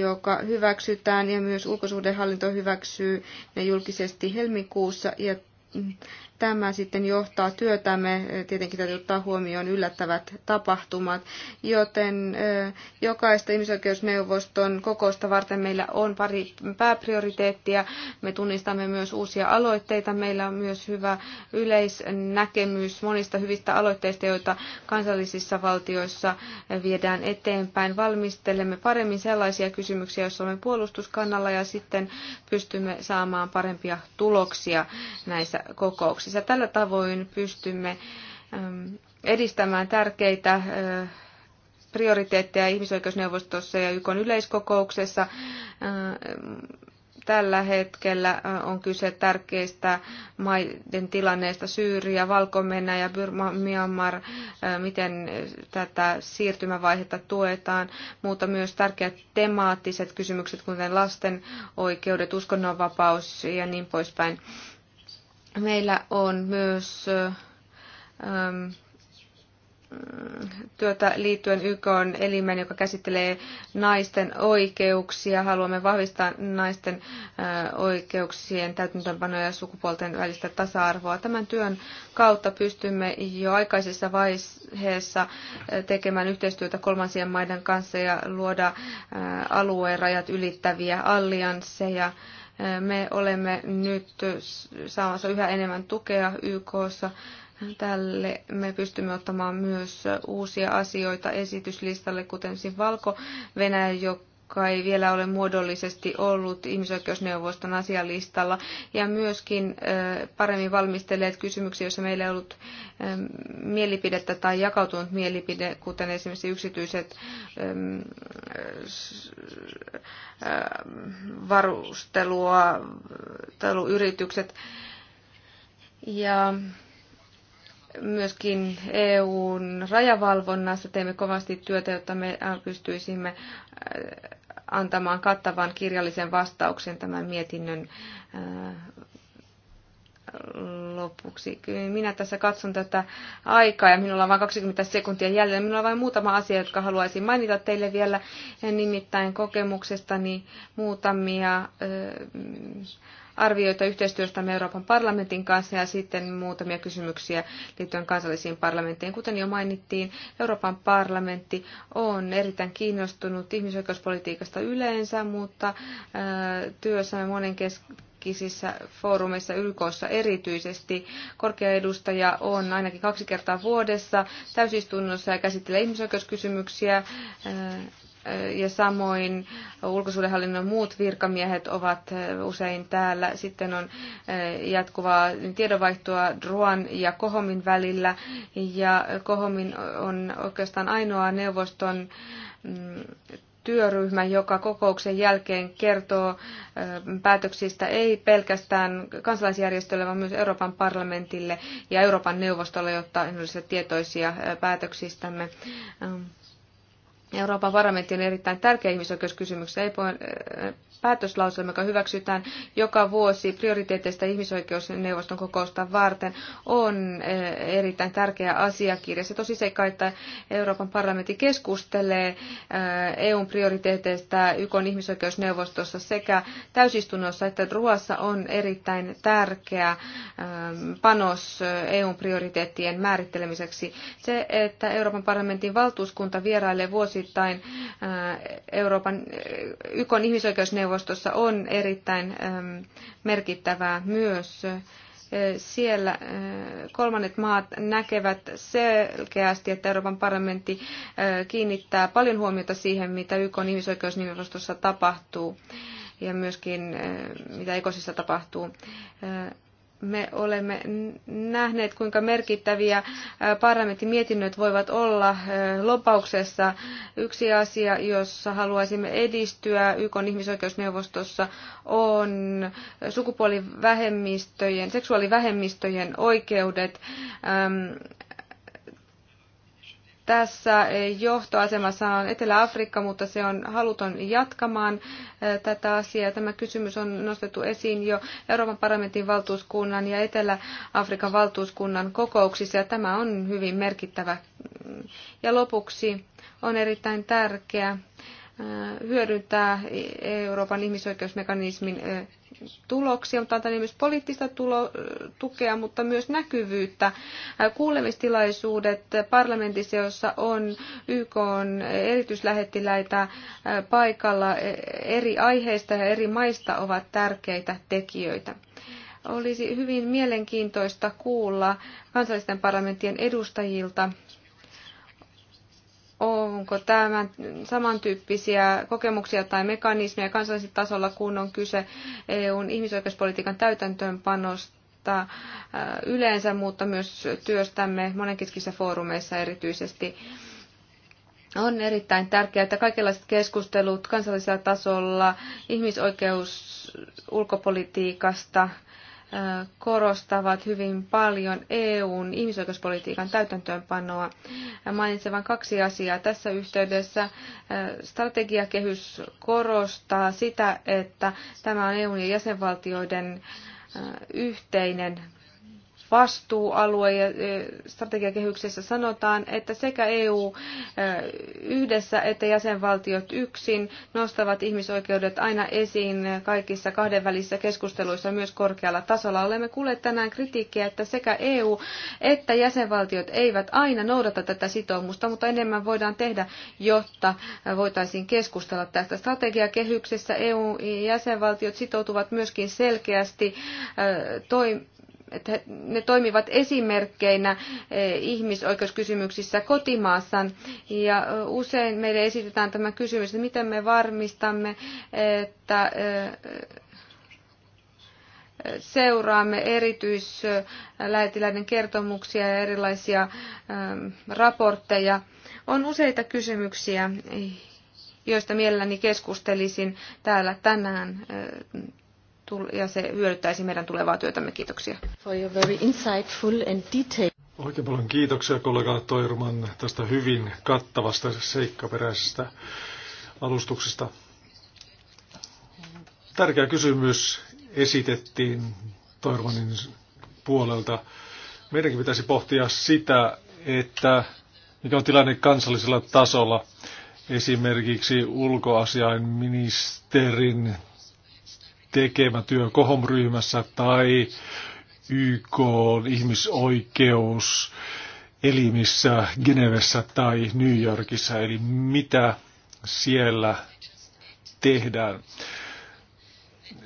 D: joka hyväksytään ja myös ulkosuhdehallinto hyväksyy ne julkisesti helmikuussa ja mm, tämä sitten johtaa työtämme. Tietenkin täytyy ottaa huomioon yllättävät tapahtumat, joten jokaista ihmisoikeusneuvoston kokousta varten meillä on pari pääprioriteettia. Me tunnistamme myös uusia aloitteita. Meillä on myös hyvä yleisnäkemys monista hyvistä aloitteista, joita kansallisissa valtioissa viedään eteenpäin. Valmistelemme paremmin sellaisia kysymyksiä, joissa olemme puolustuskannalla ja sitten pystymme saamaan parempia tuloksia näissä kokouksissa sopimuksissa. Tällä tavoin pystymme ähm, edistämään tärkeitä äh, prioriteetteja ihmisoikeusneuvostossa ja YK yleiskokouksessa. Äh, tällä hetkellä äh, on kyse tärkeistä maiden tilanneista Syyria, valko ja Burma, Myanmar, miten tätä siirtymävaihetta tuetaan, mutta myös tärkeät temaattiset kysymykset, kuten lasten oikeudet, uskonnonvapaus ja niin poispäin. Meillä on myös ähm, työtä liittyen YK on elimen, joka käsittelee naisten oikeuksia. Haluamme vahvistaa naisten äh, oikeuksien täytäntöönpanoja ja sukupuolten välistä tasa-arvoa. Tämän työn kautta pystymme jo aikaisessa vaiheessa äh, tekemään yhteistyötä kolmansien maiden kanssa ja luoda äh, alueen rajat ylittäviä alliansseja me olemme nyt saamassa yhä enemmän tukea YKssa Tälle me pystymme ottamaan myös uusia asioita esityslistalle, kuten siis Valko-Venäjä, joka joka ei vielä ole muodollisesti ollut ihmisoikeusneuvoston asialistalla, ja myöskin paremmin valmistelleet kysymyksiä, joissa meillä ei ollut mielipidettä tai jakautunut mielipide, kuten esimerkiksi yksityiset varustelua, yritykset. Ja myöskin EUn rajavalvonnassa teemme kovasti työtä, jotta me pystyisimme äh, antamaan kattavan kirjallisen vastauksen tämän mietinnön äh, lopuksi. Minä tässä katson tätä aikaa ja minulla on vain 20 sekuntia jäljellä. Minulla on vain muutama asia, jotka haluaisin mainita teille vielä, nimittäin kokemuksestani muutamia äh, arvioita yhteistyöstämme Euroopan parlamentin kanssa ja sitten muutamia kysymyksiä liittyen kansallisiin parlamentteihin. Kuten jo mainittiin, Euroopan parlamentti on erittäin kiinnostunut ihmisoikeuspolitiikasta yleensä, mutta äh, työssämme monenkeskisesti kisissä foorumeissa YKssa erityisesti. Korkea edustaja on ainakin kaksi kertaa vuodessa täysistunnossa ja käsittelee ihmisoikeuskysymyksiä äh, ja samoin ulkosuudenhallinnon muut virkamiehet ovat usein täällä. Sitten on jatkuvaa tiedonvaihtoa Ruan ja Kohomin välillä ja Kohomin on oikeastaan ainoa neuvoston mm, työryhmä, joka kokouksen jälkeen kertoo päätöksistä ei pelkästään kansalaisjärjestölle, vaan myös Euroopan parlamentille ja Euroopan neuvostolle, jotta he olisivat tietoisia päätöksistämme. Euroopan parlamentti on erittäin tärkeä ihmisoikeuskysymys, ei äh, päätöslauselma, joka hyväksytään joka vuosi prioriteeteista ihmisoikeusneuvoston kokousta varten, on eh, erittäin tärkeä asiakirja. Se tosi seikka, että Euroopan parlamentti keskustelee EUn eh, e prioriteeteista YK ihmisoikeusneuvostossa sekä täysistunnossa että Ruassa on erittäin tärkeä eh, panos EUn e prioriteettien määrittelemiseksi. Se, että Euroopan parlamentin valtuuskunta vierailee vuosittain Euroopan YK ihmisoikeusneuvostossa neuvostossa on erittäin merkittävää myös. Siellä kolmannet maat näkevät selkeästi, että Euroopan parlamentti kiinnittää paljon huomiota siihen, mitä YK on ihmisoikeusneuvostossa tapahtuu ja myöskin mitä ekosissa tapahtuu me olemme nähneet, kuinka merkittäviä parlamentin mietinnöt voivat olla lopauksessa. Yksi asia, jossa haluaisimme edistyä YK ihmisoikeusneuvostossa, on sukupuolivähemmistöjen, seksuaalivähemmistöjen oikeudet. Tässä johtoasemassa on Etelä-Afrikka, mutta se on haluton jatkamaan eh, tätä asiaa. Tämä kysymys on nostettu esiin jo Euroopan parlamentin valtuuskunnan ja Etelä-Afrikan valtuuskunnan kokouksissa, ja tämä on hyvin merkittävä. Ja lopuksi on erittäin tärkeää eh, hyödyntää Euroopan ihmisoikeusmekanismin eh, tuloksia, mutta antaneet niin myös poliittista tulo, tukea, mutta myös näkyvyyttä. Kuulemistilaisuudet parlamentissa, jossa on YK erityislähettiläitä paikalla eri aiheista ja eri maista ovat tärkeitä tekijöitä olisi hyvin mielenkiintoista kuulla kansallisten parlamenttien edustajilta onko tämän samantyyppisiä kokemuksia tai mekanismeja kansallisella tasolla, kun on kyse EUn ihmisoikeuspolitiikan täytäntöönpanosta äh, yleensä, mutta myös työstämme monenkeskisissä foorumeissa erityisesti. On erittäin tärkeää, että kaikenlaiset keskustelut kansallisella tasolla ihmisoikeus ulkopolitiikasta korostavat hyvin paljon EUn ihmisoikeuspolitiikan täytäntöönpanoa. Mainitsen vain kaksi asiaa tässä yhteydessä. Strategiakehys korostaa sitä, että tämä on EUn ja jäsenvaltioiden yhteinen vastuualue ja e, strategiakehyksessä sanotaan, että sekä EU e, yhdessä että jäsenvaltiot yksin nostavat ihmisoikeudet aina esiin kaikissa kahdenvälisissä keskusteluissa myös korkealla tasolla. Olemme kuulleet tänään kritiikkiä, että sekä EU että jäsenvaltiot eivät aina noudata tätä sitoumusta, mutta enemmän voidaan tehdä, jotta voitaisiin keskustella tästä. Strategiakehyksessä EU-jäsenvaltiot sitoutuvat myöskin selkeästi e, toimimaan että ne toimivat esimerkkeinä eh, ihmisoikeuskysymyksissä kotimaassaan. Ja eh, usein meille esitetään tämä kysymys, että miten me varmistamme, että eh, seuraamme erityislähettiläiden kertomuksia ja erilaisia raportteja. On useita kysymyksiä, joista mielelläni keskustelisin täällä tänään ja se hyödyttäisi meidän tulevaa työtämme. Kiitoksia.
C: For your very insightful and detailed. Oikein paljon kiitoksia kollega Toirman tästä hyvin kattavasta seikkaperäisestä alustuksesta. Tärkeä kysymys esitettiin Toirmanin puolelta. Meidänkin pitäisi pohtia sitä, että mikä on tilanne kansallisella tasolla. Esimerkiksi ulkoasiainministerin tekemä työ kohomryhmässä tai YK ihmisoikeus elimissä Genevessä tai New Yorkissa, eli mitä siellä tehdään.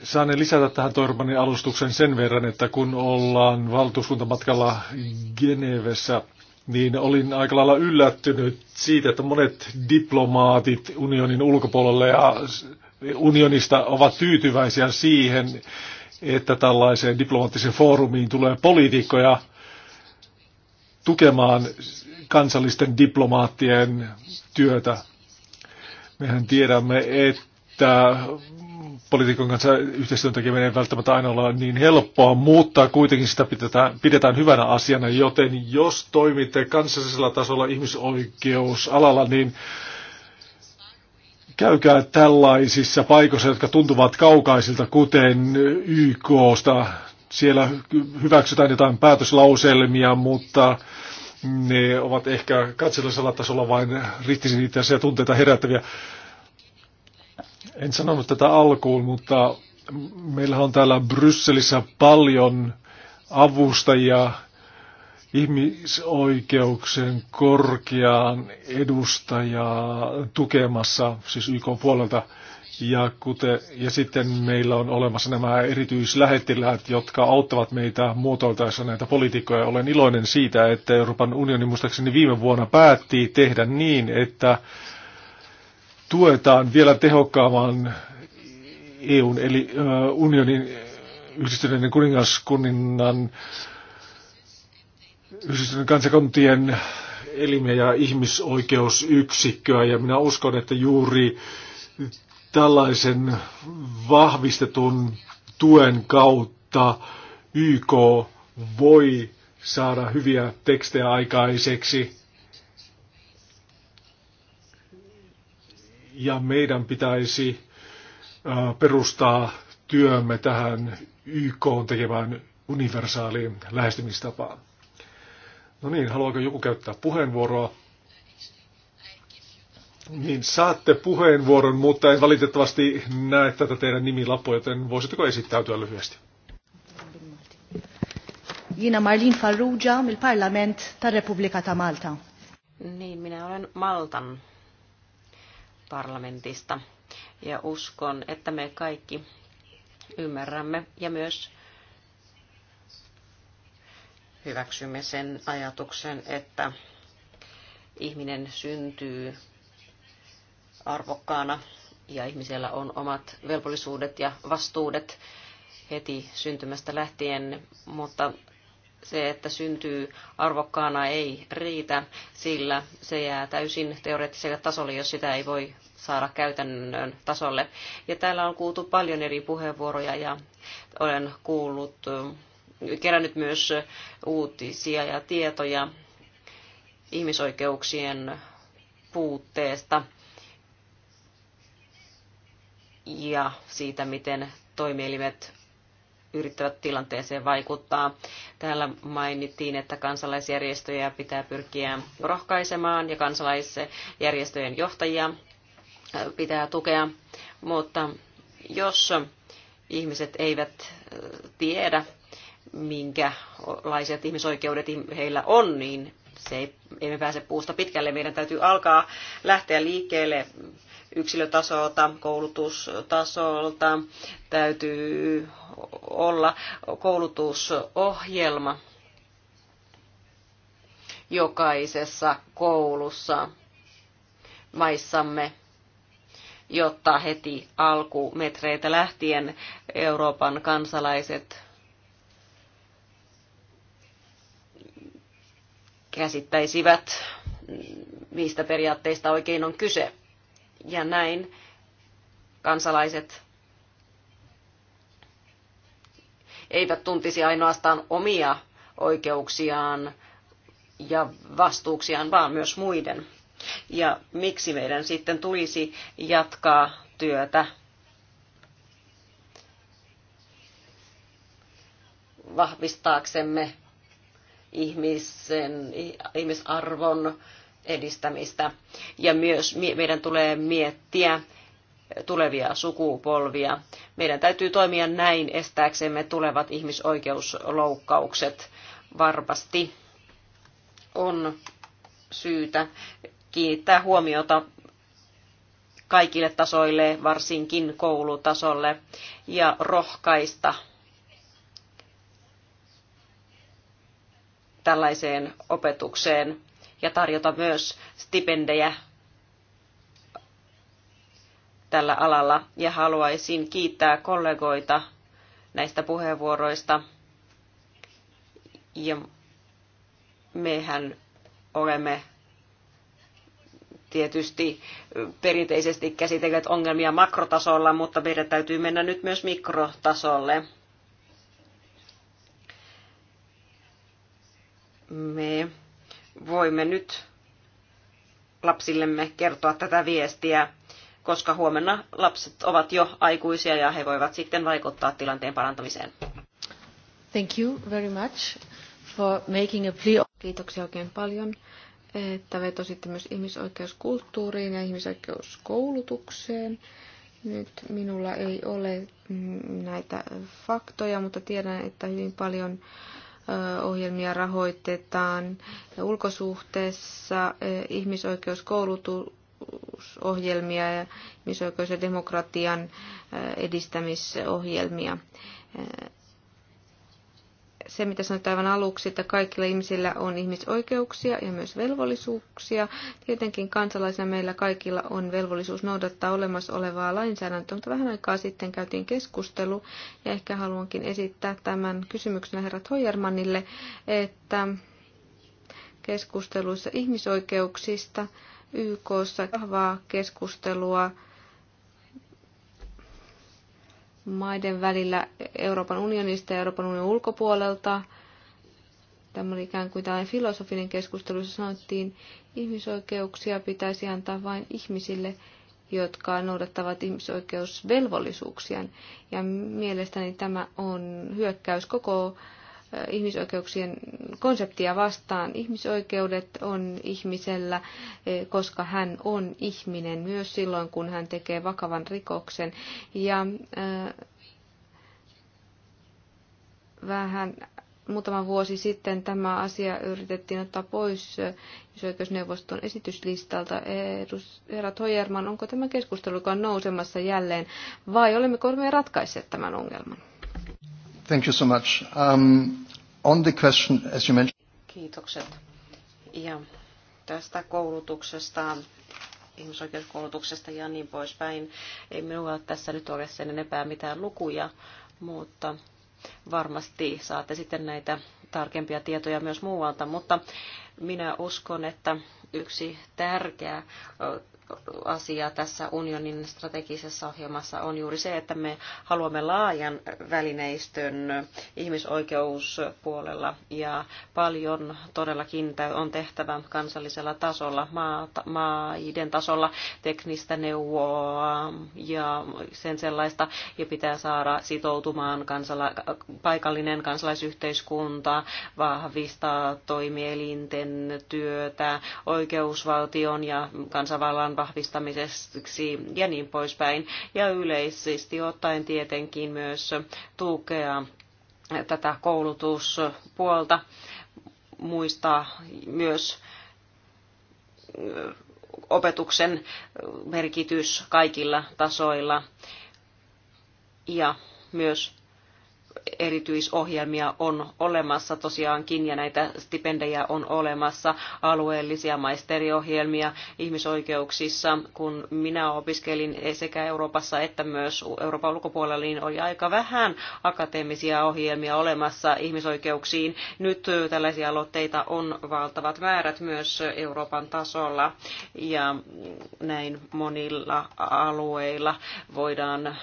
C: Saan lisätä tähän Torbanin alustuksen sen verran, että kun ollaan valtuuskuntamatkalla Genevessä, niin olin aika lailla yllättynyt siitä, että monet diplomaatit unionin ulkopuolella ja unionista ovat tyytyväisiä siihen, että tällaiseen diplomaattiseen foorumiin tulee poliitikkoja tukemaan kansallisten diplomaattien työtä. Mehän tiedämme, että poliitikon kanssa yhteistyön tekeminen ei välttämättä aina ole niin helppoa, mutta kuitenkin sitä pidetään, pidetään hyvänä asiana, joten jos toimitte kansallisella tasolla ihmisoikeusalalla, niin Käykää tällaisissa paikoissa, jotka tuntuvat kaukaisilta, kuten YKsta. Siellä hyväksytään jotain päätöslauselmia, mutta ne ovat ehkä katsellisella tasolla vain riittisen itseasiassa tunteita herättäviä. En sanonut tätä alkuun, mutta meillä on täällä Brysselissä paljon avustajia, ihmisoikeuksien korkeaan edustajaa tukemassa, siis YK puolelta. Ja, kuten, ja sitten meillä on olemassa nämä erityislähettiläät, jotka auttavat meitä muotoiltaessa näitä poliitikkoja. Olen iloinen siitä, että Euroopan unioni muistaakseni viime vuonna päätti tehdä niin, että tuetaan vielä tehokkaamman EUn eli ö, unionin yhdistyneiden kuningaskunnan yhdistyneiden kansakuntien elimiä ja ihmisoikeusyksikköä ja minä uskon, että juuri tällaisen vahvistetun tuen kautta YK voi saada hyviä tekstejä aikaiseksi. Ja meidän pitäisi perustaa työmme tähän YK tekevään universaaliin lähestymistapaan. No niin, haluaako joku käyttää puheenvuoroa? Niin, saatte puheenvuoron, mutta en valitettavasti näe tätä teidän nimilappua, joten voisitteko esittäytyä lyhyesti?
E: Jina Marlin Farrugia, mill parlament ta' Repubblika ta' Malta. Niin, minä olen Maltan parlamentista ja uskon, että me kaikki ymmärrämme ja myös hyväksymme sen ajatuksen, että ihminen syntyy arvokkaana ja ihmisellä on omat velvollisuudet ja vastuudet heti syntymästä lähtien, mutta se, että syntyy arvokkaana ei riitä, sillä se jää täysin teoreettiselle tasolle, jos sitä ei voi saada käytännön tasolle. Ja täällä on kuultu paljon eri puheenvuoroja ja olen kuullut kerännyt myös uutisia ja tietoja ihmisoikeuksien puutteesta ja siitä, miten toimielimet yrittävät tilanteeseen vaikuttaa. Täällä mainittiin, että kansalaisjärjestöjä pitää pyrkiä rohkaisemaan ja kansalaisjärjestöjen johtajia pitää tukea, mutta jos ihmiset eivät tiedä minkälaiset ihmisoikeudet heillä on, niin se ei, emme pääse puusta pitkälle. Meidän täytyy alkaa lähteä liikkeelle yksilötasolta, koulutustasolta, täytyy olla koulutusohjelma jokaisessa koulussa maissamme, jotta heti alkumetreitä lähtien Euroopan kansalaiset käsittäisivät, mistä periaatteista oikein on kyse. Ja näin kansalaiset eivät tuntisi ainoastaan omia oikeuksiaan ja vastuuksiaan, vaan myös muiden. Ja miksi meidän sitten tulisi jatkaa työtä vahvistaaksemme ihmisen, ihmisarvon edistämistä. Ja myös meidän tulee miettiä tulevia sukupolvia. Meidän täytyy toimia näin estääksemme tulevat ihmisoikeusloukkaukset. Varmasti on syytä kiinnittää huomiota kaikille tasoille, varsinkin koulutasolle, ja rohkaista tällaiseen opetukseen ja tarjota myös stipendejä tällä alalla. Ja haluaisin kiittää kollegoita näistä puheenvuoroista. Ja mehän olemme tietysti perinteisesti käsitelleet ongelmia makrotasolla, mutta meidän täytyy mennä nyt myös mikrotasolle. me voimme nyt lapsillemme kertoa tätä viestiä, koska huomenna lapset ovat jo aikuisia ja he voivat sitten vaikuttaa tilanteen parantamiseen.
B: Thank you very much for making a plea. Kiitoksia
D: oikein paljon, että vetositte myös ihmisoikeuskulttuuriin ja ihmisoikeuskoulutukseen. Nyt minulla ei ole mm, näitä faktoja, mutta tiedän, että hyvin paljon ohjelmia rahoitetaan ulkosuhteessa, ihmisoikeuskoulutusohjelmia ja ihmisoikeus- ja demokratian edistämisohjelmia se, mitä sanoit aivan aluksi, että kaikilla ihmisillä on ihmisoikeuksia ja myös velvollisuuksia. Tietenkin kansalaisena meillä kaikilla on velvollisuus noudattaa olemassa olevaa lainsäädäntöä, mutta vähän aikaa sitten käytiin keskustelu, ja ehkä haluankin esittää tämän kysymyksen herra Hoijermanille, että keskusteluissa ihmisoikeuksista YKssa vahvaa keskustelua maiden välillä Euroopan unionista ja Euroopan unionin ulkopuolelta. Tämä oli ikään kuin tällainen filosofinen keskustelu, jossa sanottiin, että ihmisoikeuksia pitäisi antaa vain ihmisille, jotka noudattavat ihmisoikeusvelvollisuuksia. Ja mielestäni tämä on hyökkäys koko ihmisoikeuksien konseptia vastaan. Ihmisoikeudet on ihmisellä, e, koska hän on ihminen myös silloin, kun hän tekee vakavan rikoksen. Ja e, vähän muutama vuosi sitten tämä asia yritettiin ottaa pois e, ihmisoikeusneuvoston esityslistalta. Herra Toijerman, onko tämä keskustelu, joka on nousemassa jälleen, vai olemmeko me ratkaisseet tämän ongelman?
C: Thank you so much. Um, on the question, as you mentioned...
E: Kiitokset. Ja tästä koulutuksesta, ihmisoikeuskoulutuksesta ja niin poispäin. Ei minulla tässä nyt ole sen enempää mitään lukuja, mutta varmasti saatte sitten näitä tarkempia tietoja myös muualta, mutta minä uskon, että yksi tärkeä asia tässä unionin strategisessa ohjelmassa on juuri se, että me haluamme laajan välineistön ihmisoikeuspuolella ja paljon todellakin on tehtävä kansallisella tasolla, maiden tasolla teknistä neuvoa ja sen sellaista ja pitää saada sitoutumaan kansala- paikallinen kansalaisyhteiskunta, vahvistaa toimielinten työtä, oikeusvaltion ja kansanvallan vahvistamiseksi ja niin poispäin. Ja yleisesti ottaen tietenkin myös tukea tätä koulutuspuolta muistaa myös opetuksen merkitys kaikilla tasoilla ja myös erityisohjelmia on olemassa tosiaankin ja näitä stipendejä on olemassa, alueellisia maisteriohjelmia ihmisoikeuksissa. Kun minä opiskelin sekä Euroopassa että myös Euroopan ulkopuolella, niin oli aika vähän akateemisia ohjelmia olemassa ihmisoikeuksiin. Nyt tällaisia aloitteita on valtavat määrät myös Euroopan tasolla ja näin monilla alueilla voidaan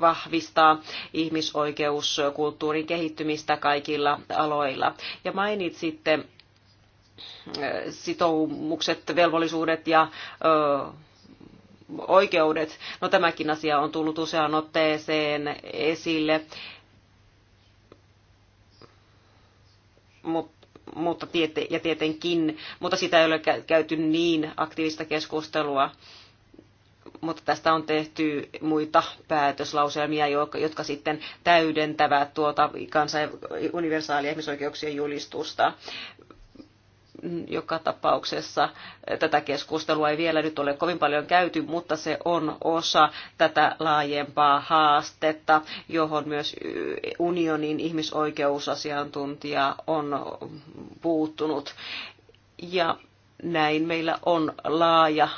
E: vahvistaa ihmisoikeuksia korkeuskulttuurin kehittymistä kaikilla aloilla. Ja mainitsitte äh, sitoumukset, velvollisuudet ja oikeudet. No tämäkin asia on tullut useaan otteeseen esille. Mutta mutta tiete, ja tietenkin, mutta sitä ei ole käyty niin aktiivista keskustelua mutta tästä on tehty muita päätöslauselmia, jotka sitten täydentävät tuota kansain, universaalia ihmisoikeuksien julistusta joka tapauksessa tätä keskustelua ei vielä nyt ole kovin paljon käyty, mutta se on osa tätä laajempaa haastetta, johon myös unionin ihmisoikeusasiantuntija on puuttunut. Ja näin meillä on laaja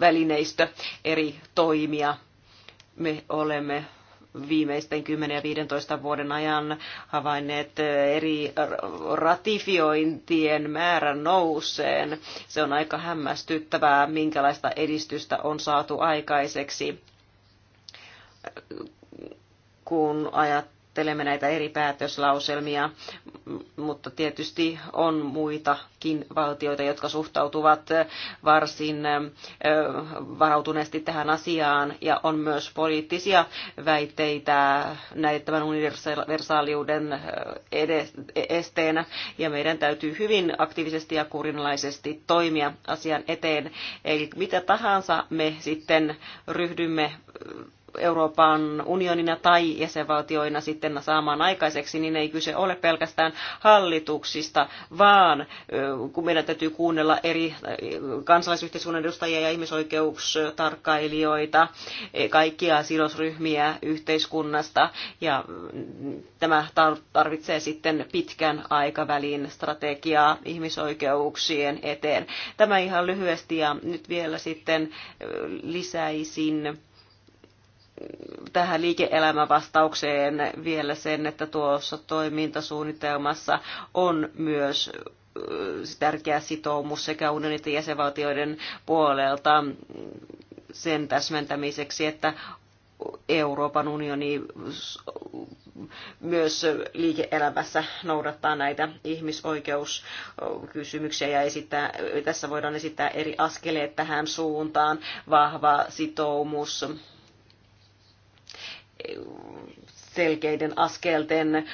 E: välineistö eri toimia. Me olemme viimeisten 10 ja 15 vuoden ajan havainneet eri ratifiointien määrän nouseen. Se on aika hämmästyttävää, minkälaista edistystä on saatu aikaiseksi. Kun ajat tarkastelemme näitä eri päätöslauselmia, mutta tietysti on muitakin valtioita, jotka suhtautuvat varsin varautuneesti tähän asiaan ja on myös poliittisia väitteitä näitä tämän universaaliuden esteenä ja meidän täytyy hyvin aktiivisesti ja kurinalaisesti toimia asian eteen. Eli mitä tahansa me sitten ryhdymme Euroopan unionina tai jäsenvaltioina sitten saamaan aikaiseksi, niin ei kyse ole pelkästään hallituksista, vaan kun meidän täytyy kuunnella eri kansalaisyhteiskunnan edustajia ja ihmisoikeustarkkailijoita, e, kaikkia sidosryhmiä yhteiskunnasta, ja mm, tämä tarvitsee sitten pitkän aikavälin strategiaa ihmisoikeuksien eteen. Tämä ihan lyhyesti, ja nyt vielä sitten lisäisin tähän liike elämävastaukseen vielä sen, että tuossa toimintasuunnitelmassa on myös tärkeä sitoumus sekä unionin että jäsenvaltioiden puolelta sen täsmentämiseksi, että Euroopan unioni myös liike-elämässä noudattaa näitä ihmisoikeuskysymyksiä ja esittää, tässä voidaan esittää eri askeleet tähän suuntaan, vahva sitoumus selkeiden askelten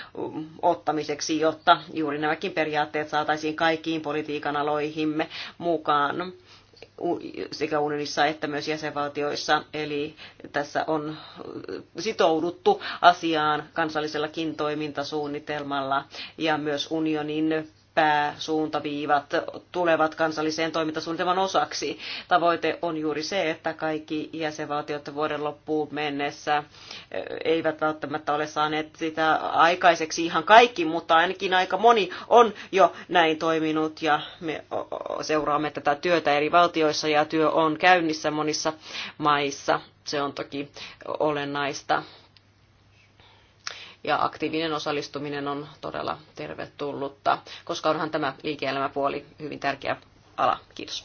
E: ottamiseksi, jotta juuri nämäkin periaatteet saataisiin kaikkiin politiikan aloihimme mukaan sekä unionissa että myös jäsenvaltioissa. Eli tässä on sitouduttu asiaan kansallisellakin toimintasuunnitelmalla ja myös unionin pääsuuntaviivat tulevat kansalliseen toimintasuunnitelman osaksi. Tavoite on juuri se, että kaikki jäsenvaltiot vuoden loppuun mennessä eivät välttämättä ole saaneet sitä aikaiseksi ihan kaikki, mutta ainakin aika moni on jo näin toiminut ja me seuraamme tätä työtä eri valtioissa ja työ on käynnissä monissa maissa. Se on toki olennaista ja aktiivinen osallistuminen on todella tervetullutta, koska onhan tämä liike-elämäpuoli hyvin tärkeä ala. Kiitos.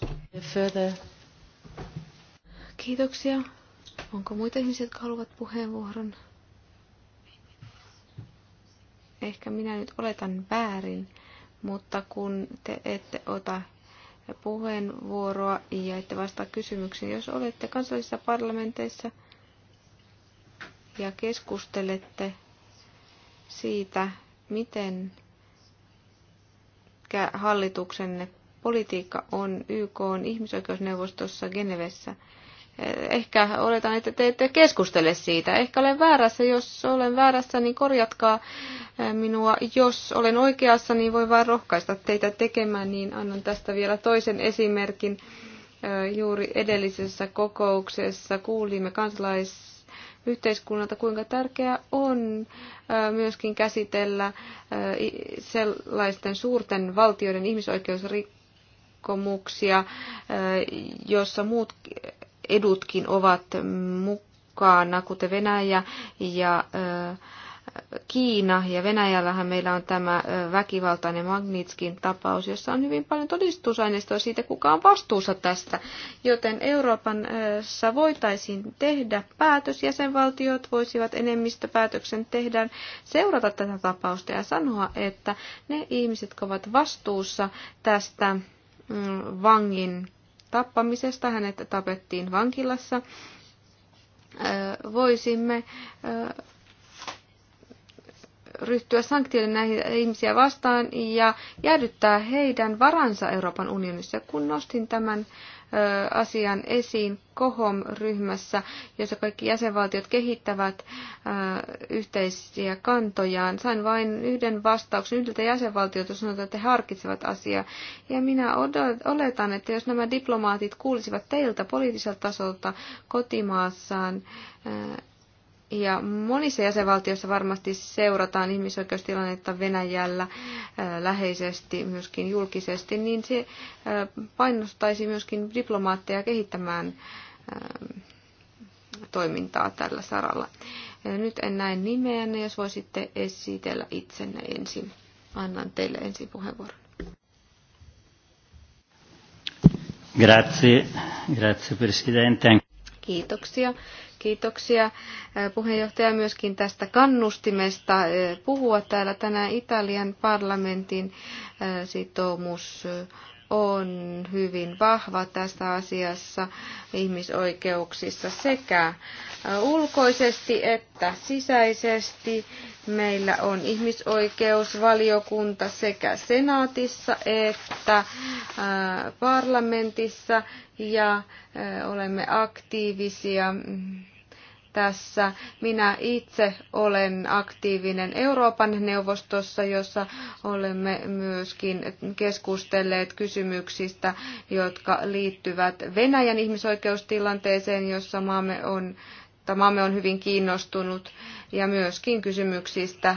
D: Kiitoksia. Onko muita ihmisiä, jotka haluavat puheenvuoron? Ehkä minä nyt oletan väärin, mutta kun te ette ota puheenvuoroa ja ette vastaa kysymyksiin, jos olette kansallisissa parlamenteissa ja keskustelette siitä, miten hallituksenne politiikka on YK on ihmisoikeusneuvostossa Genevessä. Eh, ehkä oletan, että te ette keskustele siitä. Ehkä olen väärässä. Jos olen väärässä, niin korjatkaa eh, minua. Jos olen oikeassa, niin voi vain rohkaista teitä tekemään, niin annan tästä vielä toisen esimerkin. Eh, juuri edellisessä kokouksessa kuulimme kansalais yhteiskunnalta, kuinka tärkeää on myöskin käsitellä sellaisten suurten valtioiden ihmisoikeusrikkomuksia, jossa muut edutkin ovat mukana, kuten Venäjä ja Kiina ja Venäjällähän meillä on tämä väkivaltainen Magnitskin tapaus, jossa on hyvin paljon todistusaineistoa siitä, kuka on vastuussa tästä. Joten Euroopassa voitaisiin tehdä päätös, jäsenvaltiot voisivat enemmistöpäätöksen tehdä, seurata tätä tapausta ja sanoa, että ne ihmiset, jotka ovat vastuussa tästä mm, vangin tappamisesta, hänet tapettiin vankilassa, voisimme ryhtyä sanktioiden näihin ihmisiä vastaan ja jäädyttää heidän varansa Euroopan unionissa. Kun nostin tämän asian esiin cohom ryhmässä jossa kaikki jäsenvaltiot kehittävät yhteisiä kantojaan. Sain vain yhden vastauksen yhdeltä jäsenvaltiolta, sanotaan, että he harkitsevat asiaa. Ja minä oletan, että jos nämä diplomaatit kuulisivat teiltä poliittiselta tasolta kotimaassaan, ja monissa jäsenvaltioissa varmasti seurataan ihmisoikeustilannetta Venäjällä läheisesti, myöskin julkisesti, niin se painostaisi myöskin diplomaatteja kehittämään toimintaa tällä saralla. Nyt en näe nimeänne, niin jos voisitte esitellä itsenne ensin. Annan teille ensin puheenvuoron.
B: Grazie, grazie Presidente.
D: Kiitoksia. Kiitoksia puheenjohtaja myöskin tästä kannustimesta puhua täällä tänään Italian parlamentin sitoumus on hyvin vahva tässä asiassa ihmisoikeuksissa sekä ulkoisesti että sisäisesti. Meillä on ihmisoikeusvaliokunta sekä senaatissa että parlamentissa ja olemme aktiivisia mm, tässä. Minä itse olen aktiivinen Euroopan neuvostossa, jossa olemme myöskin keskustelleet kysymyksistä, jotka liittyvät Venäjän ihmisoikeustilanteeseen, jossa maamme on tai maamme on hyvin kiinnostunut ja myöskin kysymyksistä,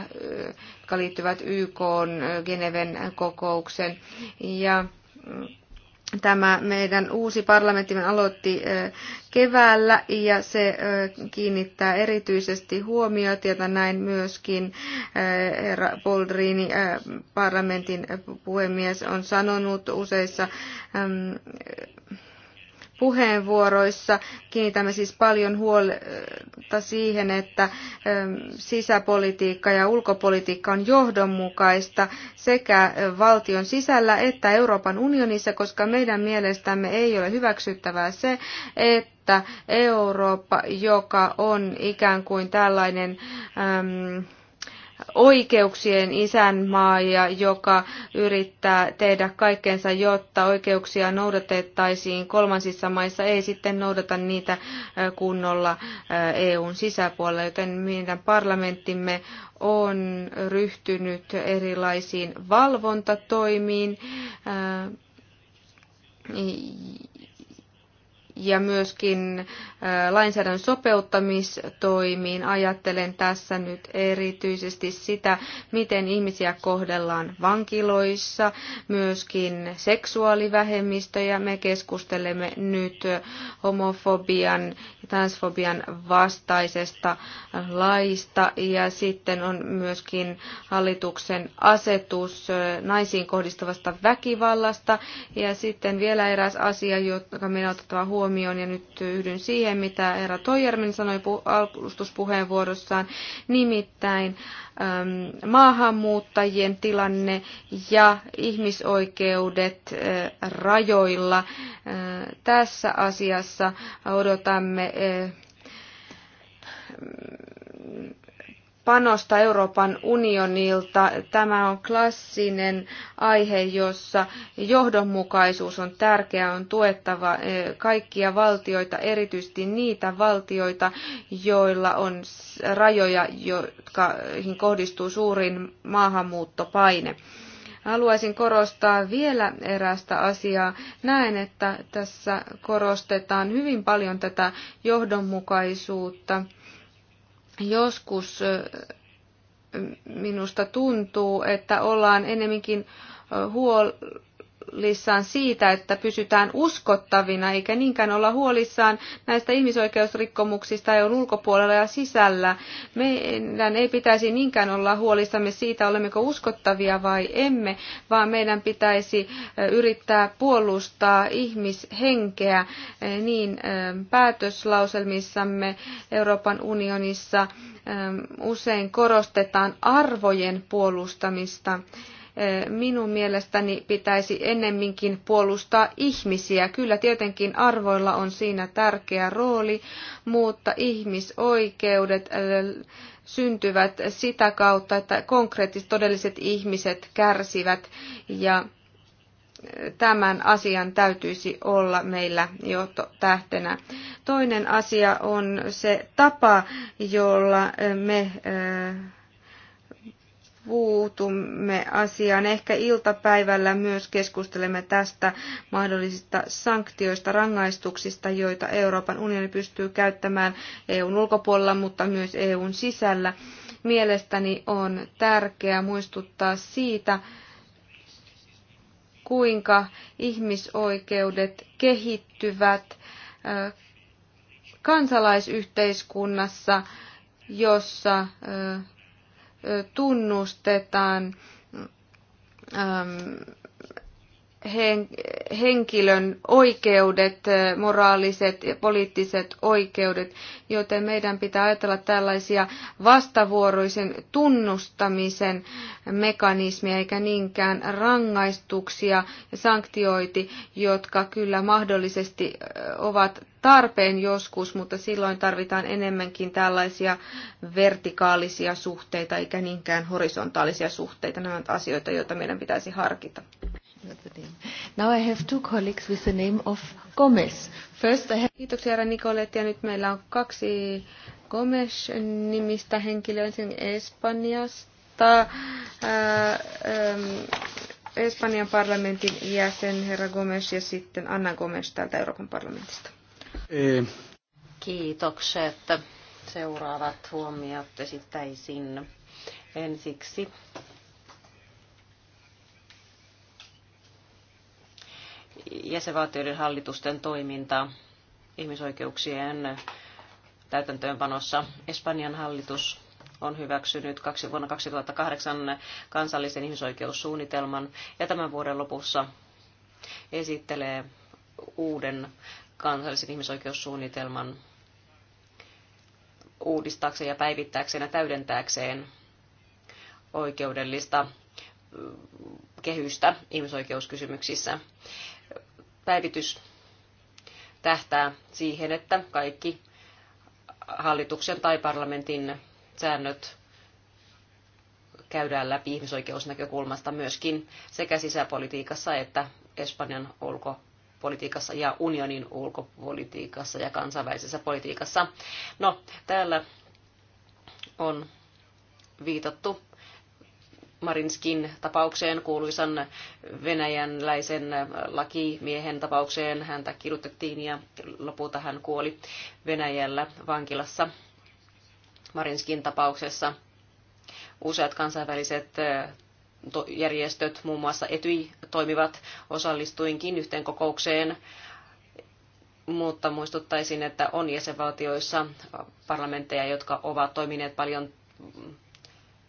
D: jotka liittyvät YK Geneven kokouksen. Ja mm, Tämä meidän uusi parlamenttimme aloitti keväällä ja se kiinnittää erityisesti huomiota, ja näin myöskin herra Boldrini, parlamentin puhemies, on sanonut useissa puheenvuoroissa. Kiinnitämme siis paljon huolta siihen, että ähm, sisäpolitiikka ja ulkopolitiikka on johdonmukaista sekä äh, valtion sisällä että Euroopan unionissa, koska meidän mielestämme ei ole hyväksyttävää se, että että Eurooppa, joka on ikään kuin tällainen ähm, oikeuksien isänmaa ja joka yrittää tehdä kaikkensa, jotta oikeuksia noudatettaisiin kolmansissa maissa, ei sitten noudata niitä äh, kunnolla äh, EUn sisäpuolella, joten meidän parlamenttimme on ryhtynyt erilaisiin valvontatoimiin äh, ja myöskin lainsäädännön sopeuttamistoimiin. Ajattelen tässä nyt erityisesti sitä, miten ihmisiä kohdellaan vankiloissa, myöskin seksuaalivähemmistöjä. Me keskustelemme nyt homofobian ja transfobian vastaisesta laista ja sitten on myöskin hallituksen asetus naisiin kohdistuvasta väkivallasta ja sitten vielä eräs asia, joka meidän on otettava huomioon huomioon, ja nyt yhdyn siihen, mitä Herra Toijermin sanoi alustuspuheenvuorossaan, nimittäin maahanmuuttajien tilanne ja ihmisoikeudet rajoilla. Tässä asiassa odotamme panosta Euroopan unionilta. Tämä on klassinen aihe, jossa johdonmukaisuus on tärkeää, on tuettava eh, kaikkia valtioita, erityisesti niitä valtioita, joilla on rajoja, joihin kohdistuu suurin maahanmuuttopaine. Haluaisin korostaa vielä erästä asiaa. Näen, että tässä korostetaan hyvin paljon tätä johdonmukaisuutta Joskus minusta tuntuu, että ollaan enemminkin huol- huolissaan siitä, että pysytään uskottavina, eikä niinkään olla huolissaan näistä ihmisoikeusrikkomuksista EUn ulkopuolella ja sisällä. Meidän ei pitäisi niinkään olla huolissamme siitä, olemmeko uskottavia vai emme, vaan meidän pitäisi yrittää puolustaa ihmishenkeä niin päätöslauselmissamme Euroopan unionissa usein korostetaan arvojen puolustamista. Minun mielestäni pitäisi ennemminkin puolustaa ihmisiä. Kyllä tietenkin arvoilla on siinä tärkeä rooli, mutta ihmisoikeudet syntyvät sitä kautta, että konkreettiset todelliset ihmiset kärsivät ja tämän asian täytyisi olla meillä jo tähtenä. Toinen asia on se tapa, jolla me puutumme asiaan. Ehkä iltapäivällä myös keskustelemme tästä mahdollisista sanktioista, rangaistuksista, joita Euroopan unioni pystyy käyttämään EUn ulkopuolella, mutta myös EUn sisällä. Mielestäni on tärkeää muistuttaa siitä, kuinka ihmisoikeudet kehittyvät kansalaisyhteiskunnassa, jossa tunnustetaan henkilön oikeudet, eh, moraaliset ja poliittiset oikeudet, joten meidän pitää ajatella tällaisia vastavuoroisen tunnustamisen mekanismia eikä niinkään rangaistuksia ja sanktioiti, jotka kyllä mahdollisesti eh, ovat tarpeen joskus, mutta silloin tarvitaan enemmänkin tällaisia vertikaalisia suhteita eikä niinkään horisontaalisia suhteita. Nämä ovat asioita, joita meidän pitäisi harkita.
B: Now I have two colleagues with the name of Gomez.
D: First I have... Kiitoksia herra Nicolet, ja nyt meillä on kaksi Gomes-nimistä henkilöä ensin Espanjasta. Ää, ähm, Espanjan parlamentin jäsen herra Gomes ja sitten Anna Gomes täältä Euroopan parlamentista.
B: Ee.
E: Kiitokset. Seuraavat huomiot esittäisin ensiksi jäsenvaltioiden hallitusten toiminta ihmisoikeuksien täytäntöönpanossa. Espanjan hallitus on hyväksynyt kaksi, vuonna 2008 kansallisen ihmisoikeussuunnitelman ja tämän vuoden lopussa esittelee uuden kansallisen ihmisoikeussuunnitelman uudistaakseen ja päivittääkseen ja täydentääkseen oikeudellista kehystä ihmisoikeuskysymyksissä päivitys tähtää siihen, että kaikki hallituksen tai parlamentin säännöt käydään läpi ihmisoikeusnäkökulmasta myöskin sekä sisäpolitiikassa että Espanjan ulkopolitiikassa ja unionin ulkopolitiikassa ja kansainvälisessä politiikassa. No, täällä on viitattu Marinskin tapaukseen, kuuluisan venäjänläisen lakimiehen tapaukseen. Häntä kidutettiin ja lopulta hän kuoli Venäjällä vankilassa Marinskin tapauksessa. Useat kansainväliset järjestöt, muun muassa Etyi, toimivat. Osallistuinkin yhteen kokoukseen mutta muistuttaisin, että on jäsenvaltioissa parlamentteja, jotka ovat toimineet paljon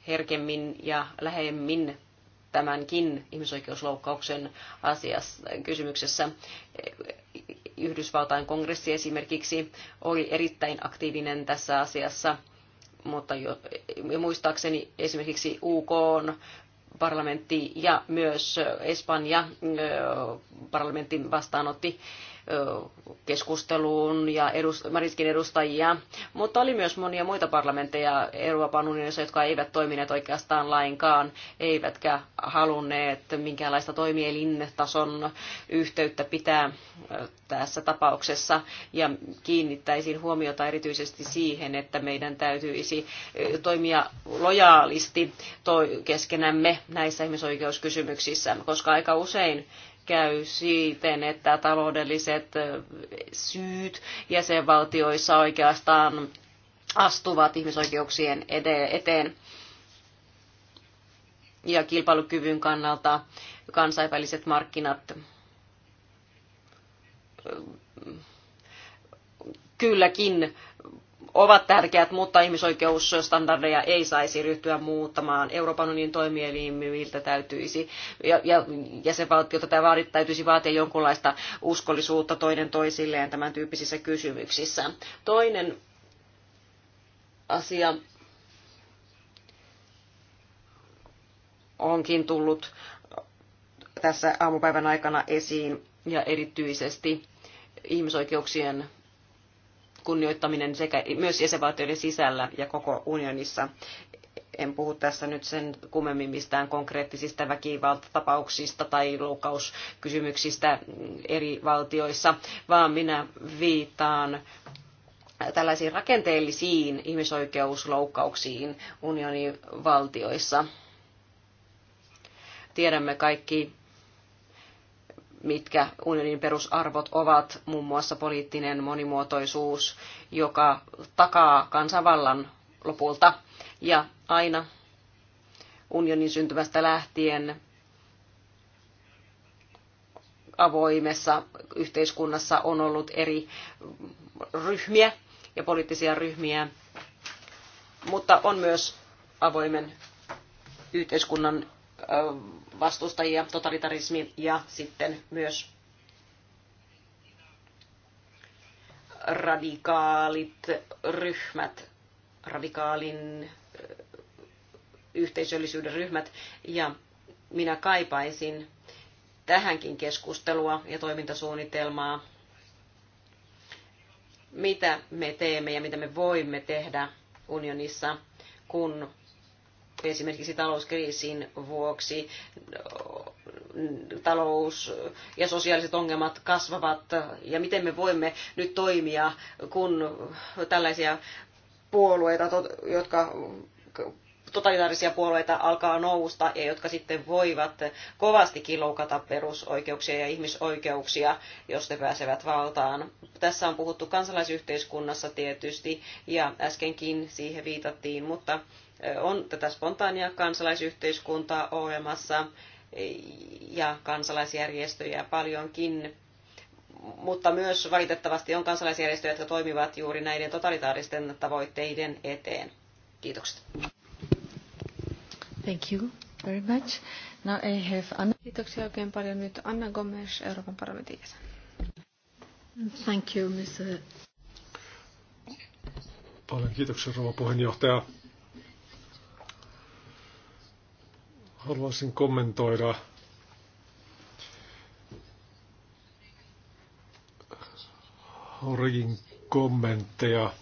E: herkemmin ja lähemmin tämänkin ihmisoikeusloukkauksen asiassa, kysymyksessä. Yhdysvaltain kongressi esimerkiksi oli erittäin aktiivinen tässä asiassa, mutta jo, muistaakseni esimerkiksi UK on parlamentti ja myös Espanja parlamentin vastaanotti keskusteluun ja edust- Maritskin edustajia, mutta oli myös monia muita parlamentteja Euroopan unionissa, jotka eivät toimineet oikeastaan lainkaan, eivätkä halunneet minkäänlaista toimielintason yhteyttä pitää tässä tapauksessa. Ja kiinnittäisin huomiota erityisesti siihen, että meidän täytyisi toimia lojaalisti keskenämme näissä ihmisoikeuskysymyksissä, koska aika usein käy siten, että taloudelliset syyt jäsenvaltioissa oikeastaan astuvat ihmisoikeuksien eteen. Ja kilpailukyvyn kannalta kansainväliset markkinat kylläkin ovat tärkeät, mutta ihmisoikeusstandardeja ei saisi ryhtyä muuttamaan. Euroopan unionin toimielimiltä täytyisi, ja, ja jäsenvaltiota tämä vaadit, täytyisi vaatia jonkunlaista uskollisuutta toinen toisilleen tämän tyyppisissä kysymyksissä. Toinen asia onkin tullut tässä aamupäivän aikana esiin ja erityisesti ihmisoikeuksien kunnioittaminen sekä myös jäsenvaltioiden sisällä ja koko unionissa. En puhu tässä nyt sen kummemmin mistään konkreettisista väkivaltatapauksista tai loukkauskysymyksistä eri valtioissa, vaan minä viittaan tällaisiin rakenteellisiin ihmisoikeusloukkauksiin unionivaltioissa. Tiedämme kaikki mitkä unionin perusarvot ovat, muun muassa poliittinen monimuotoisuus, joka takaa kansanvallan lopulta. Ja aina unionin syntymästä lähtien avoimessa yhteiskunnassa on ollut eri ryhmiä ja poliittisia ryhmiä, mutta on myös avoimen yhteiskunnan vastustajia, totalitarismi ja sitten myös radikaalit ryhmät, radikaalin yhteisöllisyyden ryhmät. Ja minä kaipaisin tähänkin keskustelua ja toimintasuunnitelmaa, mitä me teemme ja mitä me voimme tehdä unionissa, kun esimerkiksi talouskriisin vuoksi talous ja sosiaaliset ongelmat kasvavat ja miten me voimme nyt toimia, kun tällaisia puolueita, jotka totalitaarisia puolueita alkaa nousta ja jotka sitten voivat kovastikin loukata perusoikeuksia ja ihmisoikeuksia, jos ne pääsevät valtaan. Tässä on puhuttu kansalaisyhteiskunnassa tietysti ja äskenkin siihen viitattiin, mutta on tätä spontaania kansalaisyhteiskuntaa olemassa e, ja kansalaisjärjestöjä paljonkin, mutta myös valitettavasti on kansalaisjärjestöjä, jotka toimivat juuri näiden totalitaaristen tavoitteiden eteen. Kiitokset.
D: Thank you very much. Now I have Anna. Kiitoksia oikein paljon nyt Anna Gomes, Euroopan parlamentin jäsen.
A: Thank you, Mr.
C: Paljon kiitoksia, rouva puheenjohtaja. Haluaisin kommentoida Horgin kommentteja.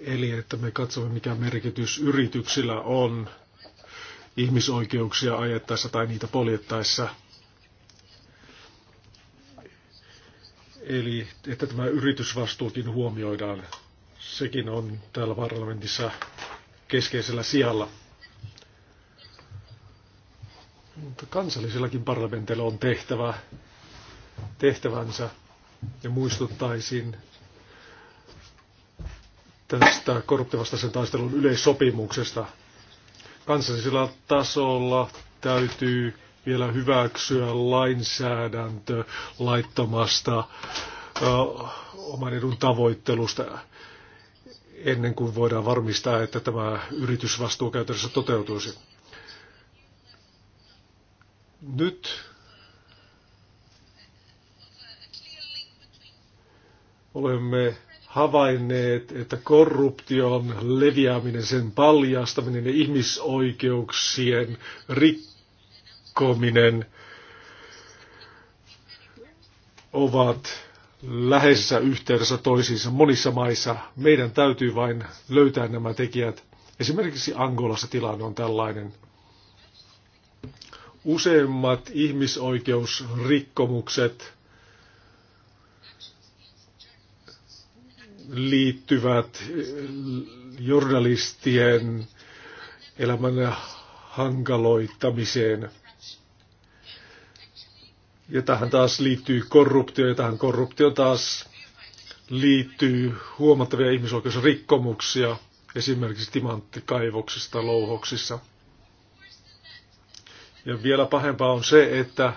C: Eli että me katsomme, mikä merkitys yrityksillä on ihmisoikeuksia ajettaessa tai niitä poljettaessa. Eli että tämä yritysvastuukin huomioidaan, sekin on täällä parlamentissa keskeisellä sijalla. Mutta kansallisillakin parlamenteilla on tehtävä, tehtävänsä ja muistuttaisin tästä korruptivastaisen taistelun yleissopimuksesta. Kansallisella tasolla täytyy vielä hyväksyä lainsäädäntö laittomasta ö, oman edun tavoittelusta ennen kuin voidaan varmistaa, että tämä yritysvastuu käytännössä toteutuisi. Nyt olemme havainneet, että korruption leviäminen, sen paljastaminen ja ihmisoikeuksien rikkominen ovat läheisessä yhteydessä toisiinsa monissa maissa. Meidän täytyy vain löytää nämä tekijät. Esimerkiksi Angolassa tilanne on tällainen. Useimmat ihmisoikeusrikkomukset liittyvät journalistien elämän hankaloittamiseen. Ja tähän taas liittyy korruptio, ja tähän korruptio taas liittyy huomattavia ihmisoikeusrikkomuksia, esimerkiksi timanttikaivoksista, louhoksissa – ja vielä pahempaa on se, että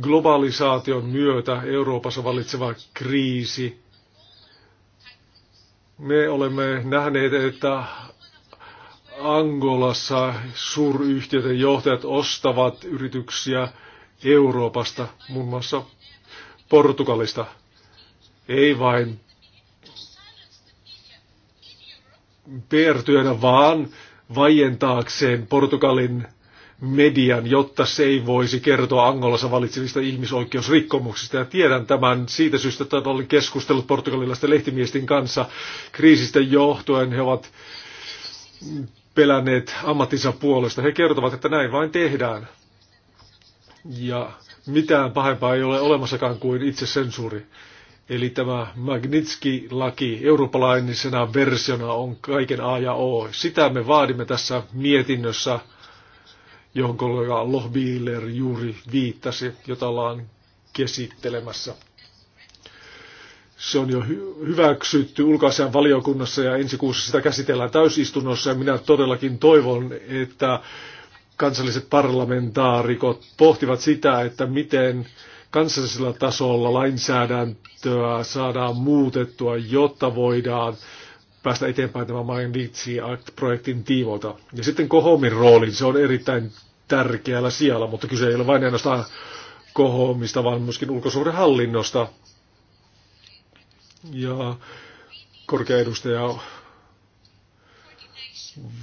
C: globalisaation myötä Euroopassa valitseva kriisi. Me olemme nähneet, että Angolassa suuryhtiöiden johtajat ostavat yrityksiä Euroopasta, muun muassa Portugalista. Ei vain PR-työnä, vaan vaientaakseen Portugalin median, jotta se ei voisi kertoa Angolassa valitsevista ihmisoikeusrikkomuksista. Ja tiedän tämän siitä syystä, että olin keskustellut portugalilaisten lehtimiestin kanssa kriisistä johtuen. He ovat pelänneet ammattinsa puolesta. He kertovat, että näin vain tehdään. Ja mitään pahempaa ei ole olemassakaan kuin itse sensuuri. Eli tämä Magnitski-laki eurooppalaisena versiona on kaiken A ja O. Sitä me vaadimme tässä mietinnössä – johon kollega Lohbiler juuri viittasi, jota ollaan käsittelemässä. Se on jo hy- hyväksytty ulkoasian valiokunnassa ja ensi kuussa sitä käsitellään täysistunnossa ja minä todellakin toivon, että kansalliset parlamentaarikot pohtivat sitä, että miten kansallisella tasolla lainsäädäntöä saadaan muutettua, jotta voidaan päästä eteenpäin tämän Minditsi Act-projektin tiivota Ja sitten Kohomin rooli, se on erittäin tärkeällä sijalla, mutta kyse ei ole vain ainoastaan Kohomista, vaan myöskin ulkosuhdehallinnosta. Ja korkea edustaja,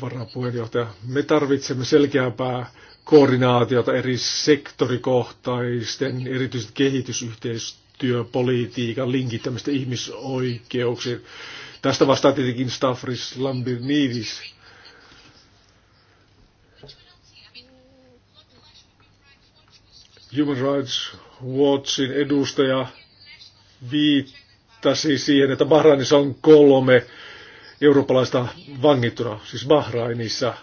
C: varapuheenjohtaja, me tarvitsemme selkeämpää koordinaatiota eri sektorikohtaisten, erityisesti kehitysyhteistyöpolitiikan linkittämistä ihmisoikeuksiin Tästä vastaa tietenkin Stafris Lambirnidis. Human Rights Watchin edustaja viittasi siihen, että Bahrainissa on kolme eurooppalaista vangittuna, siis Bahrainissa.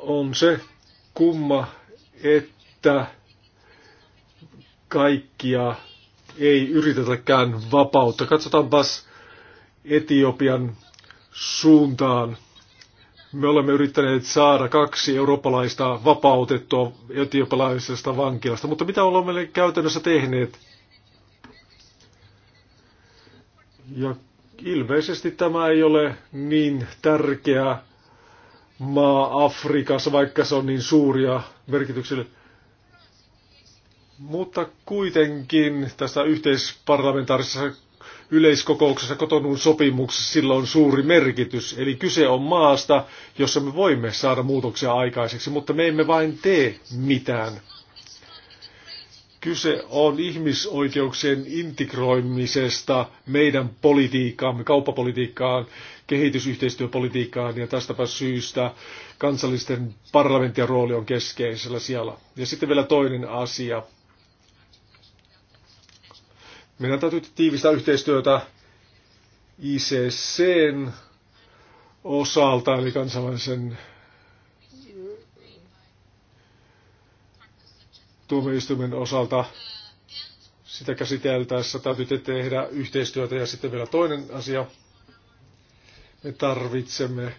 C: On se kumma, että kaikkia ei yritetäkään vapautta. Katsotaanpas Etiopian suuntaan. Me olemme yrittäneet saada kaksi eurooppalaista vapautettua etiopialaisesta vankilasta, mutta mitä olemme käytännössä tehneet? Ja ilmeisesti tämä ei ole niin tärkeää maa Afrikassa, vaikka se on niin suuria merkityksellä, Mutta kuitenkin tässä yhteisparlamentaarisessa yleiskokouksessa kotonuun sopimuksessa sillä on suuri merkitys. Eli kyse on maasta, jossa me voimme saada muutoksia aikaiseksi, mutta me emme vain tee mitään. Kyse on ihmisoikeuksien integroimisesta meidän politiikkaamme, kauppapolitiikkaan, kehitysyhteistyöpolitiikkaan ja tästäpä syystä kansallisten parlamenttien rooli on keskeisellä siellä. Ja sitten vielä toinen asia. Meidän täytyy tiivistää yhteistyötä ICCn osalta, eli kansallisen tuomioistuimen osalta sitä käsiteltäessä täytyy tehdä yhteistyötä. Ja sitten vielä toinen asia. Me tarvitsemme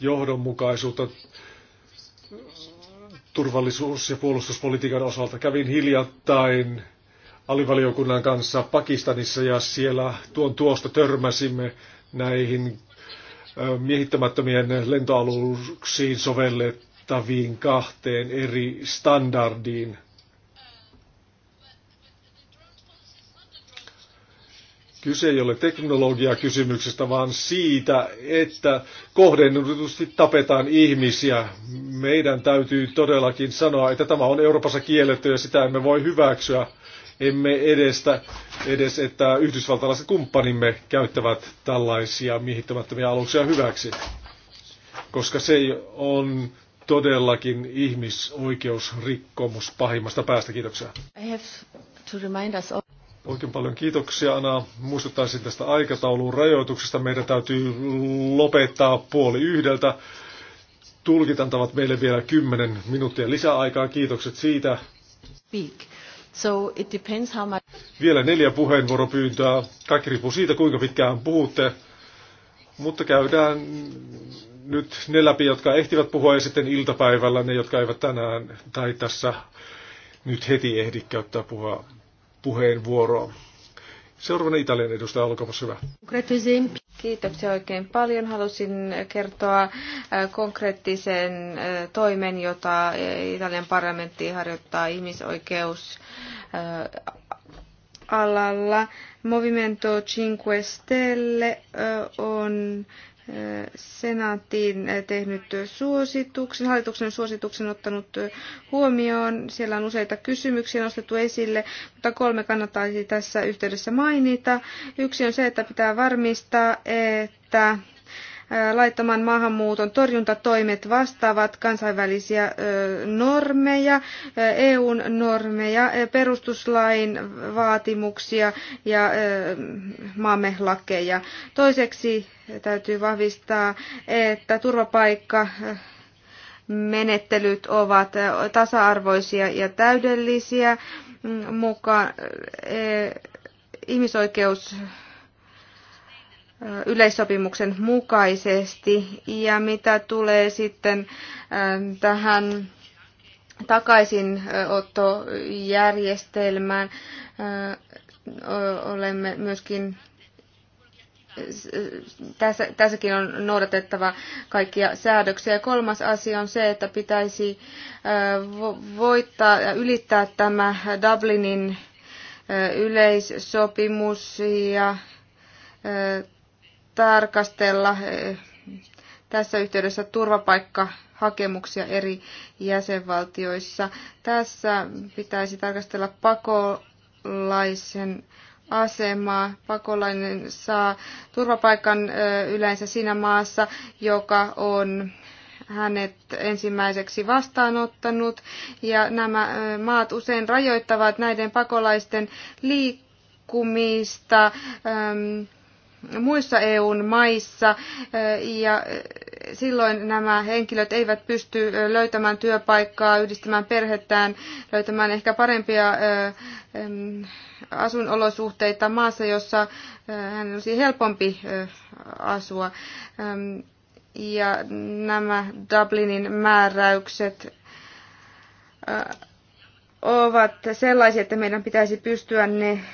C: johdonmukaisuutta turvallisuus- ja puolustuspolitiikan osalta. Kävin hiljattain alivaliokunnan kanssa Pakistanissa ja siellä tuon tuosta törmäsimme näihin miehittämättömien lentoaluksiin sovellettaviin kahteen eri standardiin – Kyse ei ole teknologiakysymyksestä, vaan siitä, että kohdennetusti tapetaan ihmisiä. Meidän täytyy todellakin sanoa, että tämä on Euroopassa kielletty ja sitä emme voi hyväksyä. Emme edestä, edes, että yhdysvaltalaiset kumppanimme käyttävät tällaisia miehittämättömiä aluksia hyväksi, koska se on todellakin ihmisoikeusrikkomus pahimmasta päästä. Kiitoksia.
A: I have to
C: Oikein paljon kiitoksia, Anna Muistuttaisin tästä aikataulun rajoituksesta. Meidän täytyy lopettaa puoli yhdeltä. Tulkit antavat meille vielä kymmenen minuuttia lisäaikaa. Kiitokset siitä. Speak.
E: So it depends how much...
C: Vielä neljä puheenvuoropyyntöä. Kaikki riippuu siitä, kuinka pitkään puhutte. Mutta käydään nyt ne läpi, jotka ehtivät puhua, ja sitten iltapäivällä ne, jotka eivät tänään tai tässä nyt heti ehdi käyttää puhua puheenvuoroa. Seuraavana Italian edustaja, olkaa hyvä.
D: Kiitoksia oikein paljon. Halusin kertoa äh, konkreettisen äh, toimen, jota Italian parlamentti harjoittaa ihmisoikeus äh, alalla. Movimento Cinque Stelle on senaattiin eh, tehnyt suosituksen, hallituksen suosituksen ottanut huomioon. Siellä on useita kysymyksiä nostettu esille, mutta kolme kannattaisi tässä yhteydessä mainita. Yksi on se, että pitää varmistaa, että laittoman maahanmuuton torjuntatoimet vastaavat kansainvälisiä normeja, EUn normeja, perustuslain vaatimuksia ja maamme lakeja. Toiseksi täytyy vahvistaa, että turvapaikka menettelyt ovat tasa-arvoisia ja täydellisiä mukaan ihmisoikeus yleissopimuksen mukaisesti. Ja mitä tulee sitten tähän takaisinottojärjestelmään, olemme myöskin tässä, tässäkin on noudatettava kaikkia säädöksiä. Kolmas asia on se, että pitäisi voittaa ja ylittää tämä Dublinin yleissopimus ja tarkastella eh, tässä yhteydessä turvapaikkahakemuksia eri jäsenvaltioissa. Tässä pitäisi tarkastella pakolaisen asemaa. Pakolainen saa turvapaikan eh, yleensä siinä maassa, joka on hänet ensimmäiseksi vastaanottanut. Ja nämä eh, maat usein rajoittavat näiden pakolaisten liikkumista. Ähm, muissa EUn maissa ja silloin nämä henkilöt eivät pysty löytämään työpaikkaa, yhdistämään perhettään, löytämään ehkä parempia asuinolosuhteita maassa, jossa hän olisi helpompi asua. Ja nämä Dublinin määräykset ovat sellaisia, että meidän pitäisi pystyä ne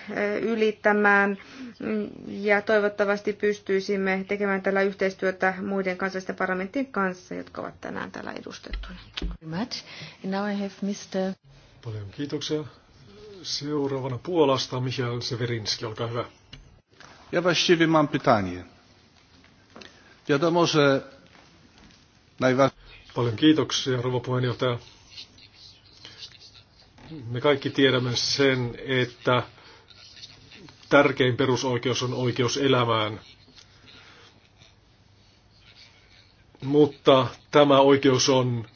D: ylittämään mm, ja toivottavasti pystyisimme tekemään tällä yhteistyötä muiden kansallisten parlamenttien kanssa, jotka ovat tänään täällä edustettuina.
C: Paljon kiitoksia. Seuraavana Puolasta Michael Severinski, olkaa hyvä. Ja właściwie mam pytanie. Wiadomo, że najważniejsze... Paljon kiitoksia, rouva puheenjohtaja. Me kaikki tiedämme sen, että tärkein perusoikeus on oikeus elämään. Mutta tämä oikeus on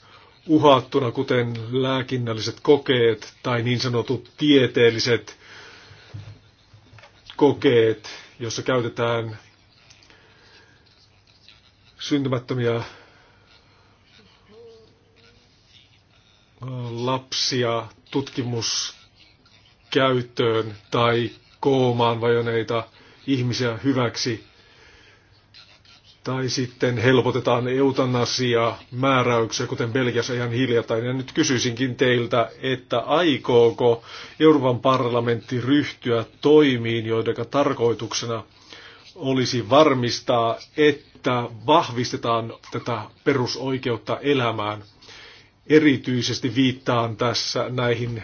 C: uhattuna, kuten lääkinnälliset kokeet tai niin sanotut tieteelliset kokeet, jossa käytetään syntymättömiä lapsia tutkimuskäyttöön tai koomaan vajoneita ihmisiä hyväksi. Tai sitten helpotetaan eutanasia määräyksiä, kuten Belgiassa ihan hiljattain. Ja nyt kysyisinkin teiltä, että aikooko Euroopan parlamentti ryhtyä toimiin, joiden tarkoituksena olisi varmistaa, että vahvistetaan tätä perusoikeutta elämään – erityisesti viittaan tässä näihin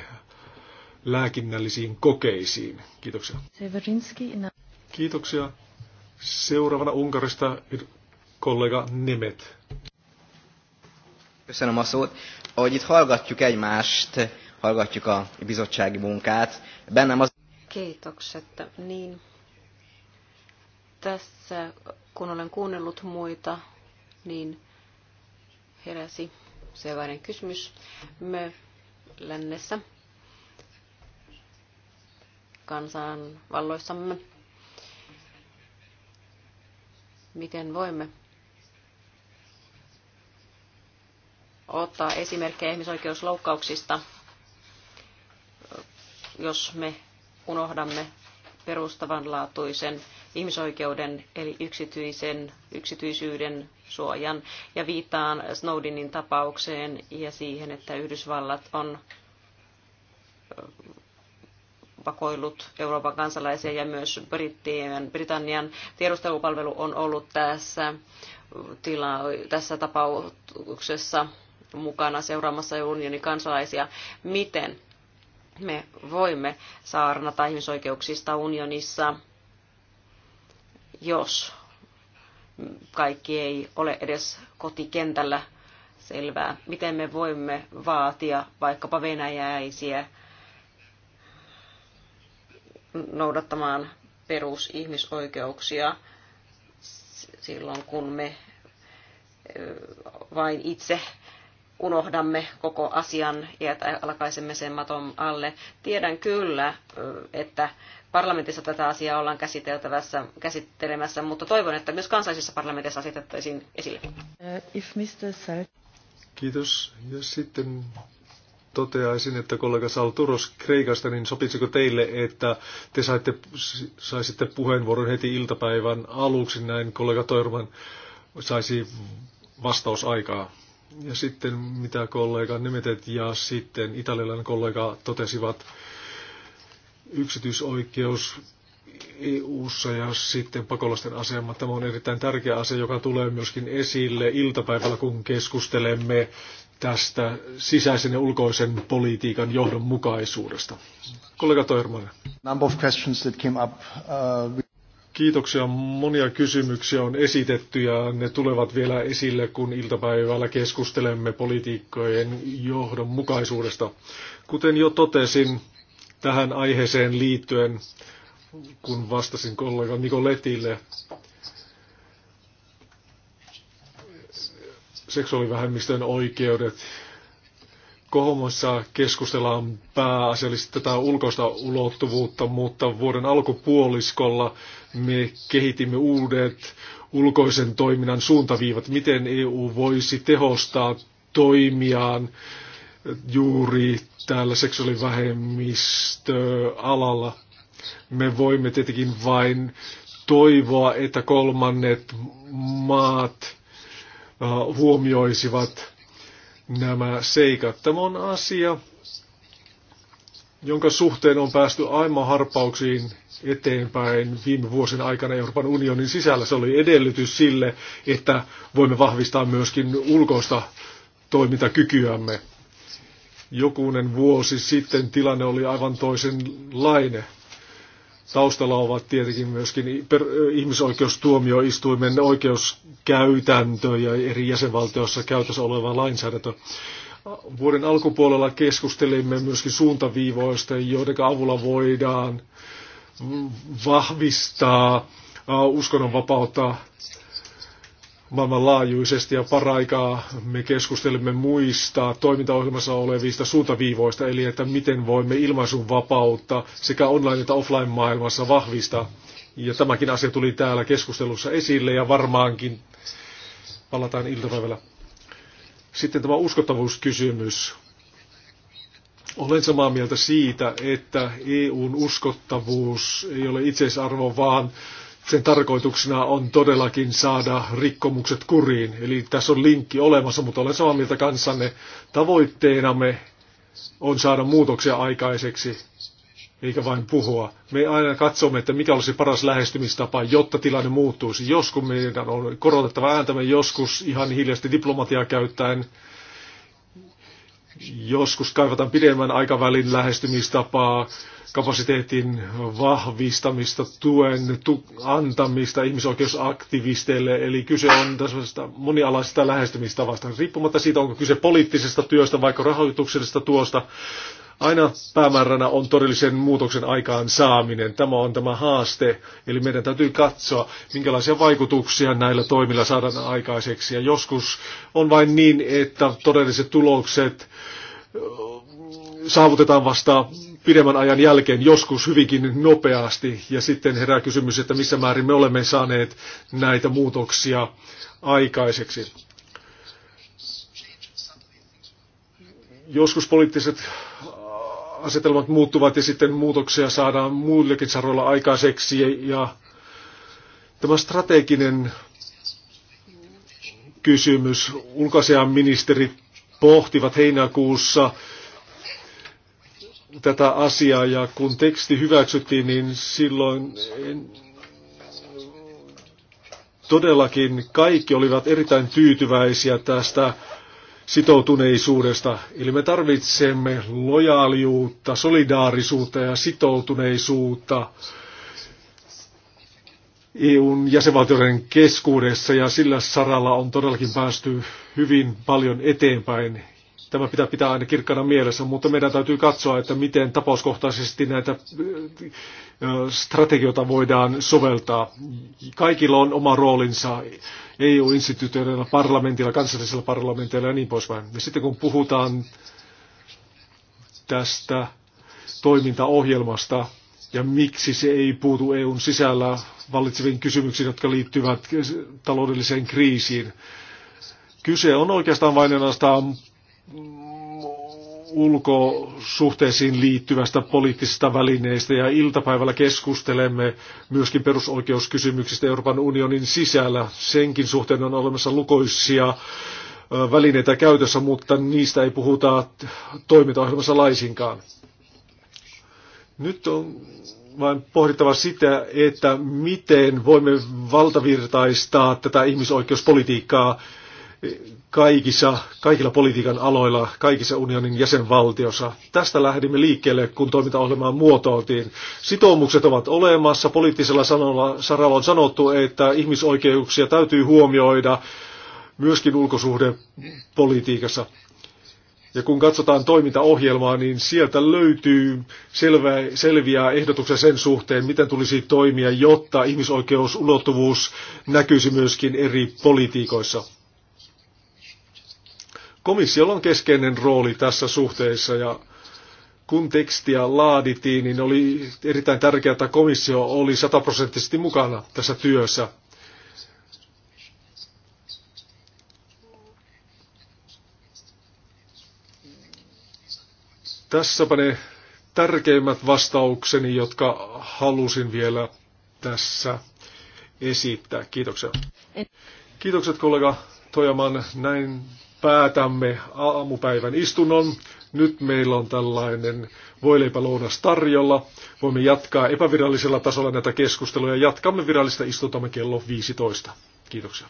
C: lääkinnällisiin kokeisiin. Kiitoksia. Kiitoksia. Seuraavana Unkarista kollega Nemet.
D: Köszönöm a szót. Ahogy itt hallgatjuk egymást, hallgatjuk a bizottsági munkát, bennem az...
E: Kiitokset. Niin. Tässä, kun olen kuunnellut muita, niin heräsi sellainen kysymys me lännessä kansanvalloissamme. Miten voimme ottaa esimerkkejä ihmisoikeusloukkauksista, jos me unohdamme perustavanlaatuisen ihmisoikeuden eli yksityisen, yksityisyyden suojan ja viittaan Snowdenin tapaukseen ja siihen, että Yhdysvallat on vakoillut Euroopan kansalaisia ja myös Brittien, Britannian tiedustelupalvelu on ollut tässä, tila, tässä tapauksessa mukana seuraamassa unionin kansalaisia. Miten me voimme saarnata ihmisoikeuksista unionissa jos kaikki ei ole edes kotikentällä selvää. Miten me voimme vaatia vaikkapa venäjäisiä noudattamaan perusihmisoikeuksia silloin, kun me vain itse unohdamme koko asian ja alkaisemme sen maton alle. Tiedän kyllä, että parlamentissa tätä asiaa ollaan käsiteltävässä, käsittelemässä, mutta toivon, että myös kansallisissa parlamenteissa asetettaisiin esille.
C: Äh, Kiitos. Ja sitten toteaisin, että kollega Salturos Kreikasta, niin sopisiko teille, että te saitte, saisitte puheenvuoron heti iltapäivän aluksi, näin kollega Toirman saisi vastausaikaa. Ja sitten mitä kollega Nemetet ja sitten italialainen kollega totesivat, yksityisoikeus EU-ssa ja sitten pakolaisten asema. Tämä on erittäin tärkeä asia, joka tulee myöskin esille iltapäivällä, kun keskustelemme tästä sisäisen ja ulkoisen politiikan johdonmukaisuudesta. Kollega Toirman. Uh, Kiitoksia. Monia kysymyksiä on esitetty ja ne tulevat vielä esille, kun iltapäivällä keskustelemme politiikkojen johdonmukaisuudesta. Kuten jo totesin, tähän aiheeseen liittyen, kun vastasin kollega Nikoletille seksuaalivähemmistön oikeudet. Kohomassa keskustellaan pääasiallisesti tätä ulkoista ulottuvuutta, mutta vuoden alkupuoliskolla me kehitimme uudet ulkoisen toiminnan suuntaviivat, miten EU voisi tehostaa toimiaan juuri täällä seksuaalivähemmistöalalla. Me voimme tietenkin vain toivoa, että kolmannet maat äh, huomioisivat nämä seikat. Tämä on asia, jonka suhteen on päästy aivan harpauksiin eteenpäin viime vuosien aikana Euroopan unionin sisällä. Se oli edellytys sille, että voimme vahvistaa myöskin ulkoista toimintakykyämme. Jokunen vuosi sitten tilanne oli aivan toisenlainen. Taustalla ovat tietenkin myöskin ihmisoikeustuomioistuimen oikeuskäytäntö ja eri jäsenvaltioissa käytössä oleva lainsäädäntö. Vuoden alkupuolella keskustelimme myöskin suuntaviivoista, joiden avulla voidaan vahvistaa uskonnonvapautta maailmanlaajuisesti ja paraikaa me keskustelemme muista toimintaohjelmassa olevista suuntaviivoista, eli että miten voimme ilmaisun vapautta sekä online- että offline-maailmassa vahvistaa. Ja tämäkin asia tuli täällä keskustelussa esille ja varmaankin palataan iltapäivällä. Sitten tämä uskottavuuskysymys. Olen samaa mieltä siitä, että EUn uskottavuus ei ole itseisarvo, vaan sen tarkoituksena on todellakin saada rikkomukset kuriin. Eli tässä on linkki olemassa, mutta olen samaa mieltä kanssanne. Tavoitteenamme on saada muutoksia aikaiseksi, eikä vain puhua. Me aina katsomme, että mikä olisi paras lähestymistapa, jotta tilanne muuttuisi. Joskus meidän on korotettava ääntämme, joskus ihan hiljaisesti diplomatiaa käyttäen – Joskus kaivataan pidemmän aikavälin lähestymistapaa, kapasiteetin vahvistamista, tuen tu- antamista ihmisoikeusaktivisteille. Eli kyse on tämmöisestä monialaisesta lähestymistavasta, riippumatta siitä, onko kyse poliittisesta työstä vai rahoituksellisesta tuosta. Aina päämääränä on todellisen muutoksen aikaan saaminen. Tämä on tämä haaste. Eli meidän täytyy katsoa, minkälaisia vaikutuksia näillä toimilla saadaan aikaiseksi. Ja joskus on vain niin, että todelliset tulokset saavutetaan vasta pidemmän ajan jälkeen joskus hyvinkin nopeasti. Ja sitten herää kysymys, että missä määrin me olemme saaneet näitä muutoksia aikaiseksi. Joskus poliittiset asetelmat muuttuvat ja sitten muutoksia saadaan muillekin saroilla aikaiseksi. Ja tämä strateginen kysymys, ulkoasiaministerit pohtivat heinäkuussa tätä asiaa ja kun teksti hyväksyttiin, niin silloin en, todellakin kaikki olivat erittäin tyytyväisiä tästä sitoutuneisuudesta. Eli me tarvitsemme lojaaliutta, solidaarisuutta ja sitoutuneisuutta EUn jäsenvaltioiden keskuudessa ja sillä saralla on todellakin päästy hyvin paljon eteenpäin. Tämä pitää pitää aina kirkkana mielessä, mutta meidän täytyy katsoa, että miten tapauskohtaisesti näitä strategioita voidaan soveltaa. Kaikilla on oma roolinsa EU-instituutioilla, parlamentilla, kansallisilla parlamentilla ja niin poispäin. Ja sitten kun puhutaan tästä toimintaohjelmasta, ja miksi se ei puutu EUn sisällä vallitseviin kysymyksiin, jotka liittyvät taloudelliseen kriisiin. Kyse on oikeastaan vain ainoastaan ulkosuhteisiin liittyvästä poliittisesta välineistä ja iltapäivällä keskustelemme myöskin perusoikeuskysymyksistä Euroopan unionin sisällä. Senkin suhteen on olemassa lukoisia välineitä käytössä, mutta niistä ei puhuta toimintaohjelmassa laisinkaan. Nyt on vain pohdittava sitä, että miten voimme valtavirtaistaa tätä ihmisoikeuspolitiikkaa kaikissa, kaikilla politiikan aloilla, kaikissa unionin jäsenvaltiossa. Tästä lähdimme liikkeelle, kun toimintaohjelmaa muotoiltiin. Sitoumukset ovat olemassa. Poliittisella sanolla, saralla on sanottu, että ihmisoikeuksia täytyy huomioida myöskin ulkosuhdepolitiikassa. Ja kun katsotaan toimintaohjelmaa, niin sieltä löytyy selvä, selviä ehdotuksia sen suhteen, miten tulisi toimia, jotta ihmisoikeusulottuvuus näkyisi myöskin eri politiikoissa. Komissiolla on keskeinen rooli tässä suhteessa ja kun tekstiä laadittiin, niin oli erittäin tärkeää, että komissio oli sataprosenttisesti mukana tässä työssä. Tässäpä ne tärkeimmät vastaukseni, jotka halusin vielä tässä esittää. Kiitoksia. Kiitokset kollega Tojaman. Näin päätämme aamupäivän istunnon. Nyt meillä on tällainen voileipälounas tarjolla. Voimme jatkaa epävirallisella tasolla näitä keskusteluja. Jatkamme virallista istuntamme kello 15. Kiitoksia.